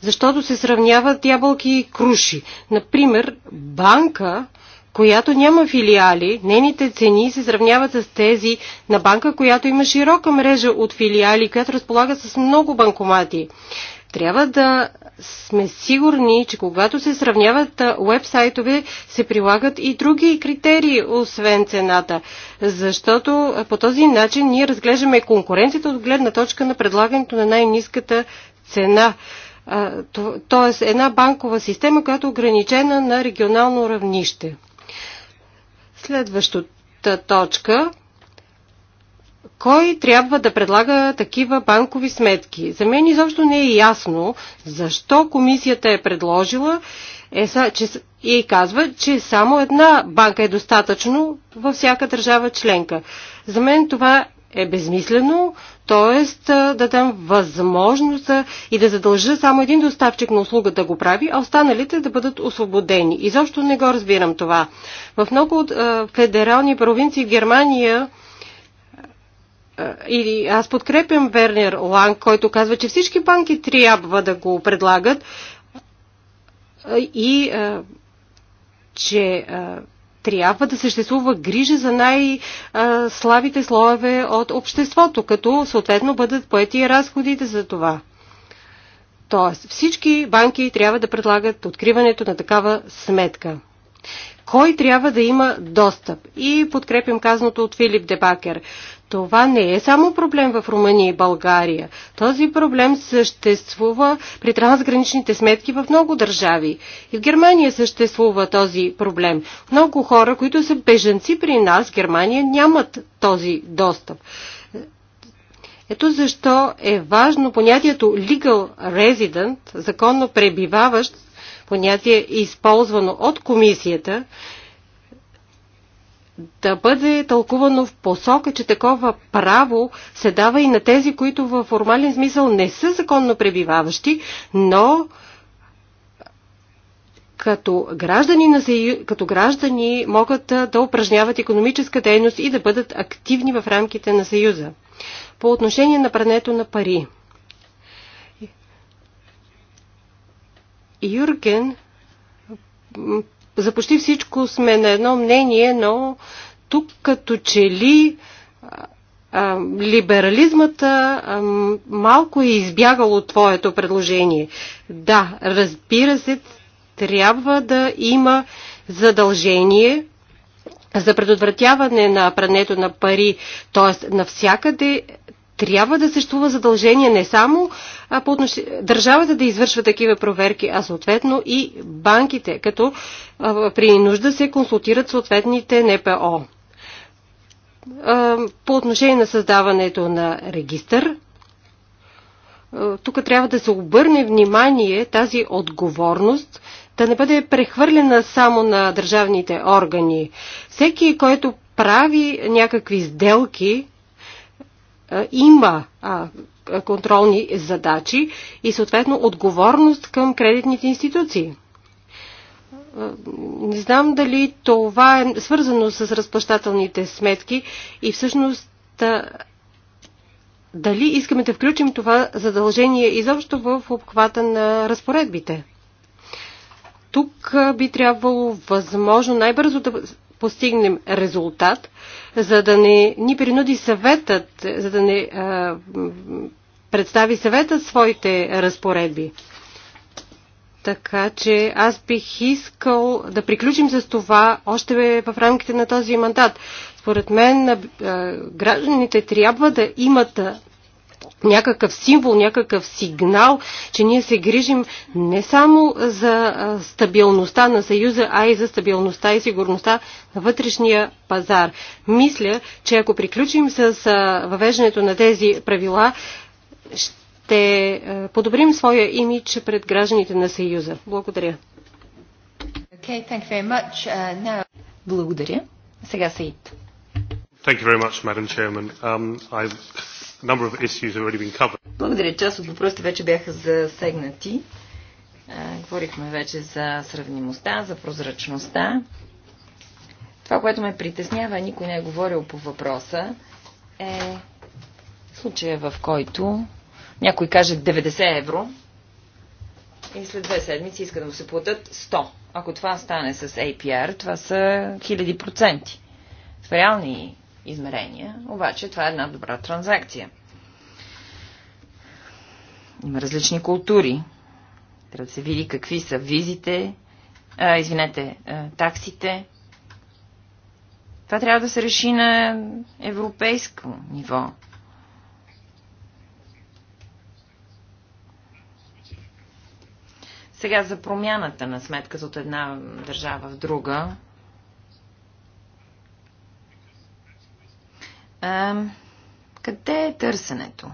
защото се сравняват ябълки и круши. Например, банка, която няма филиали, нейните цени се сравняват с тези на банка, която има широка мрежа от филиали, която разполага с много банкомати. Трябва да сме сигурни, че когато се сравняват уебсайтове, се прилагат и други критерии, освен цената. Защото по този начин ние разглеждаме конкуренцията от гледна точка на предлагането на най-низката цена. Тоест една банкова система, която е ограничена на регионално равнище. Следващата точка кой трябва да предлага такива банкови сметки? За мен изобщо не е ясно защо комисията е предложила е, че, и казва, че само една банка е достатъчно във всяка държава членка. За мен това е безмислено, т.е. да дам възможност и да задължа само един доставчик на услуга да го прави, а останалите да бъдат освободени. Изобщо не го разбирам това. В много от е, федерални провинции в Германия или аз подкрепям Вернер Ланг, който казва, че всички банки трябва да го предлагат и че трябва да съществува грижа за най-слабите слоеве от обществото, като съответно бъдат поети и разходите за това. Тоест, всички банки трябва да предлагат откриването на такава сметка. Кой трябва да има достъп? И подкрепим казаното от Филип Дебакер това не е само проблем в Румъния и България. Този проблем съществува при трансграничните сметки в много държави. И в Германия съществува този проблем. Много хора, които са беженци при нас, Германия, нямат този достъп. Ето защо е важно понятието legal resident, законно пребиваващ, понятие е използвано от комисията, да бъде тълкувано в посока, че такова право се дава и на тези, които във формален смисъл не са законно пребиваващи, но като граждани, на съю... като граждани могат да упражняват економическа дейност и да бъдат активни в рамките на Съюза. По отношение на прането на пари. Юрген за почти всичко сме на едно мнение, но тук като че ли а, либерализмата а, малко е избягал от твоето предложение. Да, разбира се, трябва да има задължение за предотвратяване на прането на пари, т.е. навсякъде трябва да съществува задължение не само по отнош... държавата да извършва такива проверки, а съответно и банките, като при нужда се консултират съответните НПО. По отношение на създаването на регистър, тук трябва да се обърне внимание тази отговорност да не бъде прехвърлена само на държавните органи. Всеки, който прави някакви сделки, има контролни задачи и съответно отговорност към кредитните институции. Не знам дали това е свързано с разплащателните сметки и всъщност дали искаме да включим това задължение изобщо в обхвата на разпоредбите. Тук би трябвало възможно най-бързо да постигнем резултат, за да не ни принуди съветът, за да не а, представи съветът своите разпоредби. Така че аз бих искал да приключим с това още в рамките на този мандат. Според мен гражданите трябва да имат някакъв символ, някакъв сигнал, че ние се грижим не само за стабилността на Съюза, а и за стабилността и сигурността на вътрешния пазар. Мисля, че ако приключим с въвеждането на тези правила, ще подобрим своя имидж пред гражданите на Съюза. Благодаря.
Okay, thank you very
much. Uh, now... Благодаря. Сега Саид.
Thank you very much, Madam Chairman. Um,
благодаря. Част от въпросите вече бяха засегнати. Говорихме вече за сравнимостта, за прозрачността. Това, което ме притеснява, никой не е говорил по въпроса, е случая, в който някой каже 90 евро и след две седмици иска да му се платят 100. Ако това стане с APR, това са хиляди проценти. В реални измерения, обаче това е една добра транзакция. Има различни култури. Трябва да се види какви са визите, а, извинете, а, таксите. Това трябва да се реши на европейско ниво. Сега за промяната на сметката от една държава в друга. А, къде е търсенето?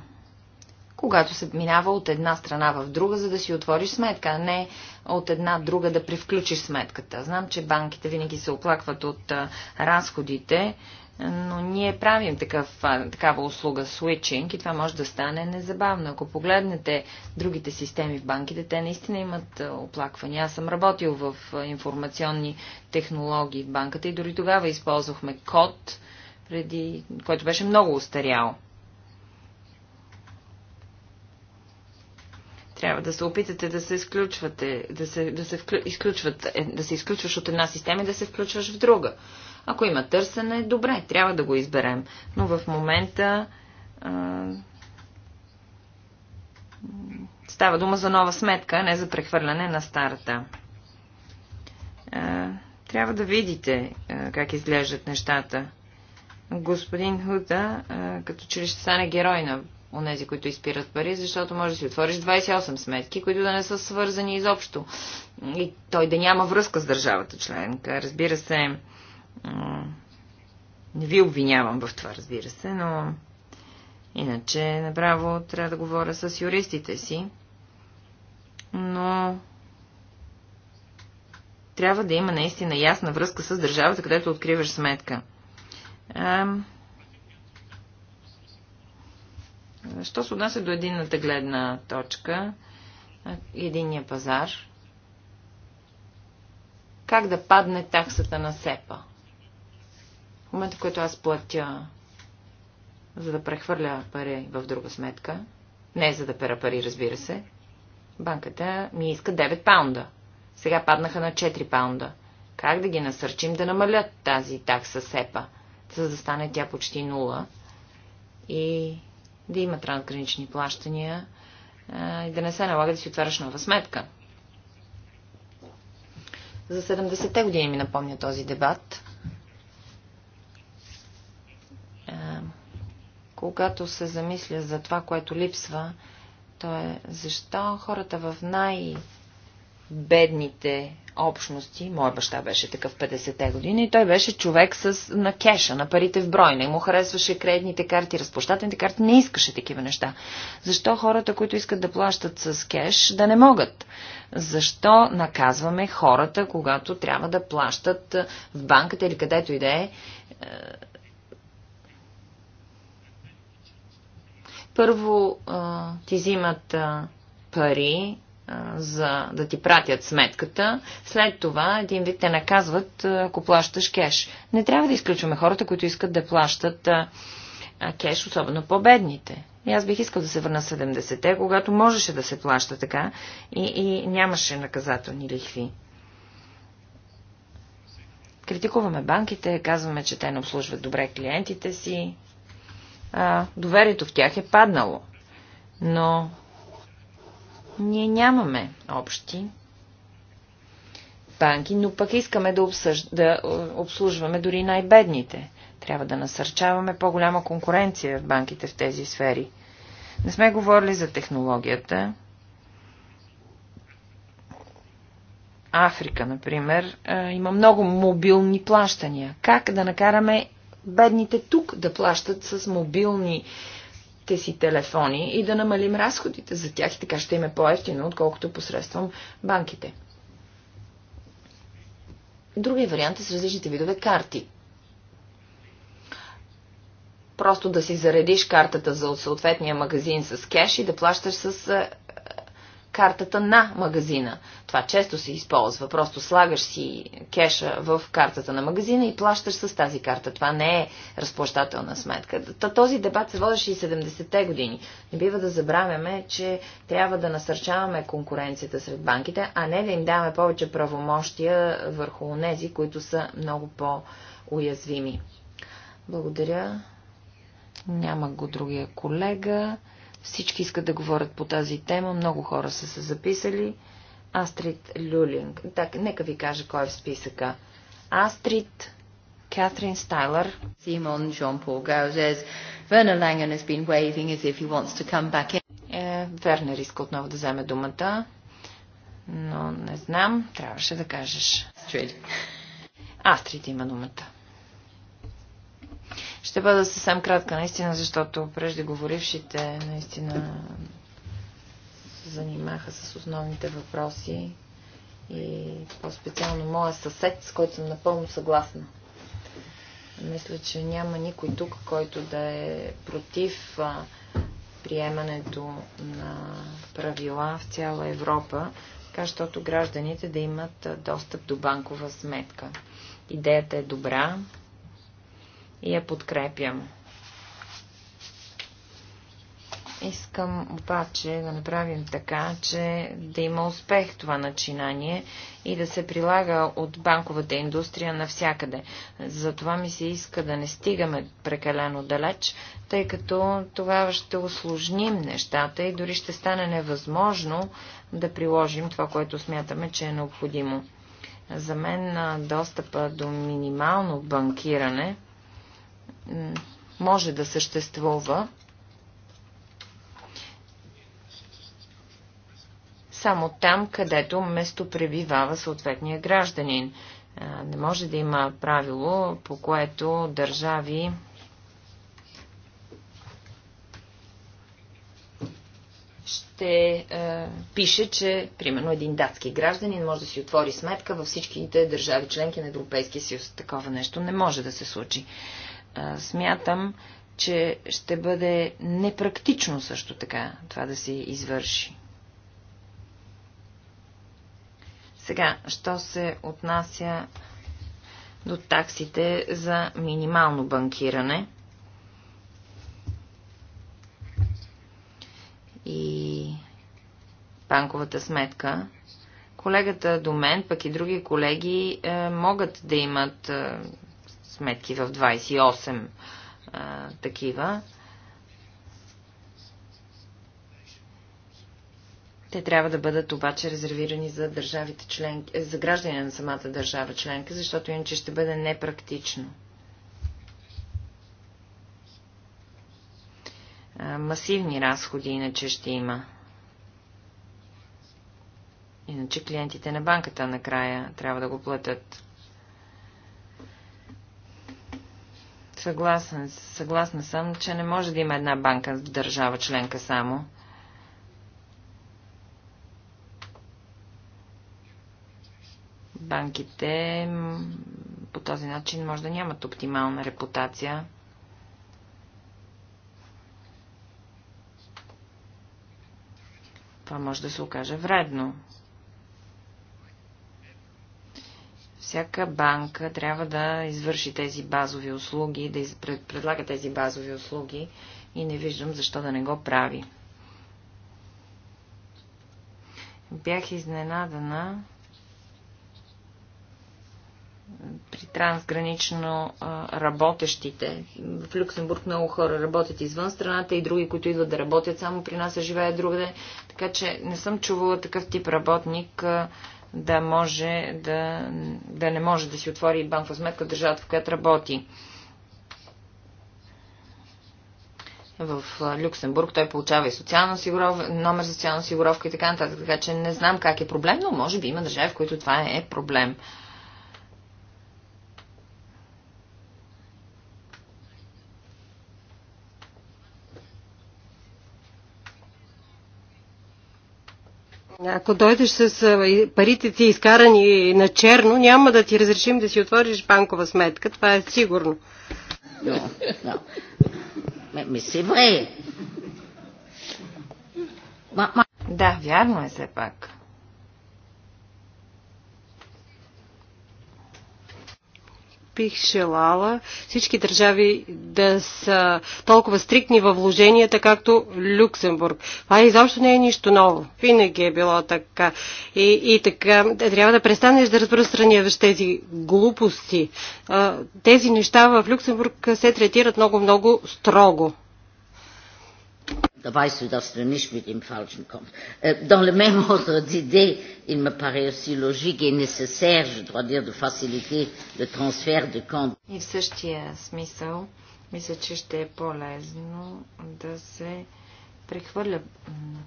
Когато се минава от една страна в друга, за да си отвориш сметка, а не от една друга да превключиш сметката. Знам, че банките винаги се оплакват от а, разходите, но ние правим такъв, такава услуга switching и това може да стане незабавно. Ако погледнете другите системи в банките, те наистина имат оплаквания. Аз съм работил в информационни технологии в банката и дори тогава използвахме код, преди, който беше много устарял. Трябва да се опитате да се изключвате, да се, да се, вклю, изключват, е, да се изключваш от една система и да се включваш в друга. Ако има търсене, добре, трябва да го изберем. Но в момента а, става дума за нова сметка, не за прехвърляне на старата. А, трябва да видите а, как изглеждат нещата господин Хута като че ли ще стане герой на онези, които изпират пари, защото може да си отвориш 28 сметки, които да не са свързани изобщо. И той да няма връзка с държавата членка. Разбира се, не ви обвинявам в това, разбира се, но иначе направо трябва да говоря с юристите си. Но трябва да има наистина ясна връзка с държавата, където откриваш сметка. Що се отнася до единната гледна точка, единния пазар, как да падне таксата на СЕПА? В момента, в който аз платя, за да прехвърля пари в друга сметка, не за да пера пари, разбира се, банката ми иска 9 паунда. Сега паднаха на 4 паунда. Как да ги насърчим да намалят тази такса СЕПА? за да стане тя почти нула и да има трансгранични плащания и да не се налага да си отваряш нова сметка. За 70-те години ми напомня този дебат. Когато се замисля за това, което липсва, то е защо хората в най- бедните общности, мой баща беше такъв 50-те години, и той беше човек с, на кеша, на парите в брой. Не му харесваше кредитните карти, разплащателните карти, не искаше такива неща. Защо хората, които искат да плащат с кеш, да не могат? Защо наказваме хората, когато трябва да плащат в банката или където и да е? Първо ти взимат пари за да ти пратят сметката. След това един вид те наказват, ако плащаш кеш. Не трябва да изключваме хората, които искат да плащат а, кеш, особено по-бедните. И аз бих искал да се върна 70-те, когато можеше да се плаща така и, и нямаше наказателни лихви. Критикуваме банките, казваме, че те не обслужват добре клиентите си. А, доверието в тях е паднало. Но ние нямаме общи банки, но пък искаме да, обсъж... да е, обслужваме дори най-бедните. Трябва да насърчаваме по-голяма конкуренция в банките в тези сфери. Не сме говорили за технологията. Африка, например, е, има много мобилни плащания. Как да накараме бедните тук да плащат с мобилни мобилните си телефони и да намалим разходите за тях и така ще им е по-ефтино, отколкото посредством банките. Другия вариант е с различните видове карти. Просто да си заредиш картата за съответния магазин с кеш и да плащаш с е, картата на магазина. Това често се използва. Просто слагаш си кеша в картата на магазина и плащаш с тази карта. Това не е разплащателна сметка. Този дебат се водеше и 70-те години. Не бива да забравяме, че трябва да насърчаваме конкуренцията сред банките, а не да им даваме повече правомощия върху нези, които са много по-уязвими. Благодаря. Няма го другия колега. Всички искат да говорят по тази тема, много хора са се записали. Астрид Люлинг. Так, нека ви кажа кой е в списъка. Астрид, Катрин Стайлър. Симон, Жон Пол Гаузес. Вернер Ланген has been waving as if he wants to come back in. Е, Вернер иска отново да вземе думата. Но не знам, трябваше да кажеш. Астрид. Астрид има думата. Ще бъда съвсем кратка, наистина, защото преждеговорившите наистина се занимаха с основните въпроси и по-специално моя съсед, с който съм напълно съгласна. Мисля, че няма никой тук, който да е против приемането на правила в цяла Европа, така защото гражданите да имат достъп до банкова сметка. Идеята е добра, и я подкрепям. Искам обаче да направим така, че да има успех това начинание и да се прилага от банковата индустрия навсякъде. Затова ми се иска да не стигаме прекалено далеч, тъй като тогава ще осложним нещата и дори ще стане невъзможно да приложим това, което смятаме, че е необходимо. За мен достъпа до минимално банкиране може да съществува само там, където место пребивава съответния гражданин. Не може да има правило, по което държави ще е, пише, че примерно един датски гражданин може да си отвори сметка във всичките държави членки на Европейския съюз. Такова нещо не може да се случи. Е, смятам, че ще бъде непрактично също така това да се извърши. Сега, що се отнася до таксите за минимално банкиране и банковата сметка, колегата до мен, пък и други колеги е, могат да имат е, сметки в 28 а, такива. Те трябва да бъдат обаче резервирани за държавите членки, е, за граждани на самата държава членка, защото иначе ще бъде непрактично. масивни разходи иначе ще има. Иначе клиентите на банката накрая трябва да го платят. Съгласен, съгласна съм, че не може да има една банка в държава членка само. Банките по този начин може да нямат оптимална репутация. Това може да се окаже вредно. Всяка банка трябва да извърши тези базови услуги, да предлага тези базови услуги и не виждам защо да не го прави. Бях изненадана при трансгранично работещите. В Люксембург много хора работят извън страната и други, които идват да работят само при нас, а живеят другаде. Така че не съм чувала такъв тип работник, а, да, може да, да не може да си отвори банкова сметка в държавата, в която работи. в Люксембург. Той получава и социална осигуровка, номер за социална осигуровка и така нататък. Така че не знам как е проблем, но може би има държави, в които това е проблем.
Ако дойдеш с парите ти изкарани на черно, няма да ти разрешим да си отвориш банкова сметка. Това е сигурно.
Да, вярно е все пак.
бих желала всички държави да са толкова стрикни във вложенията, както Люксембург. Това изобщо не е нищо ново. Винаги е било така. И, и така, е, трябва да престанеш да разпространяваш тези глупости. Тези неща в Люксембург се третират много-много строго.
Da weißt du, dass du nicht mit dem Falschen kommst. Dans le même ordre d'idée, il me paraît aussi logique et nécessaire, je dois dire, de faciliter
le transfert de comptes.
И в същия смисъл, мисля, че ще е по-лезно да се прехвърля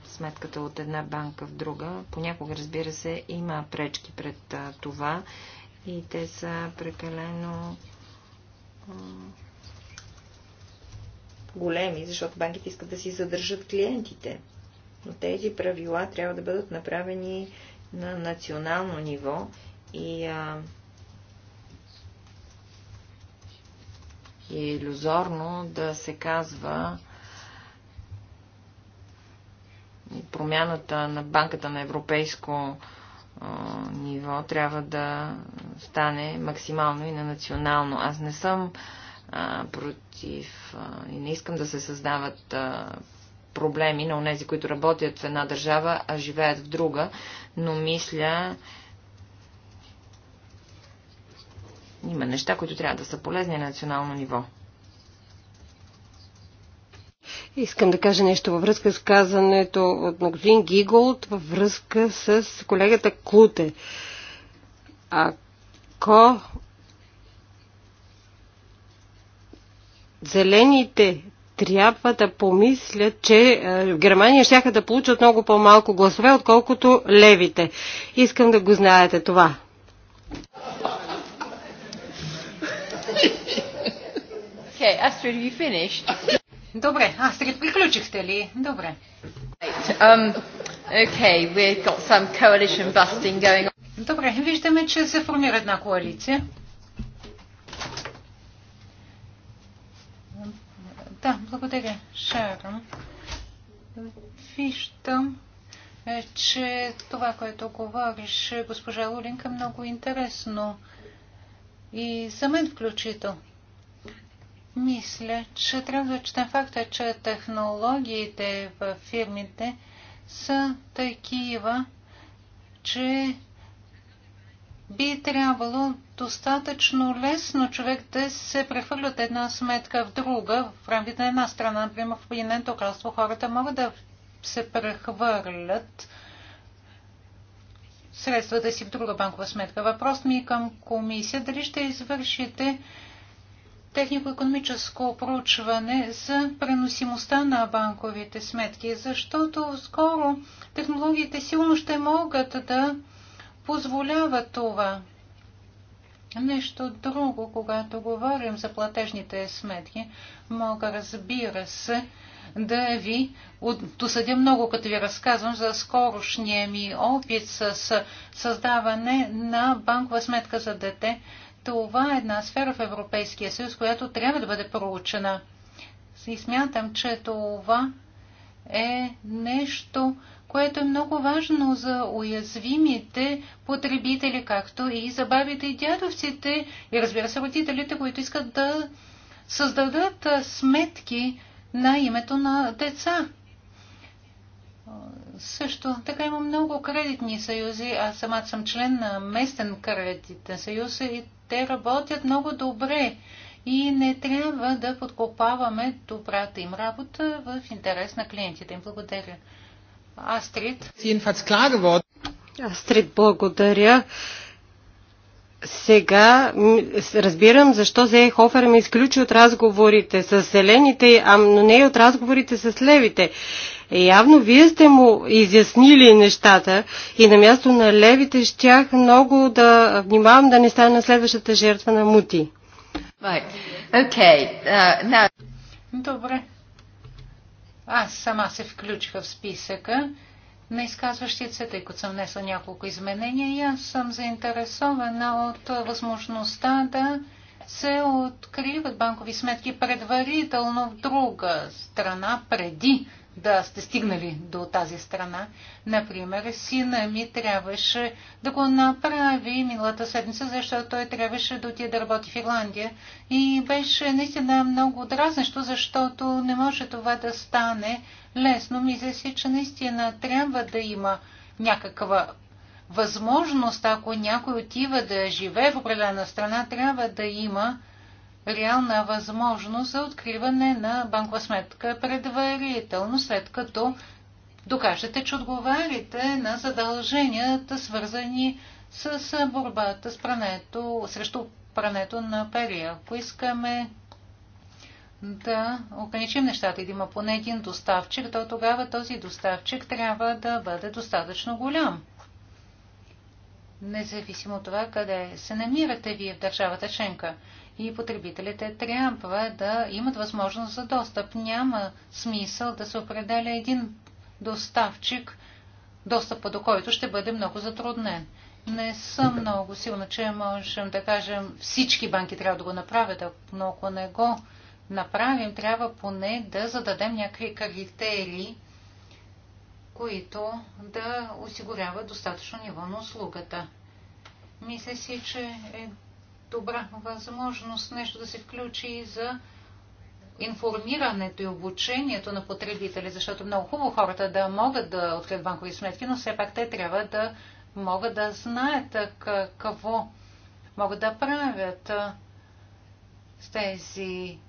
сметката от една банка в друга. Понякога, разбира се, има пречки пред това и те са прекалено големи, защото банките искат да си задържат клиентите. Но тези правила трябва да бъдат направени на национално ниво и, а, е иллюзорно да се казва промяната на банката на европейско ниво трябва да стане максимално и на национално. Аз не съм а, против а, и не искам да се създават а, проблеми на онези, които работят в една държава, а живеят в друга, но мисля, има неща, които трябва да са полезни на национално ниво.
Искам да кажа нещо във връзка с казането от Магазин Гиголд във връзка с колегата Клуте. Ако зелените трябва да помислят, че в е, Германия ще да получат много по-малко гласове, отколкото левите. Искам да го знаете това.
Okay, Astrid, you finished? Добре, Астрид, приключихте ли? Добре. Um, okay, we've
got some coalition busting going on. Добре, виждаме, че се формира една коалиция. Да, благодаря, Шарон. Виждам, е, че това, което говориш, госпожа Лулинка, е много интересно. И за мен включително. Мисля, че трябва да четем факта, че технологиите в фирмите са такива, че би трябвало достатъчно лесно човек да се прехвърлят една сметка в друга. В рамките на една страна, например, в Обединеното кралство хората могат да се прехвърлят средствата си в друга банкова сметка. Въпрос ми е към комисия. Дали ще извършите технико-економическо проучване за преносимостта на банковите сметки, защото скоро технологиите силно ще могат да позволява това. Нещо друго, когато говорим за платежните сметки, мога, разбира се, да ви досъдя много, като ви разказвам за скорошния ми опит с създаване на банкова сметка за дете. Това е една сфера в Европейския съюз, която трябва да бъде проучена. И смятам, че това е нещо, което е много важно за уязвимите потребители, както и за бабите и дядовците, и разбира се, родителите, които искат да създадат сметки на името на деца. Също така има много кредитни съюзи. Аз самата съм член на местен кредитен съюз и те работят много добре. И не трябва да подкопаваме добрата им работа в интерес на клиентите им. Благодаря. Астрид.
Астрид, благодаря. Сега разбирам защо Зейхофер ме изключи от разговорите с зелените, а но не и от разговорите с левите. Е, явно вие сте му изяснили нещата и на място на левите щях много да внимавам да не стана следващата жертва на мути.
Right. Okay. Uh, now... Добре,
аз сама се включих в списъка на изказващите се, тъй като съм внесла няколко изменения и аз съм заинтересована от възможността да се откриват банкови сметки предварително в друга страна, преди да сте стигнали до тази страна. Например, сина ми трябваше да го направи миналата седмица, защото той трябваше да отиде да работи в Ирландия. И беше наистина много дразнещо, защото не може това да стане лесно. Мисля си, че наистина трябва да има някаква възможност, ако някой отива да живее в определена страна, трябва да има реална възможност за откриване на банкова сметка предварително, след като докажете, че отговарите на задълженията, свързани с борбата с прането, срещу прането на пари. Ако искаме да ограничим нещата и да има поне един доставчик, то тогава този доставчик трябва да бъде достатъчно голям. Независимо от това, къде се намирате вие в държавата членка и потребителите трябва да имат възможност за достъп. Няма смисъл да се определя един доставчик, достъпа до който ще бъде много затруднен. Не съм много силна, че можем да кажем всички банки трябва да го направят, но ако не го направим, трябва поне да зададем някакви критерии, които да осигуряват достатъчно ниво на услугата. Мисля си, че е добра възможност нещо да се включи и за информирането и обучението на потребители, защото много хубаво хората да могат да открият банкови сметки, но все пак те трябва да могат да знаят какво могат да правят с тези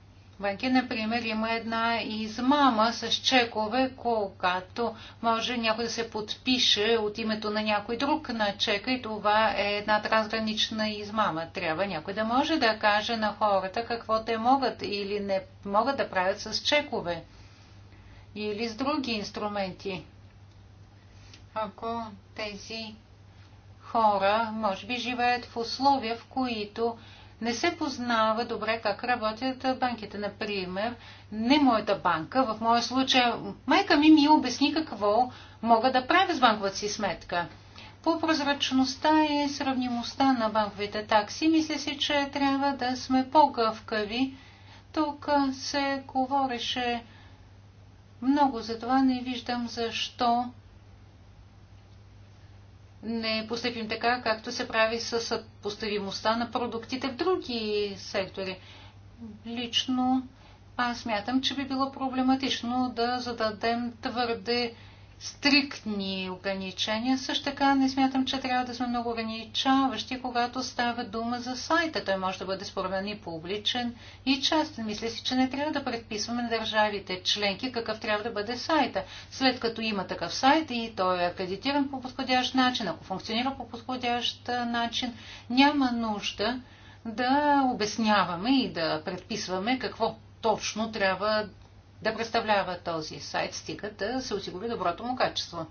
банки, например, има една измама с чекове, когато може някой да се подпише от името на някой друг на чека и това е една трансгранична измама. Трябва някой да може да каже на хората какво те могат или не могат да правят с чекове или с други инструменти. Ако тези хора, може би, живеят в условия, в които не се познава добре как работят банките. Например, не моята банка, в моя случай майка ми ми обясни какво мога да правя с банковата си сметка. По прозрачността и сравнимостта на банковите такси, мисля си, че трябва да сме по-гъвкави. Тук се говореше много за това, не виждам защо не поступим така, както се прави с поставимостта на продуктите в други сектори. Лично аз мятам, че би било проблематично да зададем твърде стриктни ограничения. Също така не смятам, че трябва да сме много ограничаващи, когато става дума за сайта. Той може да бъде според мен и публичен и частен. Мисля си, че не трябва да предписваме на държавите членки какъв трябва да бъде сайта. След като има такъв сайт и той е акредитиран по подходящ начин, ако функционира по подходящ начин, няма нужда да обясняваме и да предписваме какво точно трябва да представлява този сайт, стига да се осигури доброто му качество.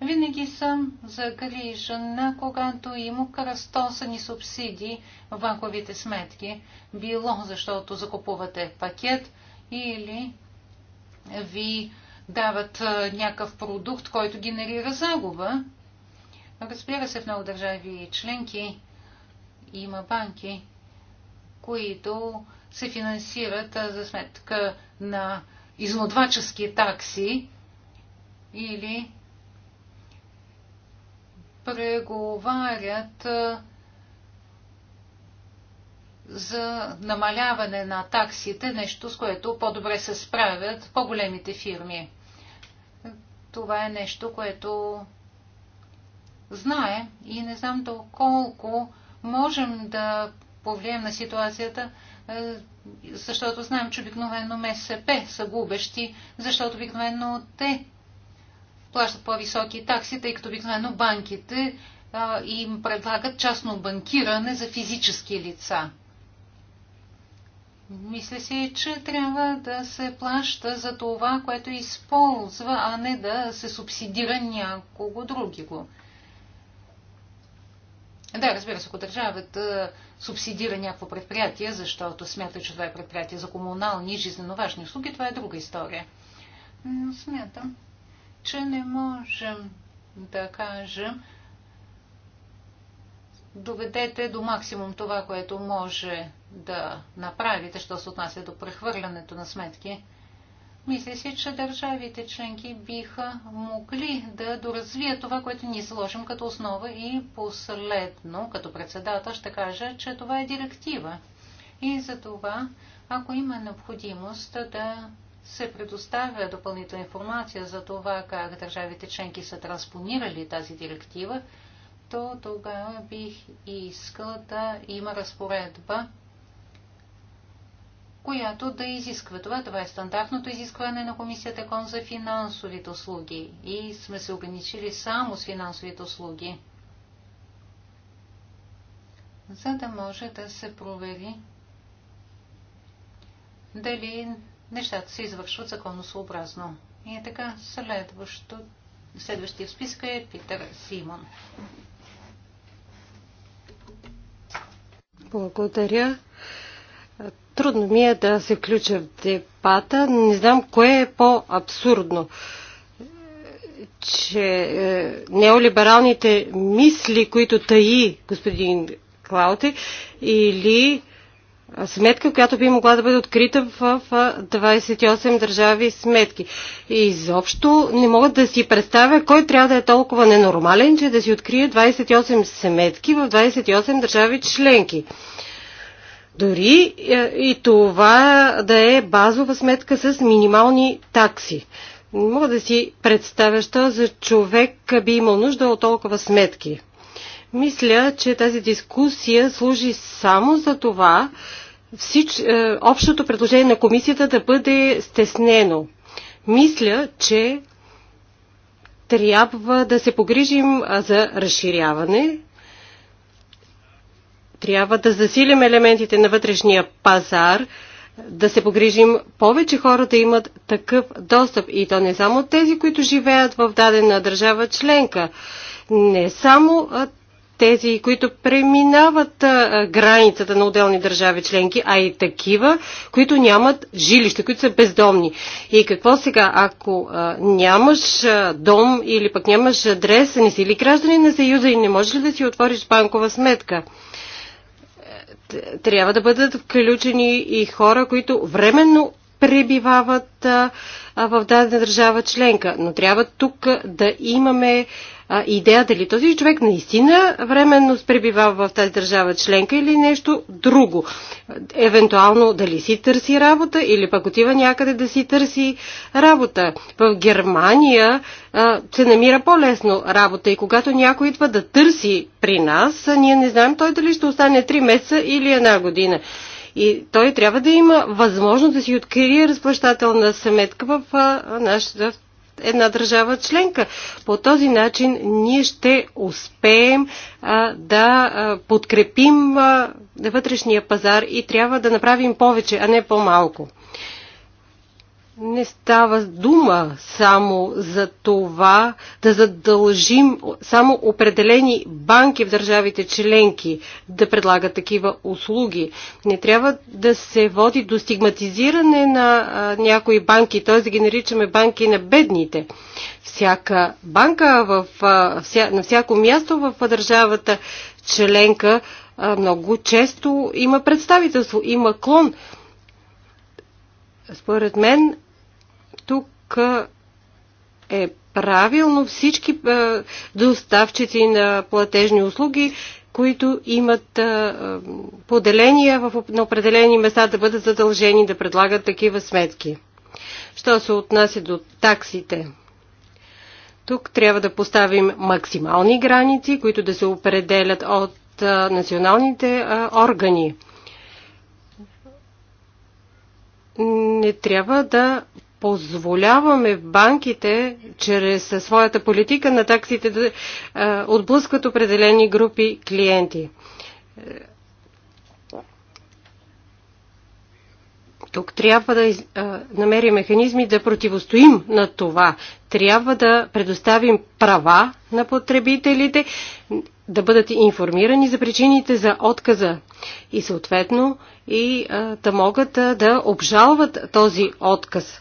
Винаги съм загрижена, когато има кръстосани субсидии в банковите сметки, било защото закупувате пакет или ви дават някакъв продукт, който генерира загуба. Разбира се, в много държави и членки има банки, които се финансират за сметка на изнодвачески такси или преговарят за намаляване на таксите, нещо с което по-добре се справят по-големите фирми. Това е нещо, което знае и не знам доколко можем да повлияем на ситуацията, е, защото знаем, че обикновено МСП са губещи, защото обикновено те плащат по-високи такси, тъй като обикновено банките е, им предлагат частно банкиране за физически лица. Мисля си, че трябва да се плаща за това, което използва, а не да се субсидира някого другиго. Да, разбира се, ако държавата субсидира някакво предприятие, защото смята, че това е предприятие за комунални и жизненно важни услуги, това е друга история. Но смятам, че не можем да кажем доведете до максимум това, което може да направите, що се отнася до прехвърлянето на сметки. Мисля си, че държавите членки биха могли да доразвият това, което ни сложим като основа и последно, като председател, ще кажа, че това е директива. И за това, ако има необходимост да се предоставя допълнителна информация за това, как държавите членки са транспонирали тази директива, то тогава бих искал да има разпоредба която да изисква това. Това е стандартното изискване на комисията КОН за финансовите услуги и сме се ограничили само с финансовите услуги, за да може да се провери дали нещата се извършват законосообразно. И е така, следващо, следващия в списка е Питър Симон.
Благодаря. Трудно ми е да се включа в дебата. Не знам кое е по-абсурдно. Че е, неолибералните мисли, които таи господин Клауте, или сметка, която би могла да бъде открита в 28 държави сметки. И изобщо не мога да си представя кой трябва да е толкова ненормален, че да си открие 28 сметки в 28 държави членки. Дори е, и това да е базова сметка с минимални такси. Не мога да си представя, що за човек би имал нужда от толкова сметки. Мисля, че тази дискусия служи само за това, всич, е, общото предложение на комисията да бъде стеснено. Мисля, че трябва да се погрижим за разширяване трябва да засилим елементите на вътрешния пазар, да се погрижим повече хора да имат такъв достъп. И то не само тези, които живеят в дадена държава членка, не само тези, които преминават границата на отделни държави членки, а и такива, които нямат жилище, които са бездомни. И какво сега, ако нямаш дом или пък нямаш адрес, не си ли граждани на Съюза и не можеш ли да си отвориш банкова сметка? трябва да бъдат включени и хора, които временно пребивават в дадена държава членка. Но трябва тук да имаме а, идея дали е този човек наистина временно пребивава в тази държава членка или нещо друго. Евентуално дали си търси работа или пък отива някъде да си търси работа. В Германия а, се намира по-лесно работа и когато някой идва да търси при нас, ние не знаем той дали ще остане 3 месеца или една година. И той трябва да има възможност да си открие разплащателна сметка в, нашата, в една държава членка. По този начин ние ще успеем а, да а, подкрепим а, вътрешния пазар и трябва да направим повече, а не по-малко не става дума само за това да задължим само определени банки в държавите членки да предлагат такива услуги. Не трябва да се води до стигматизиране на а, някои банки, т.е. да ги наричаме банки на бедните. Всяка банка в, а, вся, на всяко място в държавата членка а, много често има представителство, има клон. Според мен, тук е правилно всички доставчици на платежни услуги, които имат поделения на определени места да бъдат задължени да предлагат такива сметки. Що се отнася до таксите? Тук трябва да поставим максимални граници, които да се определят от националните органи не трябва да позволяваме банките чрез своята политика на таксите да отблъскват определени групи клиенти. Тук трябва да намерим механизми да противостоим на това. Трябва да предоставим права на потребителите, да бъдат информирани за причините за отказа и съответно и да могат да обжалват този отказ.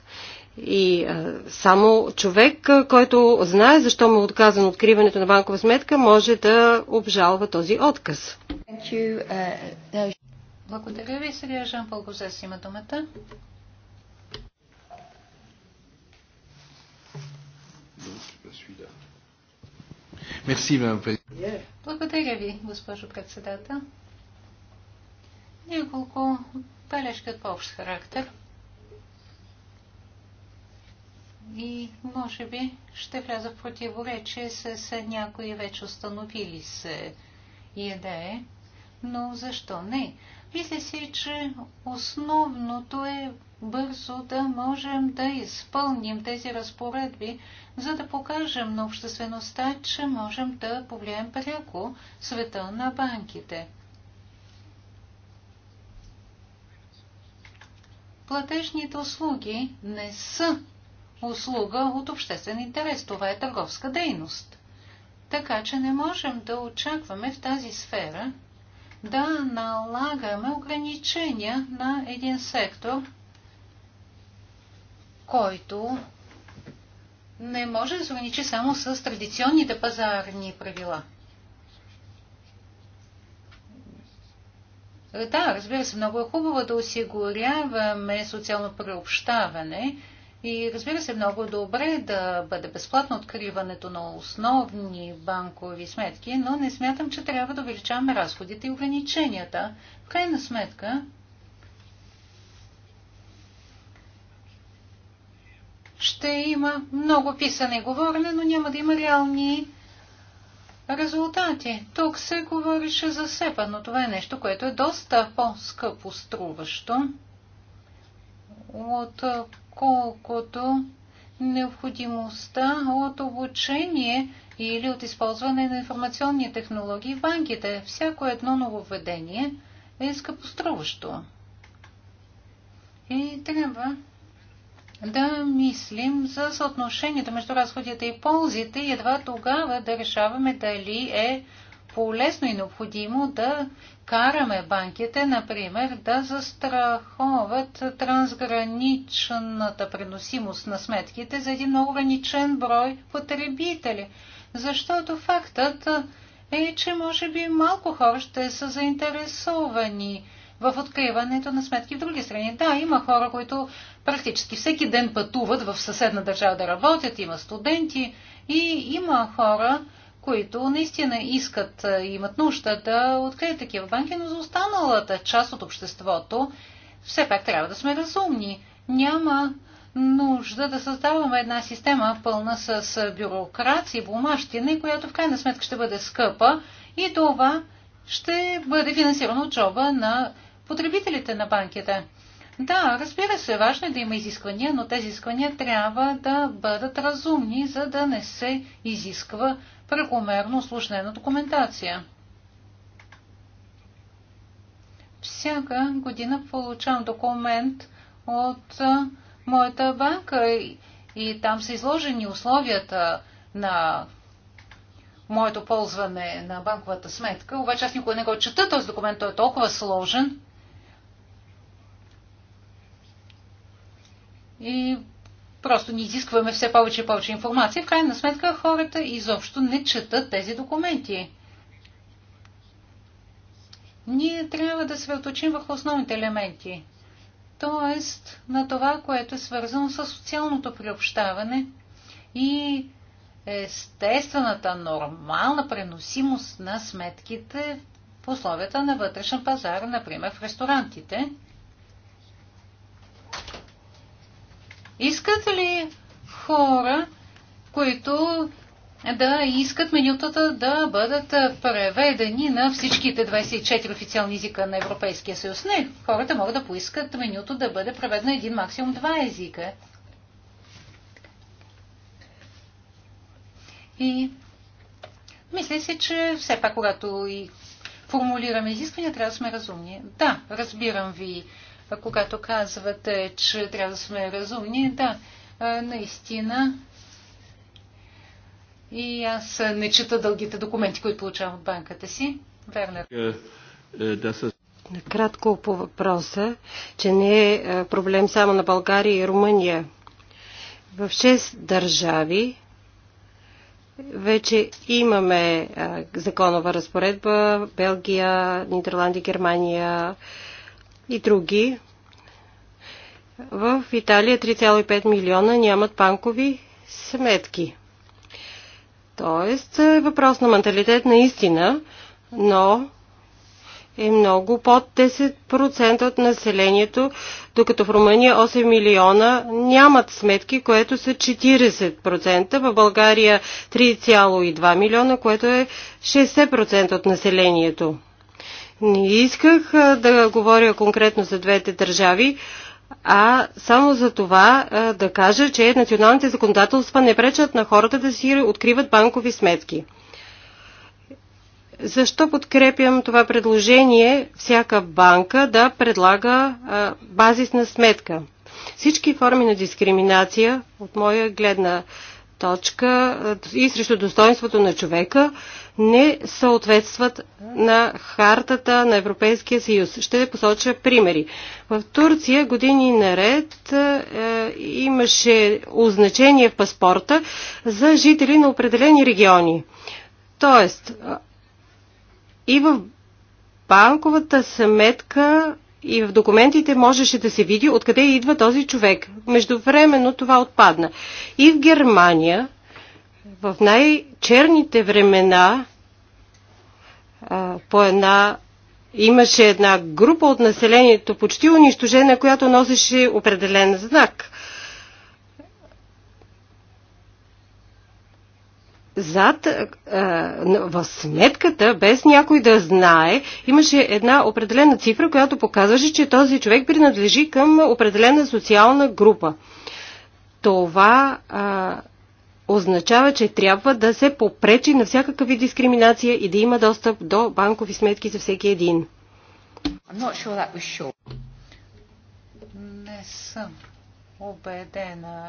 И а, само човек, а, който знае защо му е отказано откриването на банкова сметка, може да обжалва този отказ. Uh,
благодаря ви. Сега Жан Пългозес има думата. Благодаря ви, госпожо председател. Няколко бележки от общ характер. И може би ще вляза в противоречие с някои вече установили се идеи но защо не? Мисля си, че основното е бързо да можем да изпълним тези разпоредби, за да покажем на обществеността, че можем да повлияем пряко света на банките. Платежните услуги не са услуга от обществен интерес. Това е търговска дейност. Така че не можем да очакваме в тази сфера да налагаме ограничения на един сектор, който не може да се ограничи само с традиционните пазарни правила. Да, разбира се, много е хубаво да осигуряваме социално преобщаване, и разбира се, много добре да бъде безплатно откриването на основни банкови сметки, но не смятам, че трябва да увеличаваме разходите и ограниченията. В крайна сметка, ще има много писане и говорене, но няма да има реални резултати. Тук се говорише за СЕПА, но това е нещо, което е доста по-скъпо струващо, от колкото необходимостта от обучение или от използване на информационни технологии в банките. Всяко едно нововведение е скъпоструващо. И трябва да мислим за съотношението между разходите и ползите и едва тогава да решаваме дали е полезно и необходимо да караме банките, например, да застраховат трансграничната преносимост на сметките за един много ограничен брой потребители. Защото фактът е, че може би малко хора ще са заинтересовани в откриването на сметки в други страни. Да, има хора, които практически всеки ден пътуват в съседна държава да работят, има студенти и има хора, които наистина искат и имат нужда да открият такива банки, но за останалата част от обществото все пак трябва да сме разумни. Няма нужда да създаваме една система пълна с бюрокрация и бумащина, която в крайна сметка ще бъде скъпа и това ще бъде финансирано от джоба на потребителите на банките. Да, разбира се, важно е да има изисквания, но тези изисквания трябва да бъдат разумни, за да не се изисква прекомерно осложнена документация. Всяка година получавам документ от моята банка и, там са изложени условията на моето ползване на банковата сметка. Обаче аз никога не го чета този документ, той е толкова сложен. И Просто ни изискваме все повече и повече информация. В крайна сметка хората изобщо не четат тези документи. Ние трябва да се оточим върху основните елементи, т.е. на това, което е свързано с социалното приобщаване и естествената нормална преносимост на сметките в условията на вътрешен пазар, например в ресторантите – Искат ли хора, които да искат менютата да бъдат преведени на всичките 24 официални езика на Европейския съюз. Не, хората могат да поискат менюто да бъде преведено един максимум два езика. И мисля си, че все пак, когато и формулираме изисквания, трябва да сме разумни. Да, разбирам ви когато казвате, че трябва да сме разумни, да, наистина. И аз не чета дългите документи, които получавам от банката си. Вернер.
Е, е,
Накратко по въпроса, че не е, е проблем само на България и Румъния. В 6 държави вече имаме законова разпоредба Белгия, Нидерланди, Германия, и други. В Италия 3,5 милиона нямат банкови сметки. Тоест, е въпрос на менталитет наистина, но е много под 10% от населението, докато в Румъния 8 милиона нямат сметки, което са 40%, в България 3,2 милиона, което е 60% от населението. Не исках да говоря конкретно за двете държави, а само за това да кажа, че националните законодателства не пречат на хората да си откриват банкови сметки. Защо подкрепям това предложение всяка банка да предлага базисна сметка? Всички форми на дискриминация, от моя гледна точка е, и срещу достоинството на човека не съответстват на хартата на Европейския съюз. Ще посоча примери. В Турция години наред е, имаше означение в паспорта за жители на определени региони. Тоест, е, и в банковата сметка и в документите можеше да се види откъде идва този човек. Междувременно това отпадна. И в Германия, в най-черните времена, по една имаше една група от населението, почти унищожена, която носеше определен знак. зад е, а, в сметката, без някой да знае, имаше една определена цифра, която показваше, че този човек принадлежи към определена социална група. Това а, е, означава, че трябва да се попречи на всякакъв вид дискриминация и да има достъп до банкови сметки за всеки един.
Sure
Не съм убедена,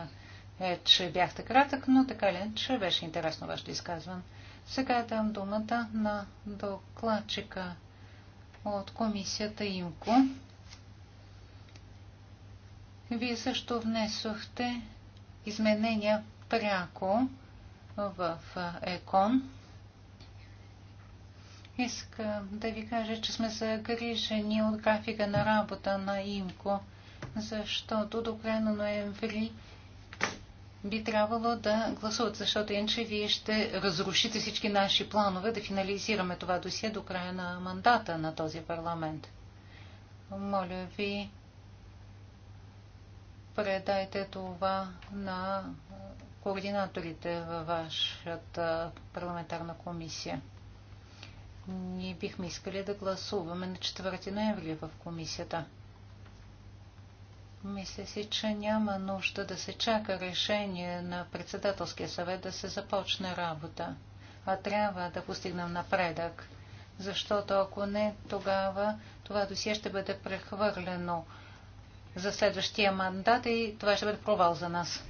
е, че бяхте кратък, но така ли, че беше интересно вашето изказване. Сега дам думата на докладчика от комисията ИМКО. Вие също внесохте изменения пряко в ЕКОН. Искам да ви кажа, че сме загрижени от графика на работа на ИМКО, защото до края на ноември би трябвало да гласуват, защото иначе вие ще разрушите всички наши планове да финализираме това досие до края на мандата на този парламент. Моля ви, предайте това на координаторите във вашата парламентарна комисия. Ние бихме искали да гласуваме на 4 ноември в комисията. Мисля си, че няма нужда да се чака решение на председателския съвет да се започне работа, а трябва да постигнем напредък, защото ако не, тогава това досие ще бъде прехвърлено за следващия мандат и това ще бъде провал за нас.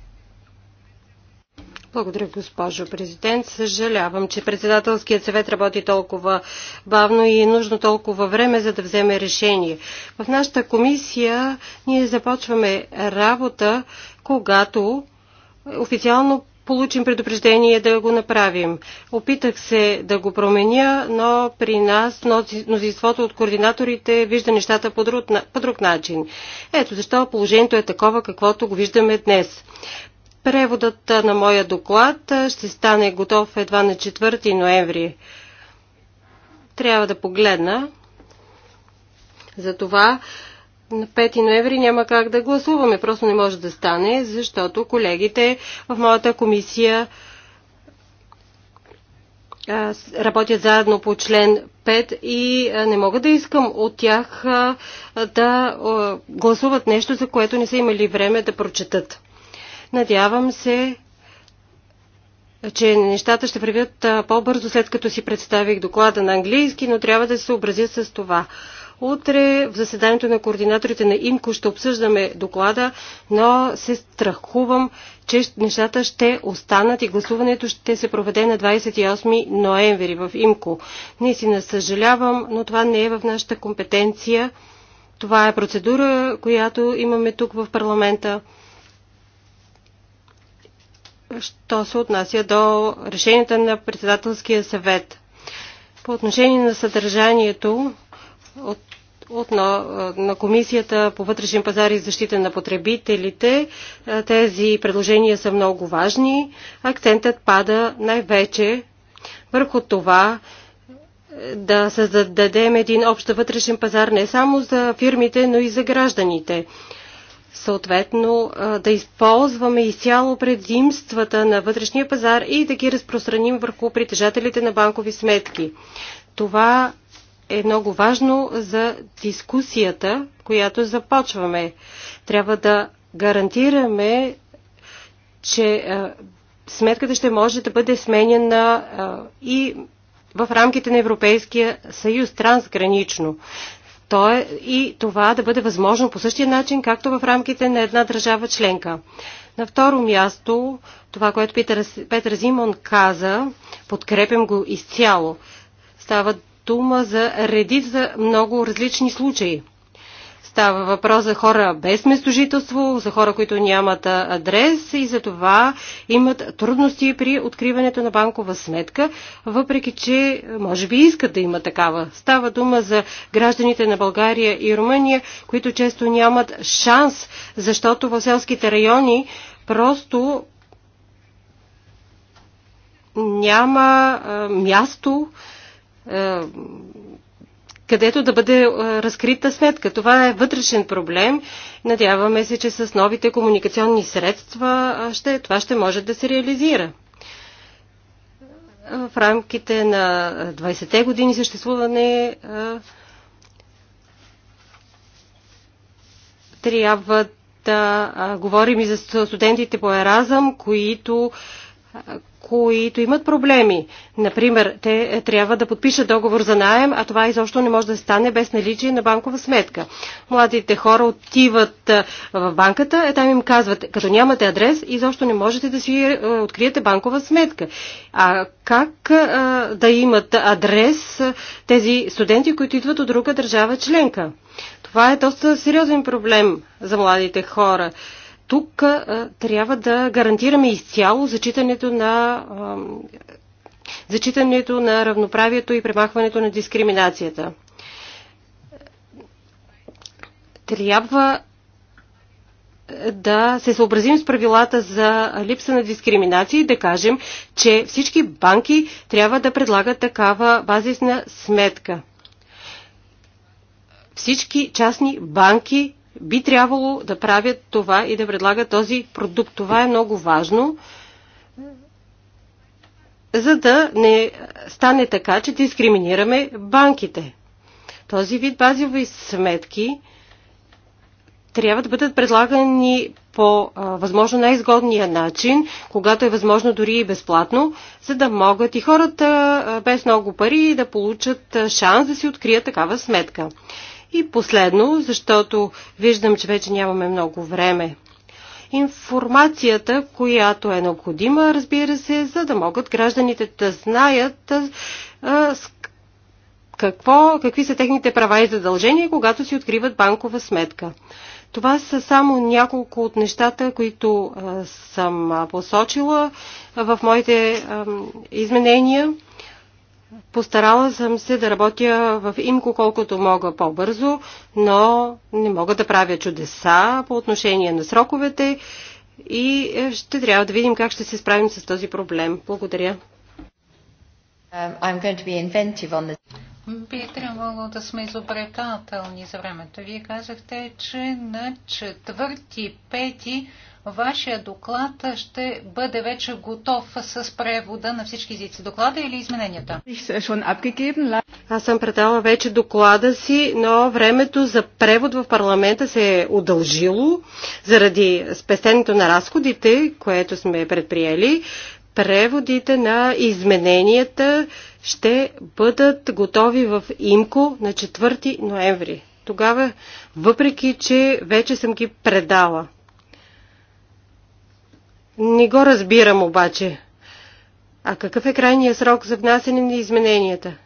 Благодаря, госпожо президент. Съжалявам, че председателският съвет работи толкова бавно и е нужно толкова време, за да вземе решение. В нашата комисия ние започваме работа, когато официално получим предупреждение да го направим. Опитах се да го променя, но при нас мнозинството от координаторите вижда нещата по друг, по друг начин. Ето защо положението е такова, каквото го виждаме днес. Преводът на моя доклад ще стане готов едва на 4 ноември. Трябва да погледна. Затова на 5 ноември няма как да гласуваме. Просто не може да стане, защото колегите в моята комисия работят заедно по член 5 и не мога да искам от тях да гласуват нещо, за което не са имали време да прочетат. Надявам се, че нещата ще превият по-бързо, след като си представих доклада на английски, но трябва да се съобразя с това. Утре в заседанието на координаторите на ИМКО ще обсъждаме доклада, но се страхувам, че нещата ще останат и гласуването ще се проведе на 28 ноември в ИМКО. си съжалявам, но това не е в нашата компетенция. Това е процедура, която имаме тук в парламента що се отнася до решенията на председателския съвет. По отношение на съдържанието от, от на, на Комисията по вътрешен пазар и защита на потребителите, е, тези предложения са много важни. Акцентът пада най-вече върху това, е, да създадем един общ вътрешен пазар не само за фирмите, но и за гражданите съответно да използваме изцяло предимствата на вътрешния пазар и да ги разпространим върху притежателите на банкови сметки. Това е много важно за дискусията, която започваме. Трябва да гарантираме, че сметката ще може да бъде сменена и в рамките на Европейския съюз трансгранично. То е и това да бъде възможно по същия начин, както в рамките на една държава членка. На второ място, това, което Питер, Петър Зимон каза, подкрепям го изцяло. Става дума за редица много различни случаи. Става въпрос за хора без местожителство, за хора, които нямат адрес и за това имат трудности при откриването на банкова сметка, въпреки че може би искат да има такава. Става дума за гражданите на България и Румъния, които често нямат шанс, защото в селските райони просто няма а, място а, където да бъде разкрита сметка. Това е вътрешен проблем. Надяваме се, че с новите комуникационни средства ще, това ще може да се реализира. В рамките на 20-те години съществуване трябва да говорим и за студентите по Еразъм, които които имат проблеми. Например, те е, трябва да подпишат договор за найем, а това изобщо не може да стане без наличие на банкова сметка. Младите хора отиват е, в банката, е там им казват, като нямате адрес, изобщо не можете да си е, откриете банкова сметка. А как а, да имат адрес тези студенти, които идват от друга държава членка? Това е доста сериозен проблем за младите хора тук трябва да гарантираме изцяло зачитането на, зачитането на равноправието и премахването на дискриминацията. Трябва да се съобразим с правилата за липса на дискриминация и да кажем, че всички банки трябва да предлагат такава базисна сметка. Всички частни банки би трябвало да правят това и да предлагат този продукт. Това е много важно, за да не стане така, че дискриминираме банките. Този вид базови сметки трябва да бъдат предлагани по а, възможно най-изгодния начин, когато е възможно дори и безплатно, за да могат и хората а, без много пари да получат а, шанс да си открият такава сметка. И последно, защото виждам, че вече нямаме много време. Информацията, която е необходима, разбира се, за да могат гражданите да знаят а, какво, какви са техните права и задължения, когато си откриват банкова сметка. Това са само няколко от нещата, които а, съм посочила в моите а, изменения. Постарала съм се да работя в имко колкото мога по-бързо, но не мога да правя чудеса по отношение на сроковете и е, ще трябва да видим как ще се справим с този проблем. Благодаря.
Um,
Би трябвало да сме изобретателни за времето. Вие казахте, че на четвърти, пети вашия доклад ще бъде вече готов с превода на всички езици. Доклада или измененията?
Е, Аз съм предала вече доклада си, но времето за превод в парламента се е удължило заради спестенето на разходите, което сме предприели. Преводите на измененията ще бъдат готови в ИМКО на 4 ноември. Тогава, въпреки че вече съм ги предала. Не го разбирам обаче. А какъв е крайният срок за внасене на измененията?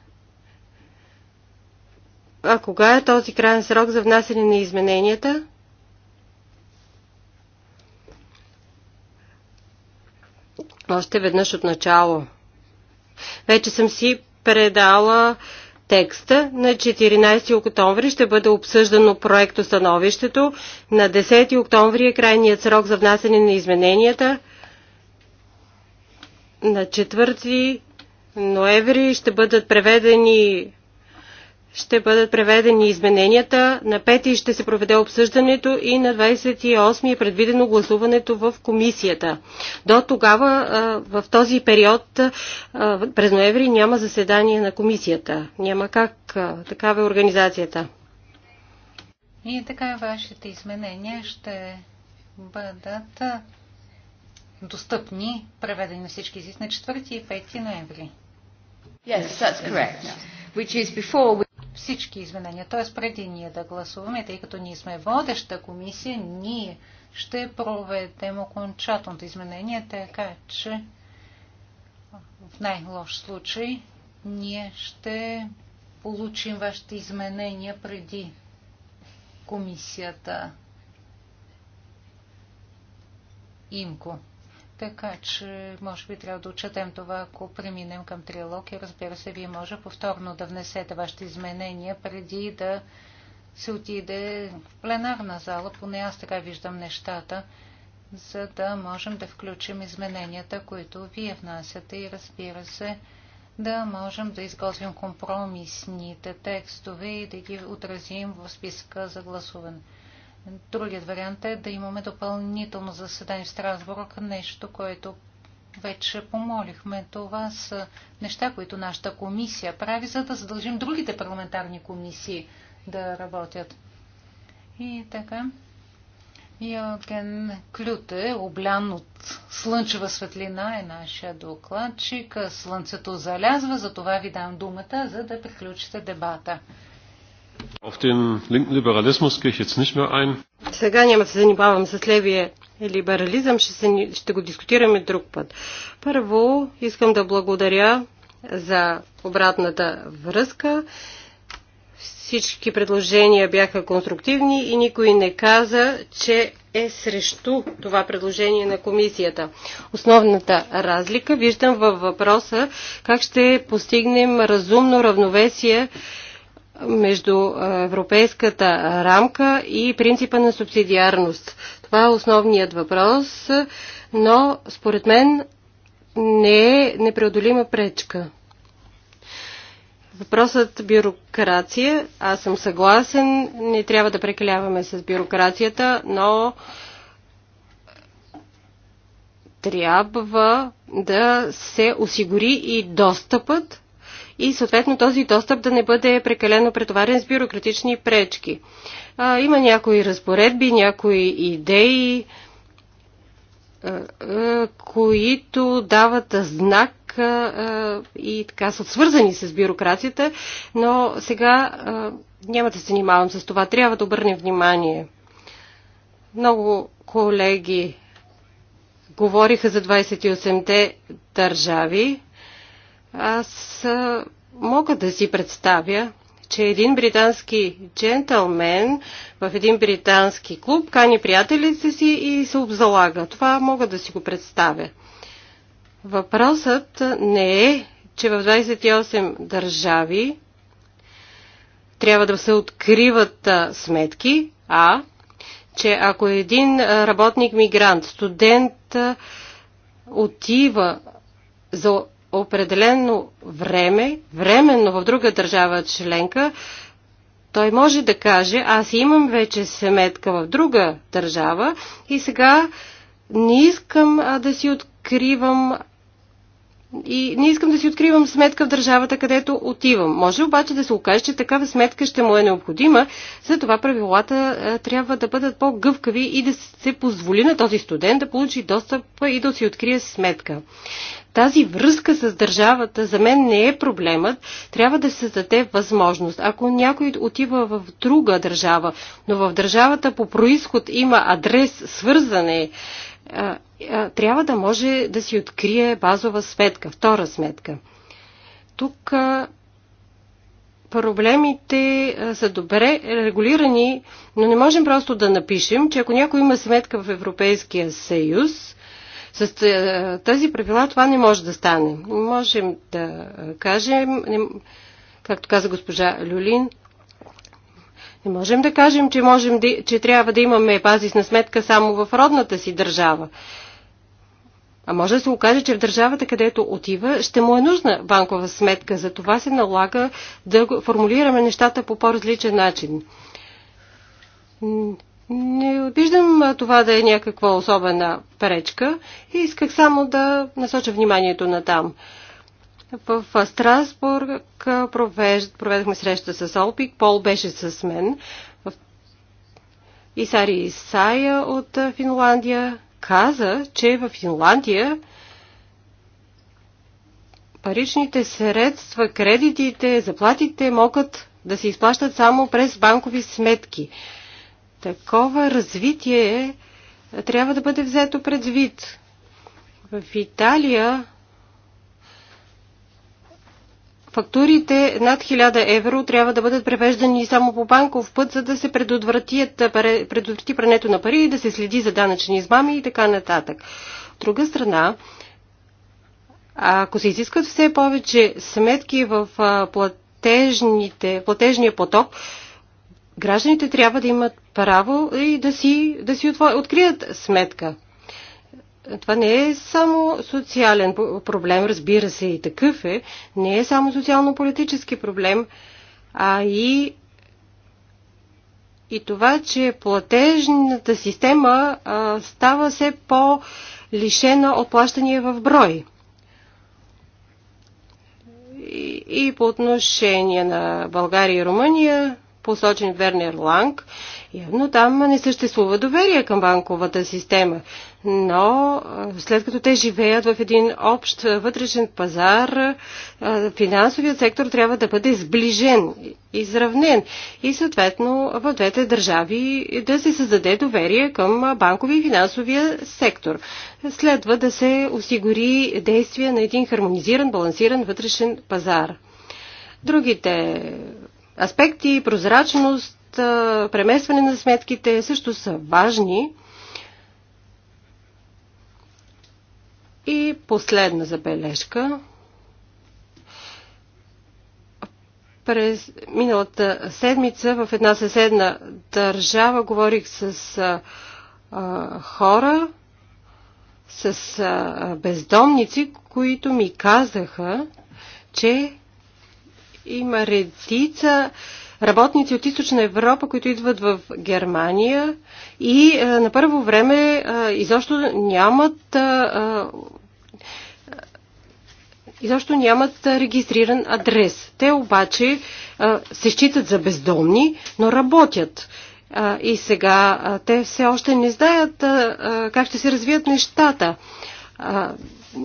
А кога е този крайен срок за внасене на измененията? Още веднъж от начало. Вече съм си предала текста. На 14 октомври ще бъде обсъждано проекто становището. На 10 октомври е крайният срок за внасяне на измененията. На 4 ноември ще бъдат преведени ще бъдат преведени измененията, на 5 ще се проведе обсъждането и на 28 е предвидено гласуването в комисията. До тогава, в този период, през ноември няма заседание на комисията. Няма как. Такава е организацията.
И така вашите изменения ще бъдат достъпни, преведени на всички изисни на 4 и 5 ноември. Yes, that's correct. Which is before всички изменения. Т.е. преди ние да гласуваме, тъй като ние сме водеща комисия, ние ще проведем окончателното изменение, така е, че в най-лош случай ние ще получим вашите изменения преди комисията ИМКО. Така че, може би, трябва да отчетем това, ако преминем към триалог и разбира се, вие може повторно да внесете вашите изменения преди да се отиде в пленарна зала, поне аз така виждам нещата, за да можем да включим измененията, които вие внасяте и разбира се, да можем да изготвим компромисните текстове и да ги отразим в списъка за гласуване. Другият вариант е да имаме допълнително заседание в Страсбург, нещо, което вече помолихме. Това са неща, които нашата комисия прави, за да задължим другите парламентарни комисии да работят. И така. Йоген Клюте, облян от слънчева светлина е нашия докладчик. Слънцето залязва, затова ви дам думата, за да приключите дебата.
Сега няма да се занимавам с левия либерализъм, ще, се, ще го дискутираме друг път. Първо, искам да благодаря за обратната връзка. Всички предложения бяха конструктивни и никой не каза, че е срещу това предложение на комисията. Основната разлика виждам във въпроса как ще постигнем разумно равновесие между европейската рамка и принципа на субсидиарност. Това е основният въпрос, но според мен не е непреодолима пречка. Въпросът бюрокрация, аз съм съгласен, не трябва да прекаляваме с бюрокрацията, но трябва да се осигури и достъпът и съответно този достъп да не бъде прекалено претоварен с бюрократични пречки. А, има някои разпоредби, някои идеи, които дават знак и така са свързани с бюрокрацията, но сега няма да се занимавам с това. Трябва да обърнем внимание. Много колеги говориха за 28-те държави. Аз мога да си представя, че един британски джентълмен в един британски клуб кани приятелите си и се обзалага. Това мога да си го представя. Въпросът не е, че в 28 държави трябва да се откриват сметки, а че ако един работник-мигрант, студент отива за определено време, временно в друга държава членка, той може да каже, аз имам вече семетка в друга държава и сега не искам а, да си откривам и не искам да си откривам сметка в държавата, където отивам. Може обаче да се окаже, че такава сметка ще му е необходима, за това правилата е, трябва да бъдат по-гъвкави и да се позволи на този студент да получи достъп и да си открие сметка. Тази връзка с държавата за мен не е проблемът. Трябва да се създаде възможност. Ако някой отива в друга държава, но в държавата по происход има адрес, свързане, трябва да може да си открие базова сметка, втора сметка. Тук проблемите са добре регулирани, но не можем просто да напишем, че ако някой има сметка в Европейския съюз, с тези правила това не може да стане. Можем да кажем, както каза госпожа Люлин, не можем да кажем, че, можем да, че трябва да имаме базисна сметка само в родната си държава. А може да се окаже, че в държавата, където отива, ще му е нужна банкова сметка. За това се налага да формулираме нещата по по-различен начин. Не виждам това да е някаква особена пречка и исках само да насоча вниманието на там. В Страсбург проведохме среща с Олпик. Пол беше с мен. Исари Исая от Финландия каза, че в Финландия паричните средства, кредитите, заплатите могат да се изплащат само през банкови сметки. Такова развитие трябва да бъде взето предвид. В Италия Фактурите над 1000 евро трябва да бъдат превеждани само по банков път, за да се предотврати прането на пари и да се следи за данъчни измами и така нататък. От друга страна, ако се изискват все повече сметки в платежния поток, гражданите трябва да имат право и да си, да си открият сметка това не е само социален проблем, разбира се, и такъв е. Не е само социално-политически проблем, а и, и това, че платежната система а, става все по-лишена от плащания в брой. И, и по отношение на България и Румъния, посочен Вернер Ланг, Явно е, там не съществува доверие към банковата система, но е, след като те живеят в един общ вътрешен пазар, е, финансовият сектор трябва да бъде сближен, изравнен и съответно в двете държави да се създаде доверие към банкови и финансовия сектор. Следва да се осигури действие на един хармонизиран, балансиран вътрешен пазар. Другите аспекти, прозрачност, преместване на сметките също са важни. И последна забележка. През миналата седмица в една съседна държава говорих с а, а, хора, с а, бездомници, които ми казаха, че има редица работници от източна Европа, които идват в Германия и а, е, на първо време а, е, изобщо нямат а, е, изобщо нямат регистриран адрес. Те обаче а, се считат за бездомни, но работят. А, и сега а, те все още не знаят а, а, как ще се развият нещата. А,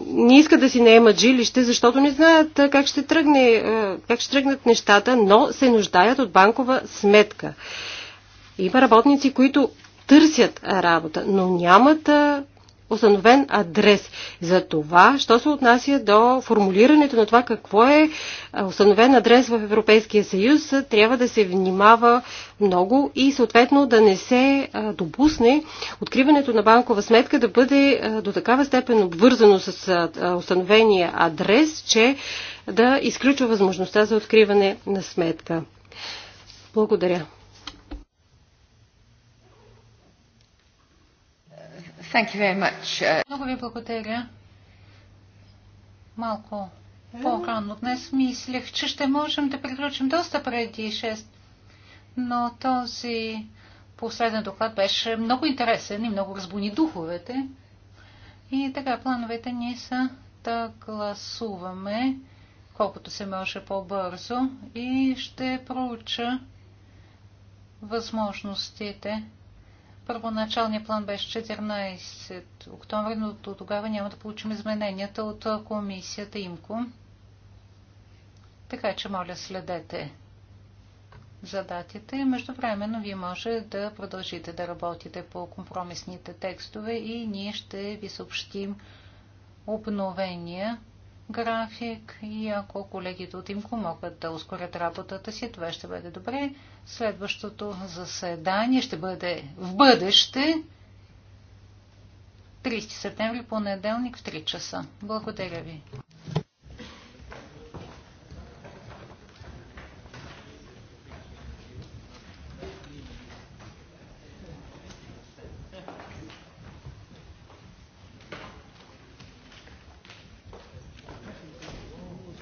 не искат да си наемат жилище, защото не знаят как ще, тръгне, как ще тръгнат нещата, но се нуждаят от банкова сметка. Има работници, които търсят работа, но нямат установен адрес. За това, що се отнася до формулирането на това какво е, е установен адрес в Европейския съюз, трябва да се внимава много и съответно да не се е, допусне откриването на банкова сметка да бъде е, до такава степен обвързано с установения адрес, че да изключва възможността за откриване на сметка. Благодаря.
Thank you very much. Uh, много
ви благодаря. Малко по-рано днес мислех, че ще можем да приключим доста преди 6, но този последен доклад беше много интересен и много разбуни духовете. И така, плановете ни са да гласуваме колкото се може по-бързо и ще проуча възможностите Първоначалният план беше 14 октомври, но до тогава няма да получим измененията от комисията ИМКО. Така че, моля, следете за датите. Междувременно вие може да продължите да работите по компромисните текстове и ние ще ви съобщим обновения график и ако колегите от ИМКО могат да ускорят работата си, това ще бъде добре. Следващото заседание ще бъде в бъдеще 30 септември, понеделник в 3 часа. Благодаря ви.